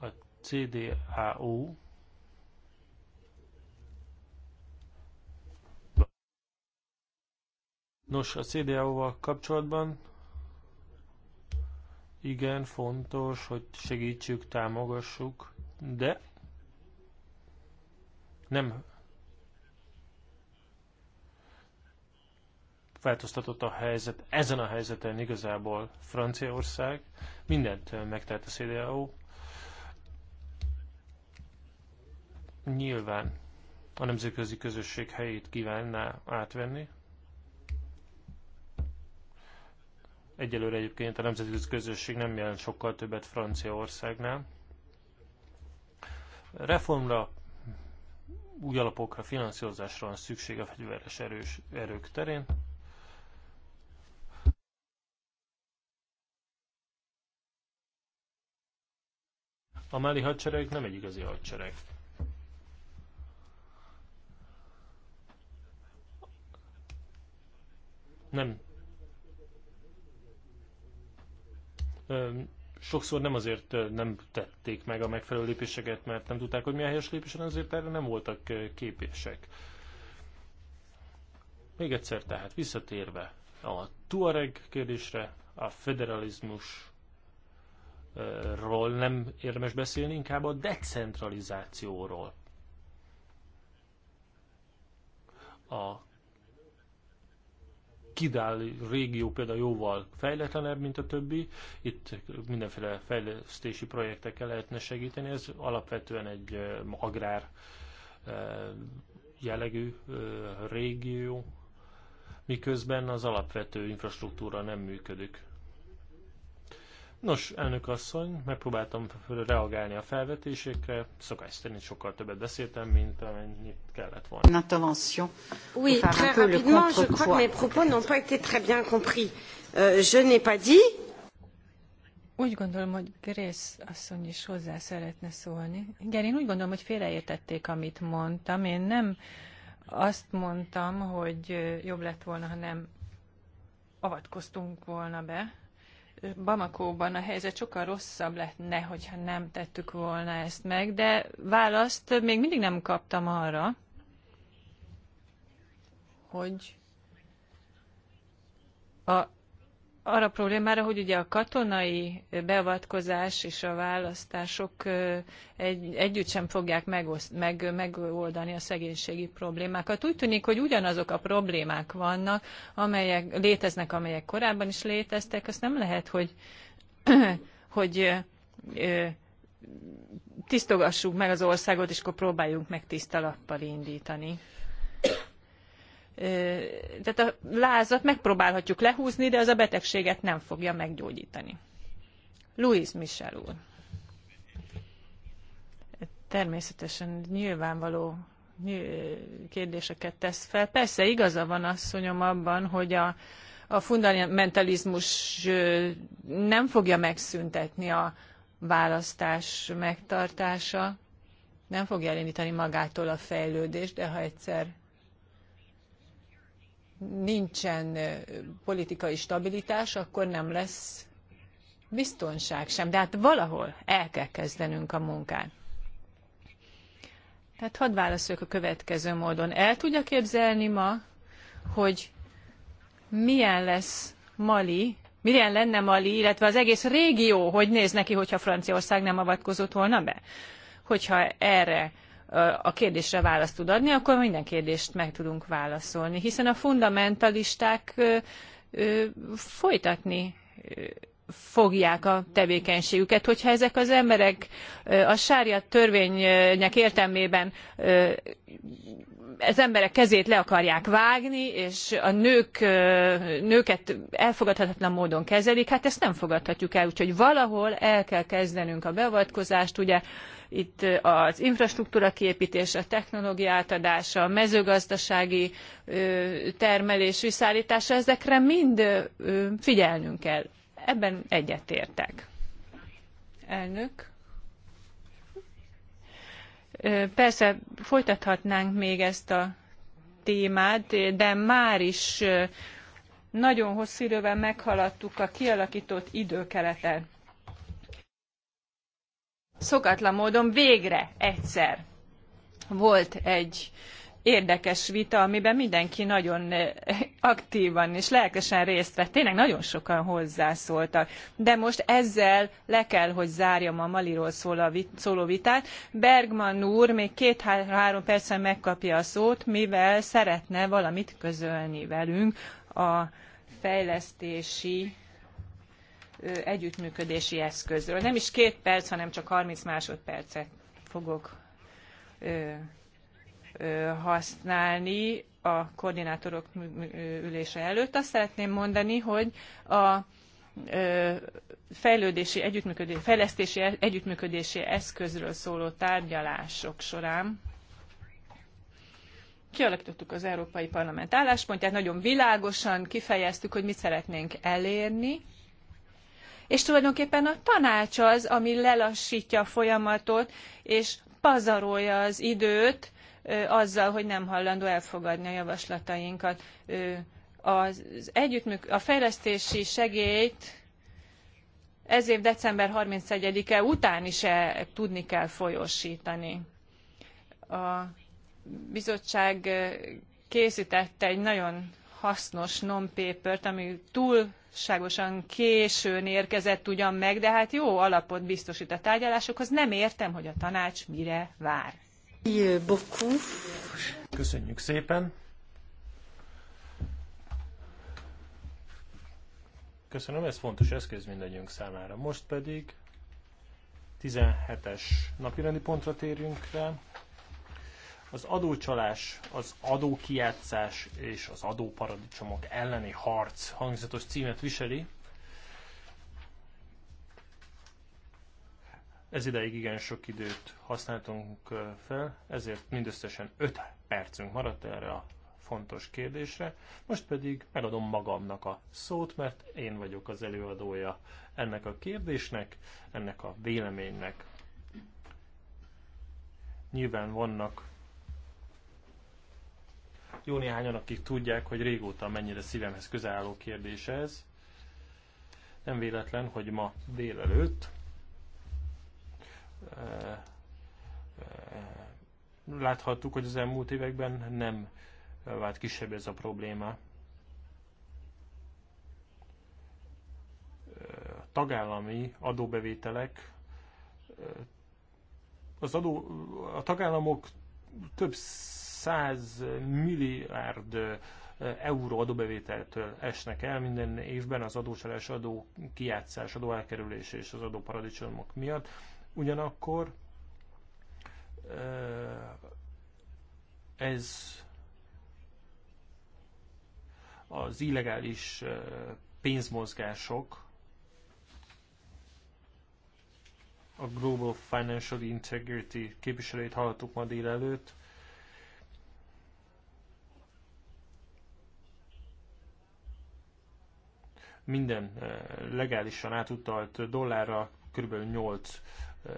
A CDAO Nos, a CDAO-val kapcsolatban igen, fontos, hogy segítsük, támogassuk, de nem változtatott a helyzet, ezen a helyzeten igazából Franciaország, mindent megtelt a CDAO. Nyilván a nemzetközi közösség helyét kívánná átvenni. Egyelőre egyébként a nemzetközi közösség nem jelent sokkal többet Franciaországnál. Reformra új alapokra, finanszírozásra van szükség a fegyveres erős erők terén. A Mali hadsereg nem egy igazi hadsereg. Nem. Sokszor nem azért nem tették meg a megfelelő lépéseket, mert nem tudták, hogy mi a helyes lépés, hanem azért erre nem voltak képesek. Még egyszer tehát visszatérve a Tuareg kérdésre, a federalizmus ról nem érdemes beszélni, inkább a decentralizációról. A Kidál régió például jóval fejletlenebb, mint a többi. Itt mindenféle fejlesztési projektekkel lehetne segíteni. Ez alapvetően egy agrár jellegű régió, miközben az alapvető infrastruktúra nem működik Nos, elnök asszony, megpróbáltam reagálni a felvetésekre, szokás szerint sokkal többet beszéltem, mint amennyit kellett volna. Intervention. Oui, très rapidement, je crois que mes propos n'ont pas été très bien compris. Euh, je n'ai pas dit... Úgy gondolom, hogy Grész asszony is hozzá szeretne szólni. Igen, én úgy gondolom, hogy félreértették, amit mondtam. Én nem azt mondtam, hogy jobb lett volna, ha nem avatkoztunk volna be, Bamako-ban a helyzet sokkal rosszabb lehetne, hogyha nem tettük volna ezt meg, de választ még mindig nem kaptam arra, hogy a arra a problémára, hogy ugye a katonai beavatkozás és a választások egy, együtt sem fogják megoszt, meg, megoldani a szegénységi problémákat. Úgy tűnik, hogy ugyanazok a problémák vannak, amelyek léteznek, amelyek korábban is léteztek. Azt nem lehet, hogy, hogy tisztogassuk meg az országot, és akkor próbáljunk meg tiszta lappal indítani tehát a lázat megpróbálhatjuk lehúzni, de az a betegséget nem fogja meggyógyítani. Louis Michel úr. Természetesen nyilvánvaló kérdéseket tesz fel. Persze igaza van asszonyom abban, hogy a, a fundamentalizmus nem fogja megszüntetni a választás megtartása, nem fogja elindítani magától a fejlődést, de ha egyszer nincsen politikai stabilitás, akkor nem lesz biztonság sem. De hát valahol el kell kezdenünk a munkát. Tehát hadd válaszoljak a következő módon. El tudja képzelni ma, hogy milyen lesz Mali, milyen lenne Mali, illetve az egész régió, hogy néz neki, hogyha Franciaország nem avatkozott volna be? Hogyha erre a kérdésre választ tud adni, akkor minden kérdést meg tudunk válaszolni. Hiszen a fundamentalisták folytatni fogják a tevékenységüket. Hogyha ezek az emberek a sárja törvények értelmében az emberek kezét le akarják vágni, és a nők, nőket elfogadhatatlan módon kezelik, hát ezt nem fogadhatjuk el, úgyhogy valahol el kell kezdenünk a beavatkozást, ugye itt az infrastruktúra kiéptése a technológia átadása, a mezőgazdasági termelés visszaállítása, ezekre mind figyelnünk kell. Ebben egyetértek. Elnök. Persze folytathatnánk még ezt a témát, de már is nagyon hosszú idővel meghaladtuk a kialakított időkeretet szokatlan módon végre egyszer volt egy érdekes vita, amiben mindenki nagyon eh, aktívan és lelkesen részt vett. Tényleg nagyon sokan hozzászóltak. De most ezzel le kell, hogy zárjam a Maliról szóló vitát. Bergman úr még két-három percen megkapja a szót, mivel szeretne valamit közölni velünk a fejlesztési együttműködési eszközről. Nem is két perc, hanem csak 30 másodpercet fogok használni a koordinátorok ülése előtt. Azt szeretném mondani, hogy a fejlődési együttműködési, fejlesztési e, együttműködési eszközről szóló tárgyalások során kialakítottuk az Európai Parlament álláspontját, nagyon világosan kifejeztük, hogy mit szeretnénk elérni, és tulajdonképpen a tanács az, ami lelassítja a folyamatot, és pazarolja az időt ö, azzal, hogy nem hallandó elfogadni a javaslatainkat. Ö, az, együttműk, a fejlesztési segélyt ez év december 31-e után is el, tudni kell folyósítani. A bizottság készítette egy nagyon hasznos non-papert, ami túlságosan későn érkezett ugyan meg, de hát jó alapot biztosít a tárgyalásokhoz. Nem értem, hogy a tanács mire vár. Köszönjük szépen! Köszönöm, ez fontos eszköz mindannyiunk számára. Most pedig 17-es napirendi pontra térjünk rá. Az adócsalás, az adókijátszás és az adóparadicsomok elleni harc hangzatos címet viseli. Ez ideig igen sok időt használtunk fel, ezért mindösszesen 5 percünk maradt erre a fontos kérdésre. Most pedig megadom magamnak a szót, mert én vagyok az előadója ennek a kérdésnek, ennek a véleménynek. Nyilván vannak jó néhányan, akik tudják, hogy régóta mennyire szívemhez közel álló kérdés ez. Nem véletlen, hogy ma délelőtt eh, eh, láthattuk, hogy az elmúlt években nem vált kisebb ez a probléma. Eh, a tagállami adóbevételek az adó, a tagállamok több 100 milliárd euró adóbevételtől esnek el minden évben az adócsalás, adó kiátszás, adó elkerülés és az adóparadicsomok miatt. Ugyanakkor ez az illegális pénzmozgások a Global Financial Integrity képviselőit hallottuk ma délelőtt, minden eh, legálisan átutalt dollárra kb. 8 eh,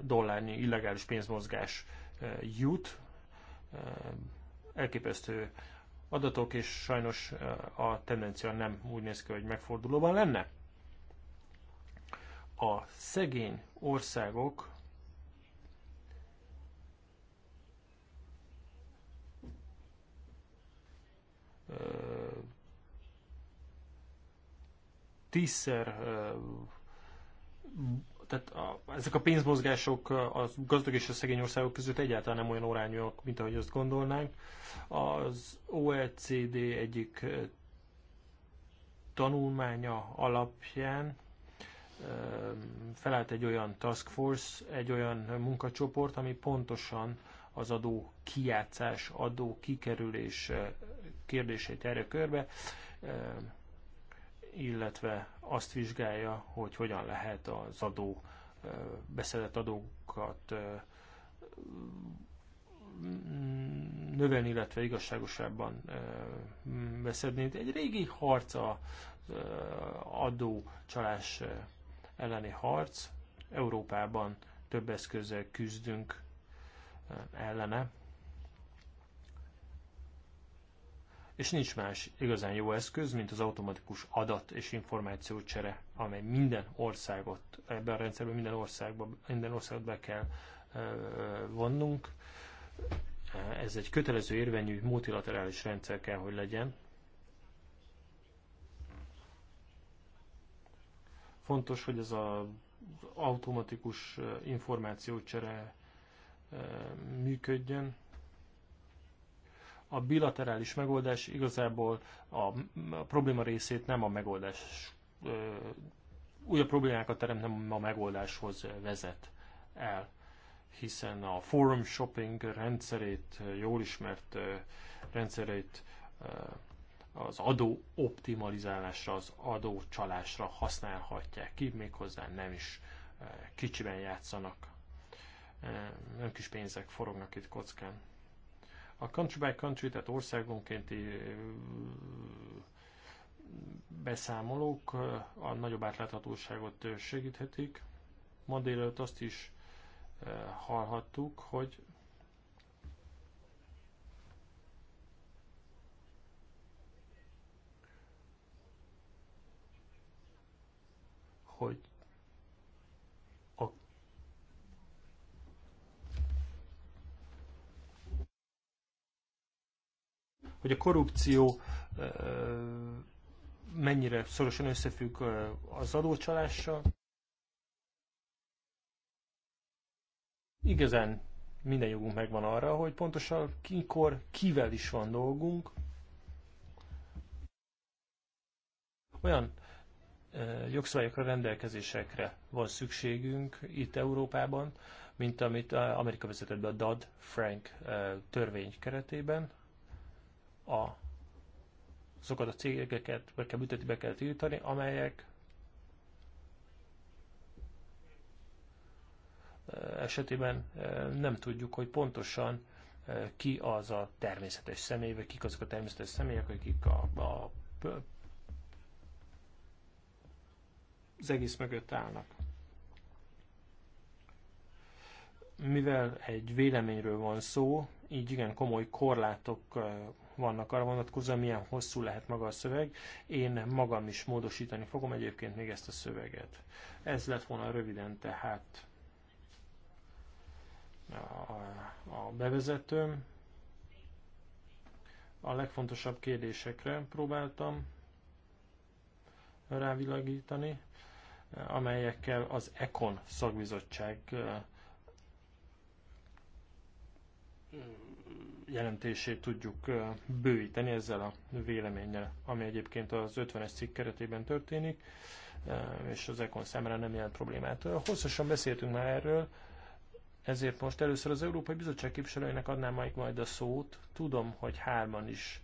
dollárnyi illegális pénzmozgás eh, jut. Elképesztő adatok, és sajnos a tendencia nem úgy néz ki, hogy megfordulóban lenne. A szegény országok tízszer tehát a, ezek a pénzmozgások a gazdag és a szegény országok között egyáltalán nem olyan orányúak, mint ahogy azt gondolnánk. Az OECD egyik tanulmánya alapján felállt egy olyan task force, egy olyan munkacsoport, ami pontosan az adó kijátszás, adó kikerülés kérdését erre körbe illetve azt vizsgálja, hogy hogyan lehet az adó, beszedett adókat növelni, illetve igazságosabban beszedni. Egy régi harc a adócsalás elleni harc. Európában több eszközzel küzdünk ellene, és nincs más igazán jó eszköz, mint az automatikus adat és információcsere, amely minden országot, ebben a rendszerben minden országba, minden országot be kell vonnunk. Ez egy kötelező érvényű multilaterális rendszer kell, hogy legyen. Fontos, hogy ez az automatikus információcsere működjön a bilaterális megoldás igazából a, probléma részét nem a megoldás, újabb problémákat teremt, nem a megoldáshoz vezet el hiszen a forum shopping rendszerét, jól ismert rendszerét az adó optimalizálásra, az adó csalásra használhatják ki, méghozzá nem is kicsiben játszanak, nem kis pénzek forognak itt kockán. A country by country, tehát országonkénti beszámolók a nagyobb átláthatóságot segíthetik. Ma délelőtt azt is hallhattuk, hogy hogy hogy a korrupció mennyire szorosan összefügg az adócsalással. Igazán minden jogunk megvan arra, hogy pontosan kikor, kivel is van dolgunk. Olyan jogszabályokra, rendelkezésekre van szükségünk itt Európában, mint amit Amerika vezetett be a Dodd-Frank törvény keretében, a, azokat a cégeket be kell büntetni, be kell tiltani, amelyek esetében nem tudjuk, hogy pontosan ki az a természetes személy, vagy kik azok a természetes személyek, akik a, a, az egész mögött állnak. Mivel egy véleményről van szó, így igen komoly korlátok vannak arra vonatkozóan, milyen hosszú lehet maga a szöveg. Én magam is módosítani fogom egyébként még ezt a szöveget. Ez lett volna röviden tehát a, a bevezetőm. A legfontosabb kérdésekre próbáltam rávilágítani, amelyekkel az ECON szakbizottság jelentését tudjuk bővíteni ezzel a véleménnyel, ami egyébként az 50-es cikk keretében történik, és az ECON számára nem jelent problémát. Hosszasan beszéltünk már erről, ezért most először az Európai Bizottság képviselőinek adnám majd, majd a szót. Tudom, hogy hárman is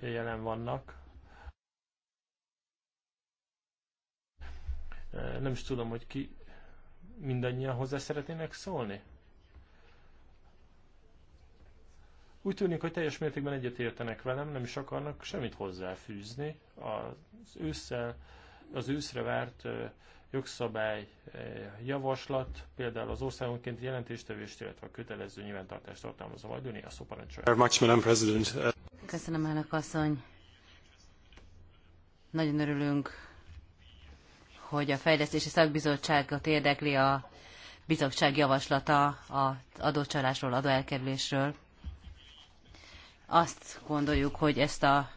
jelen vannak. Nem is tudom, hogy ki mindannyian hozzá szeretnének szólni. Úgy tűnik, hogy teljes mértékben egyetértenek velem, nem is akarnak semmit hozzáfűzni. Az ősszel, az őszre várt jogszabály javaslat, például az országonként jelentéstevést, illetve a kötelező nyilvántartást tartalmazza majd a szóparancsolja. Köszönöm, elnök asszony. Nagyon örülünk, hogy a Fejlesztési Szakbizottságot érdekli a bizottság javaslata az adócsalásról, adóelkerülésről azt gondoljuk, hogy ezt a,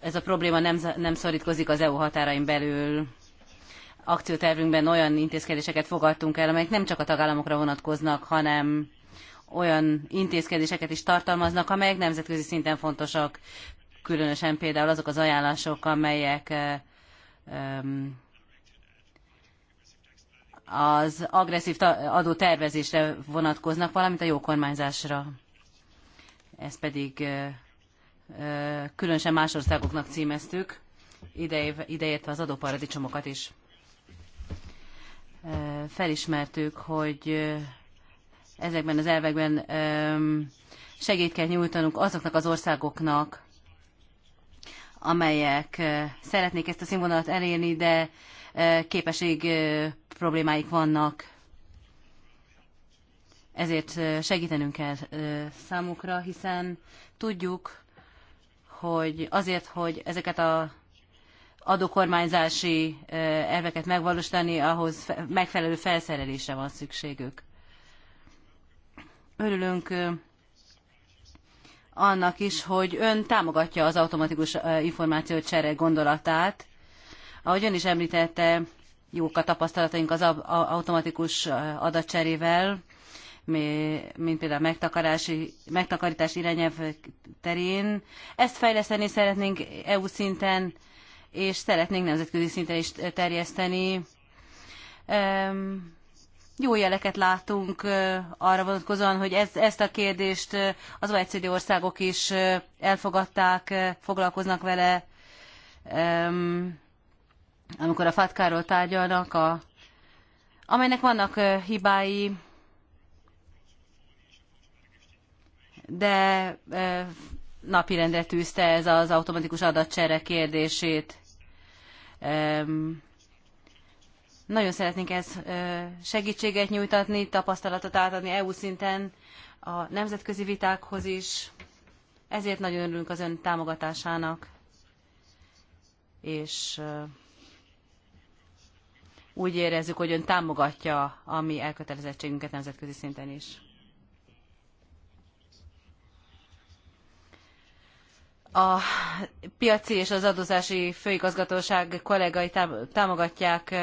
ez a probléma nem, nem szorítkozik az EU határain belül. Akciótervünkben olyan intézkedéseket fogadtunk el, amelyek nem csak a tagállamokra vonatkoznak, hanem olyan intézkedéseket is tartalmaznak, amelyek nemzetközi szinten fontosak, különösen például azok az ajánlások, amelyek az agresszív adótervezésre vonatkoznak, valamint a jó kormányzásra ezt pedig különösen más országoknak címeztük, ideértve az adóparadicsomokat is. Felismertük, hogy ezekben az elvekben segít kell nyújtanunk azoknak az országoknak, amelyek szeretnék ezt a színvonalat elérni, de képesség problémáik vannak ezért segítenünk kell számukra, hiszen tudjuk, hogy azért, hogy ezeket a adókormányzási elveket megvalósítani, ahhoz megfelelő felszerelésre van szükségük. Örülünk annak is, hogy ön támogatja az automatikus információcsere gondolatát. Ahogy ön is említette, jók a tapasztalataink az automatikus adatcserével, mint például a megtakarítás irányelv terén. Ezt fejleszteni szeretnénk EU szinten, és szeretnénk nemzetközi szinten is terjeszteni. Jó jeleket látunk arra vonatkozóan, hogy ez, ezt a kérdést az OECD országok is elfogadták, foglalkoznak vele, amikor a fatkáról tárgyalnak, a, amelynek vannak hibái, de napirendre tűzte ez az automatikus adatcsere kérdését. Nagyon szeretnénk ez segítséget nyújtatni, tapasztalatot átadni EU szinten a nemzetközi vitákhoz is. Ezért nagyon örülünk az ön támogatásának, és úgy érezzük, hogy ön támogatja a mi elkötelezettségünket nemzetközi szinten is. a piaci és az adózási főigazgatóság kollégai támogatják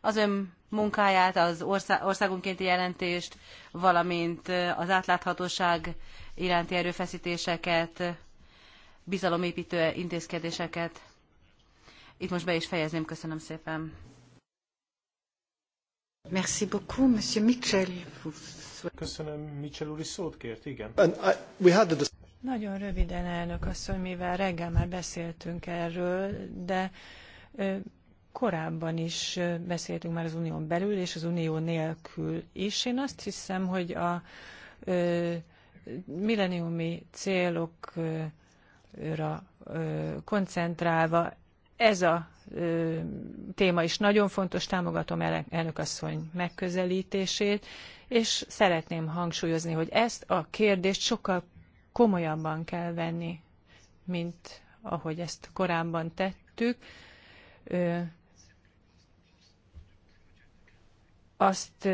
az ön munkáját, az országunkénti jelentést, valamint az átláthatóság iránti erőfeszítéseket, bizalomépítő intézkedéseket. Itt most be is fejezném, köszönöm szépen. Merci beaucoup, Monsieur Mitchell. Köszönöm, Mitchell úr is szót kért, igen. And I, we had the... Nagyon röviden, elnök asszony, mivel reggel már beszéltünk erről, de korábban is beszéltünk már az unión belül és az unió nélkül is. Én azt hiszem, hogy a milleniumi célokra koncentrálva ez a téma is nagyon fontos, támogatom elnök asszony megközelítését, és szeretném hangsúlyozni, hogy ezt a kérdést sokkal komolyabban kell venni, mint ahogy ezt korábban tettük. Azt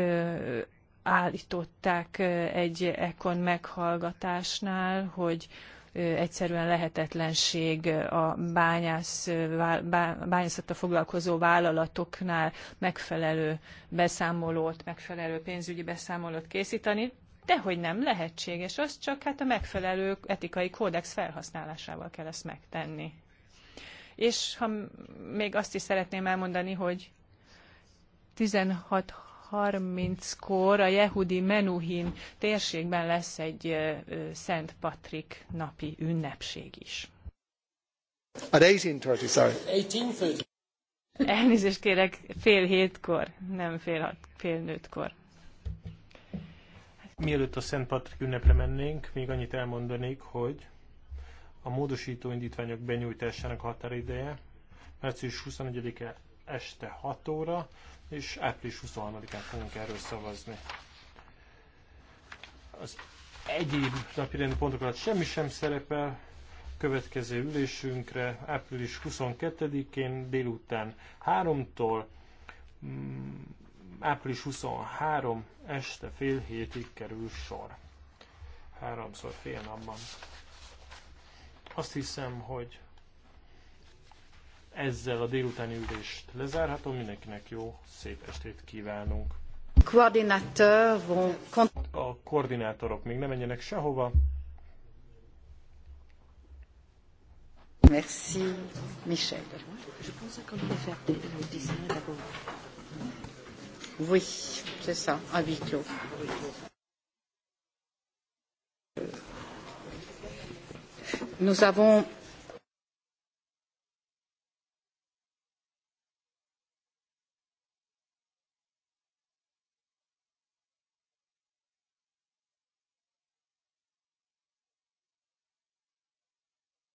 állították egy ekon meghallgatásnál, hogy egyszerűen lehetetlenség a bányász, bányászattal foglalkozó vállalatoknál megfelelő beszámolót, megfelelő pénzügyi beszámolót készíteni. Dehogy nem lehetséges, az csak hát a megfelelő etikai kódex felhasználásával kell ezt megtenni. És ha még azt is szeretném elmondani, hogy 16.30-kor a Jehudi Menuhin térségben lesz egy Szent Patrik napi ünnepség is. At 18.30, sorry. 18.30. Elnézést kérek, fél hétkor, nem fél, hat, fél nőtkor. Mielőtt a Szent Patrik ünnepre mennénk, még annyit elmondanék, hogy a módosító indítványok benyújtásának határideje március 21-e este 6 óra, és április 23-án fogunk erről szavazni. Az egyéb napirendi pontokat semmi sem szerepel, következő ülésünkre április 22-én délután 3-tól április 23 este fél hétig kerül sor. Háromszor fél napban. Azt hiszem, hogy ezzel a délutáni ülést lezárhatom. Mindenkinek jó, szép estét kívánunk. A koordinátorok még nem menjenek sehova. Merci, Michel. Je pense qu'on devait faire le dessin d'abord. Oui, c'est ça, à huis clos. Nous avons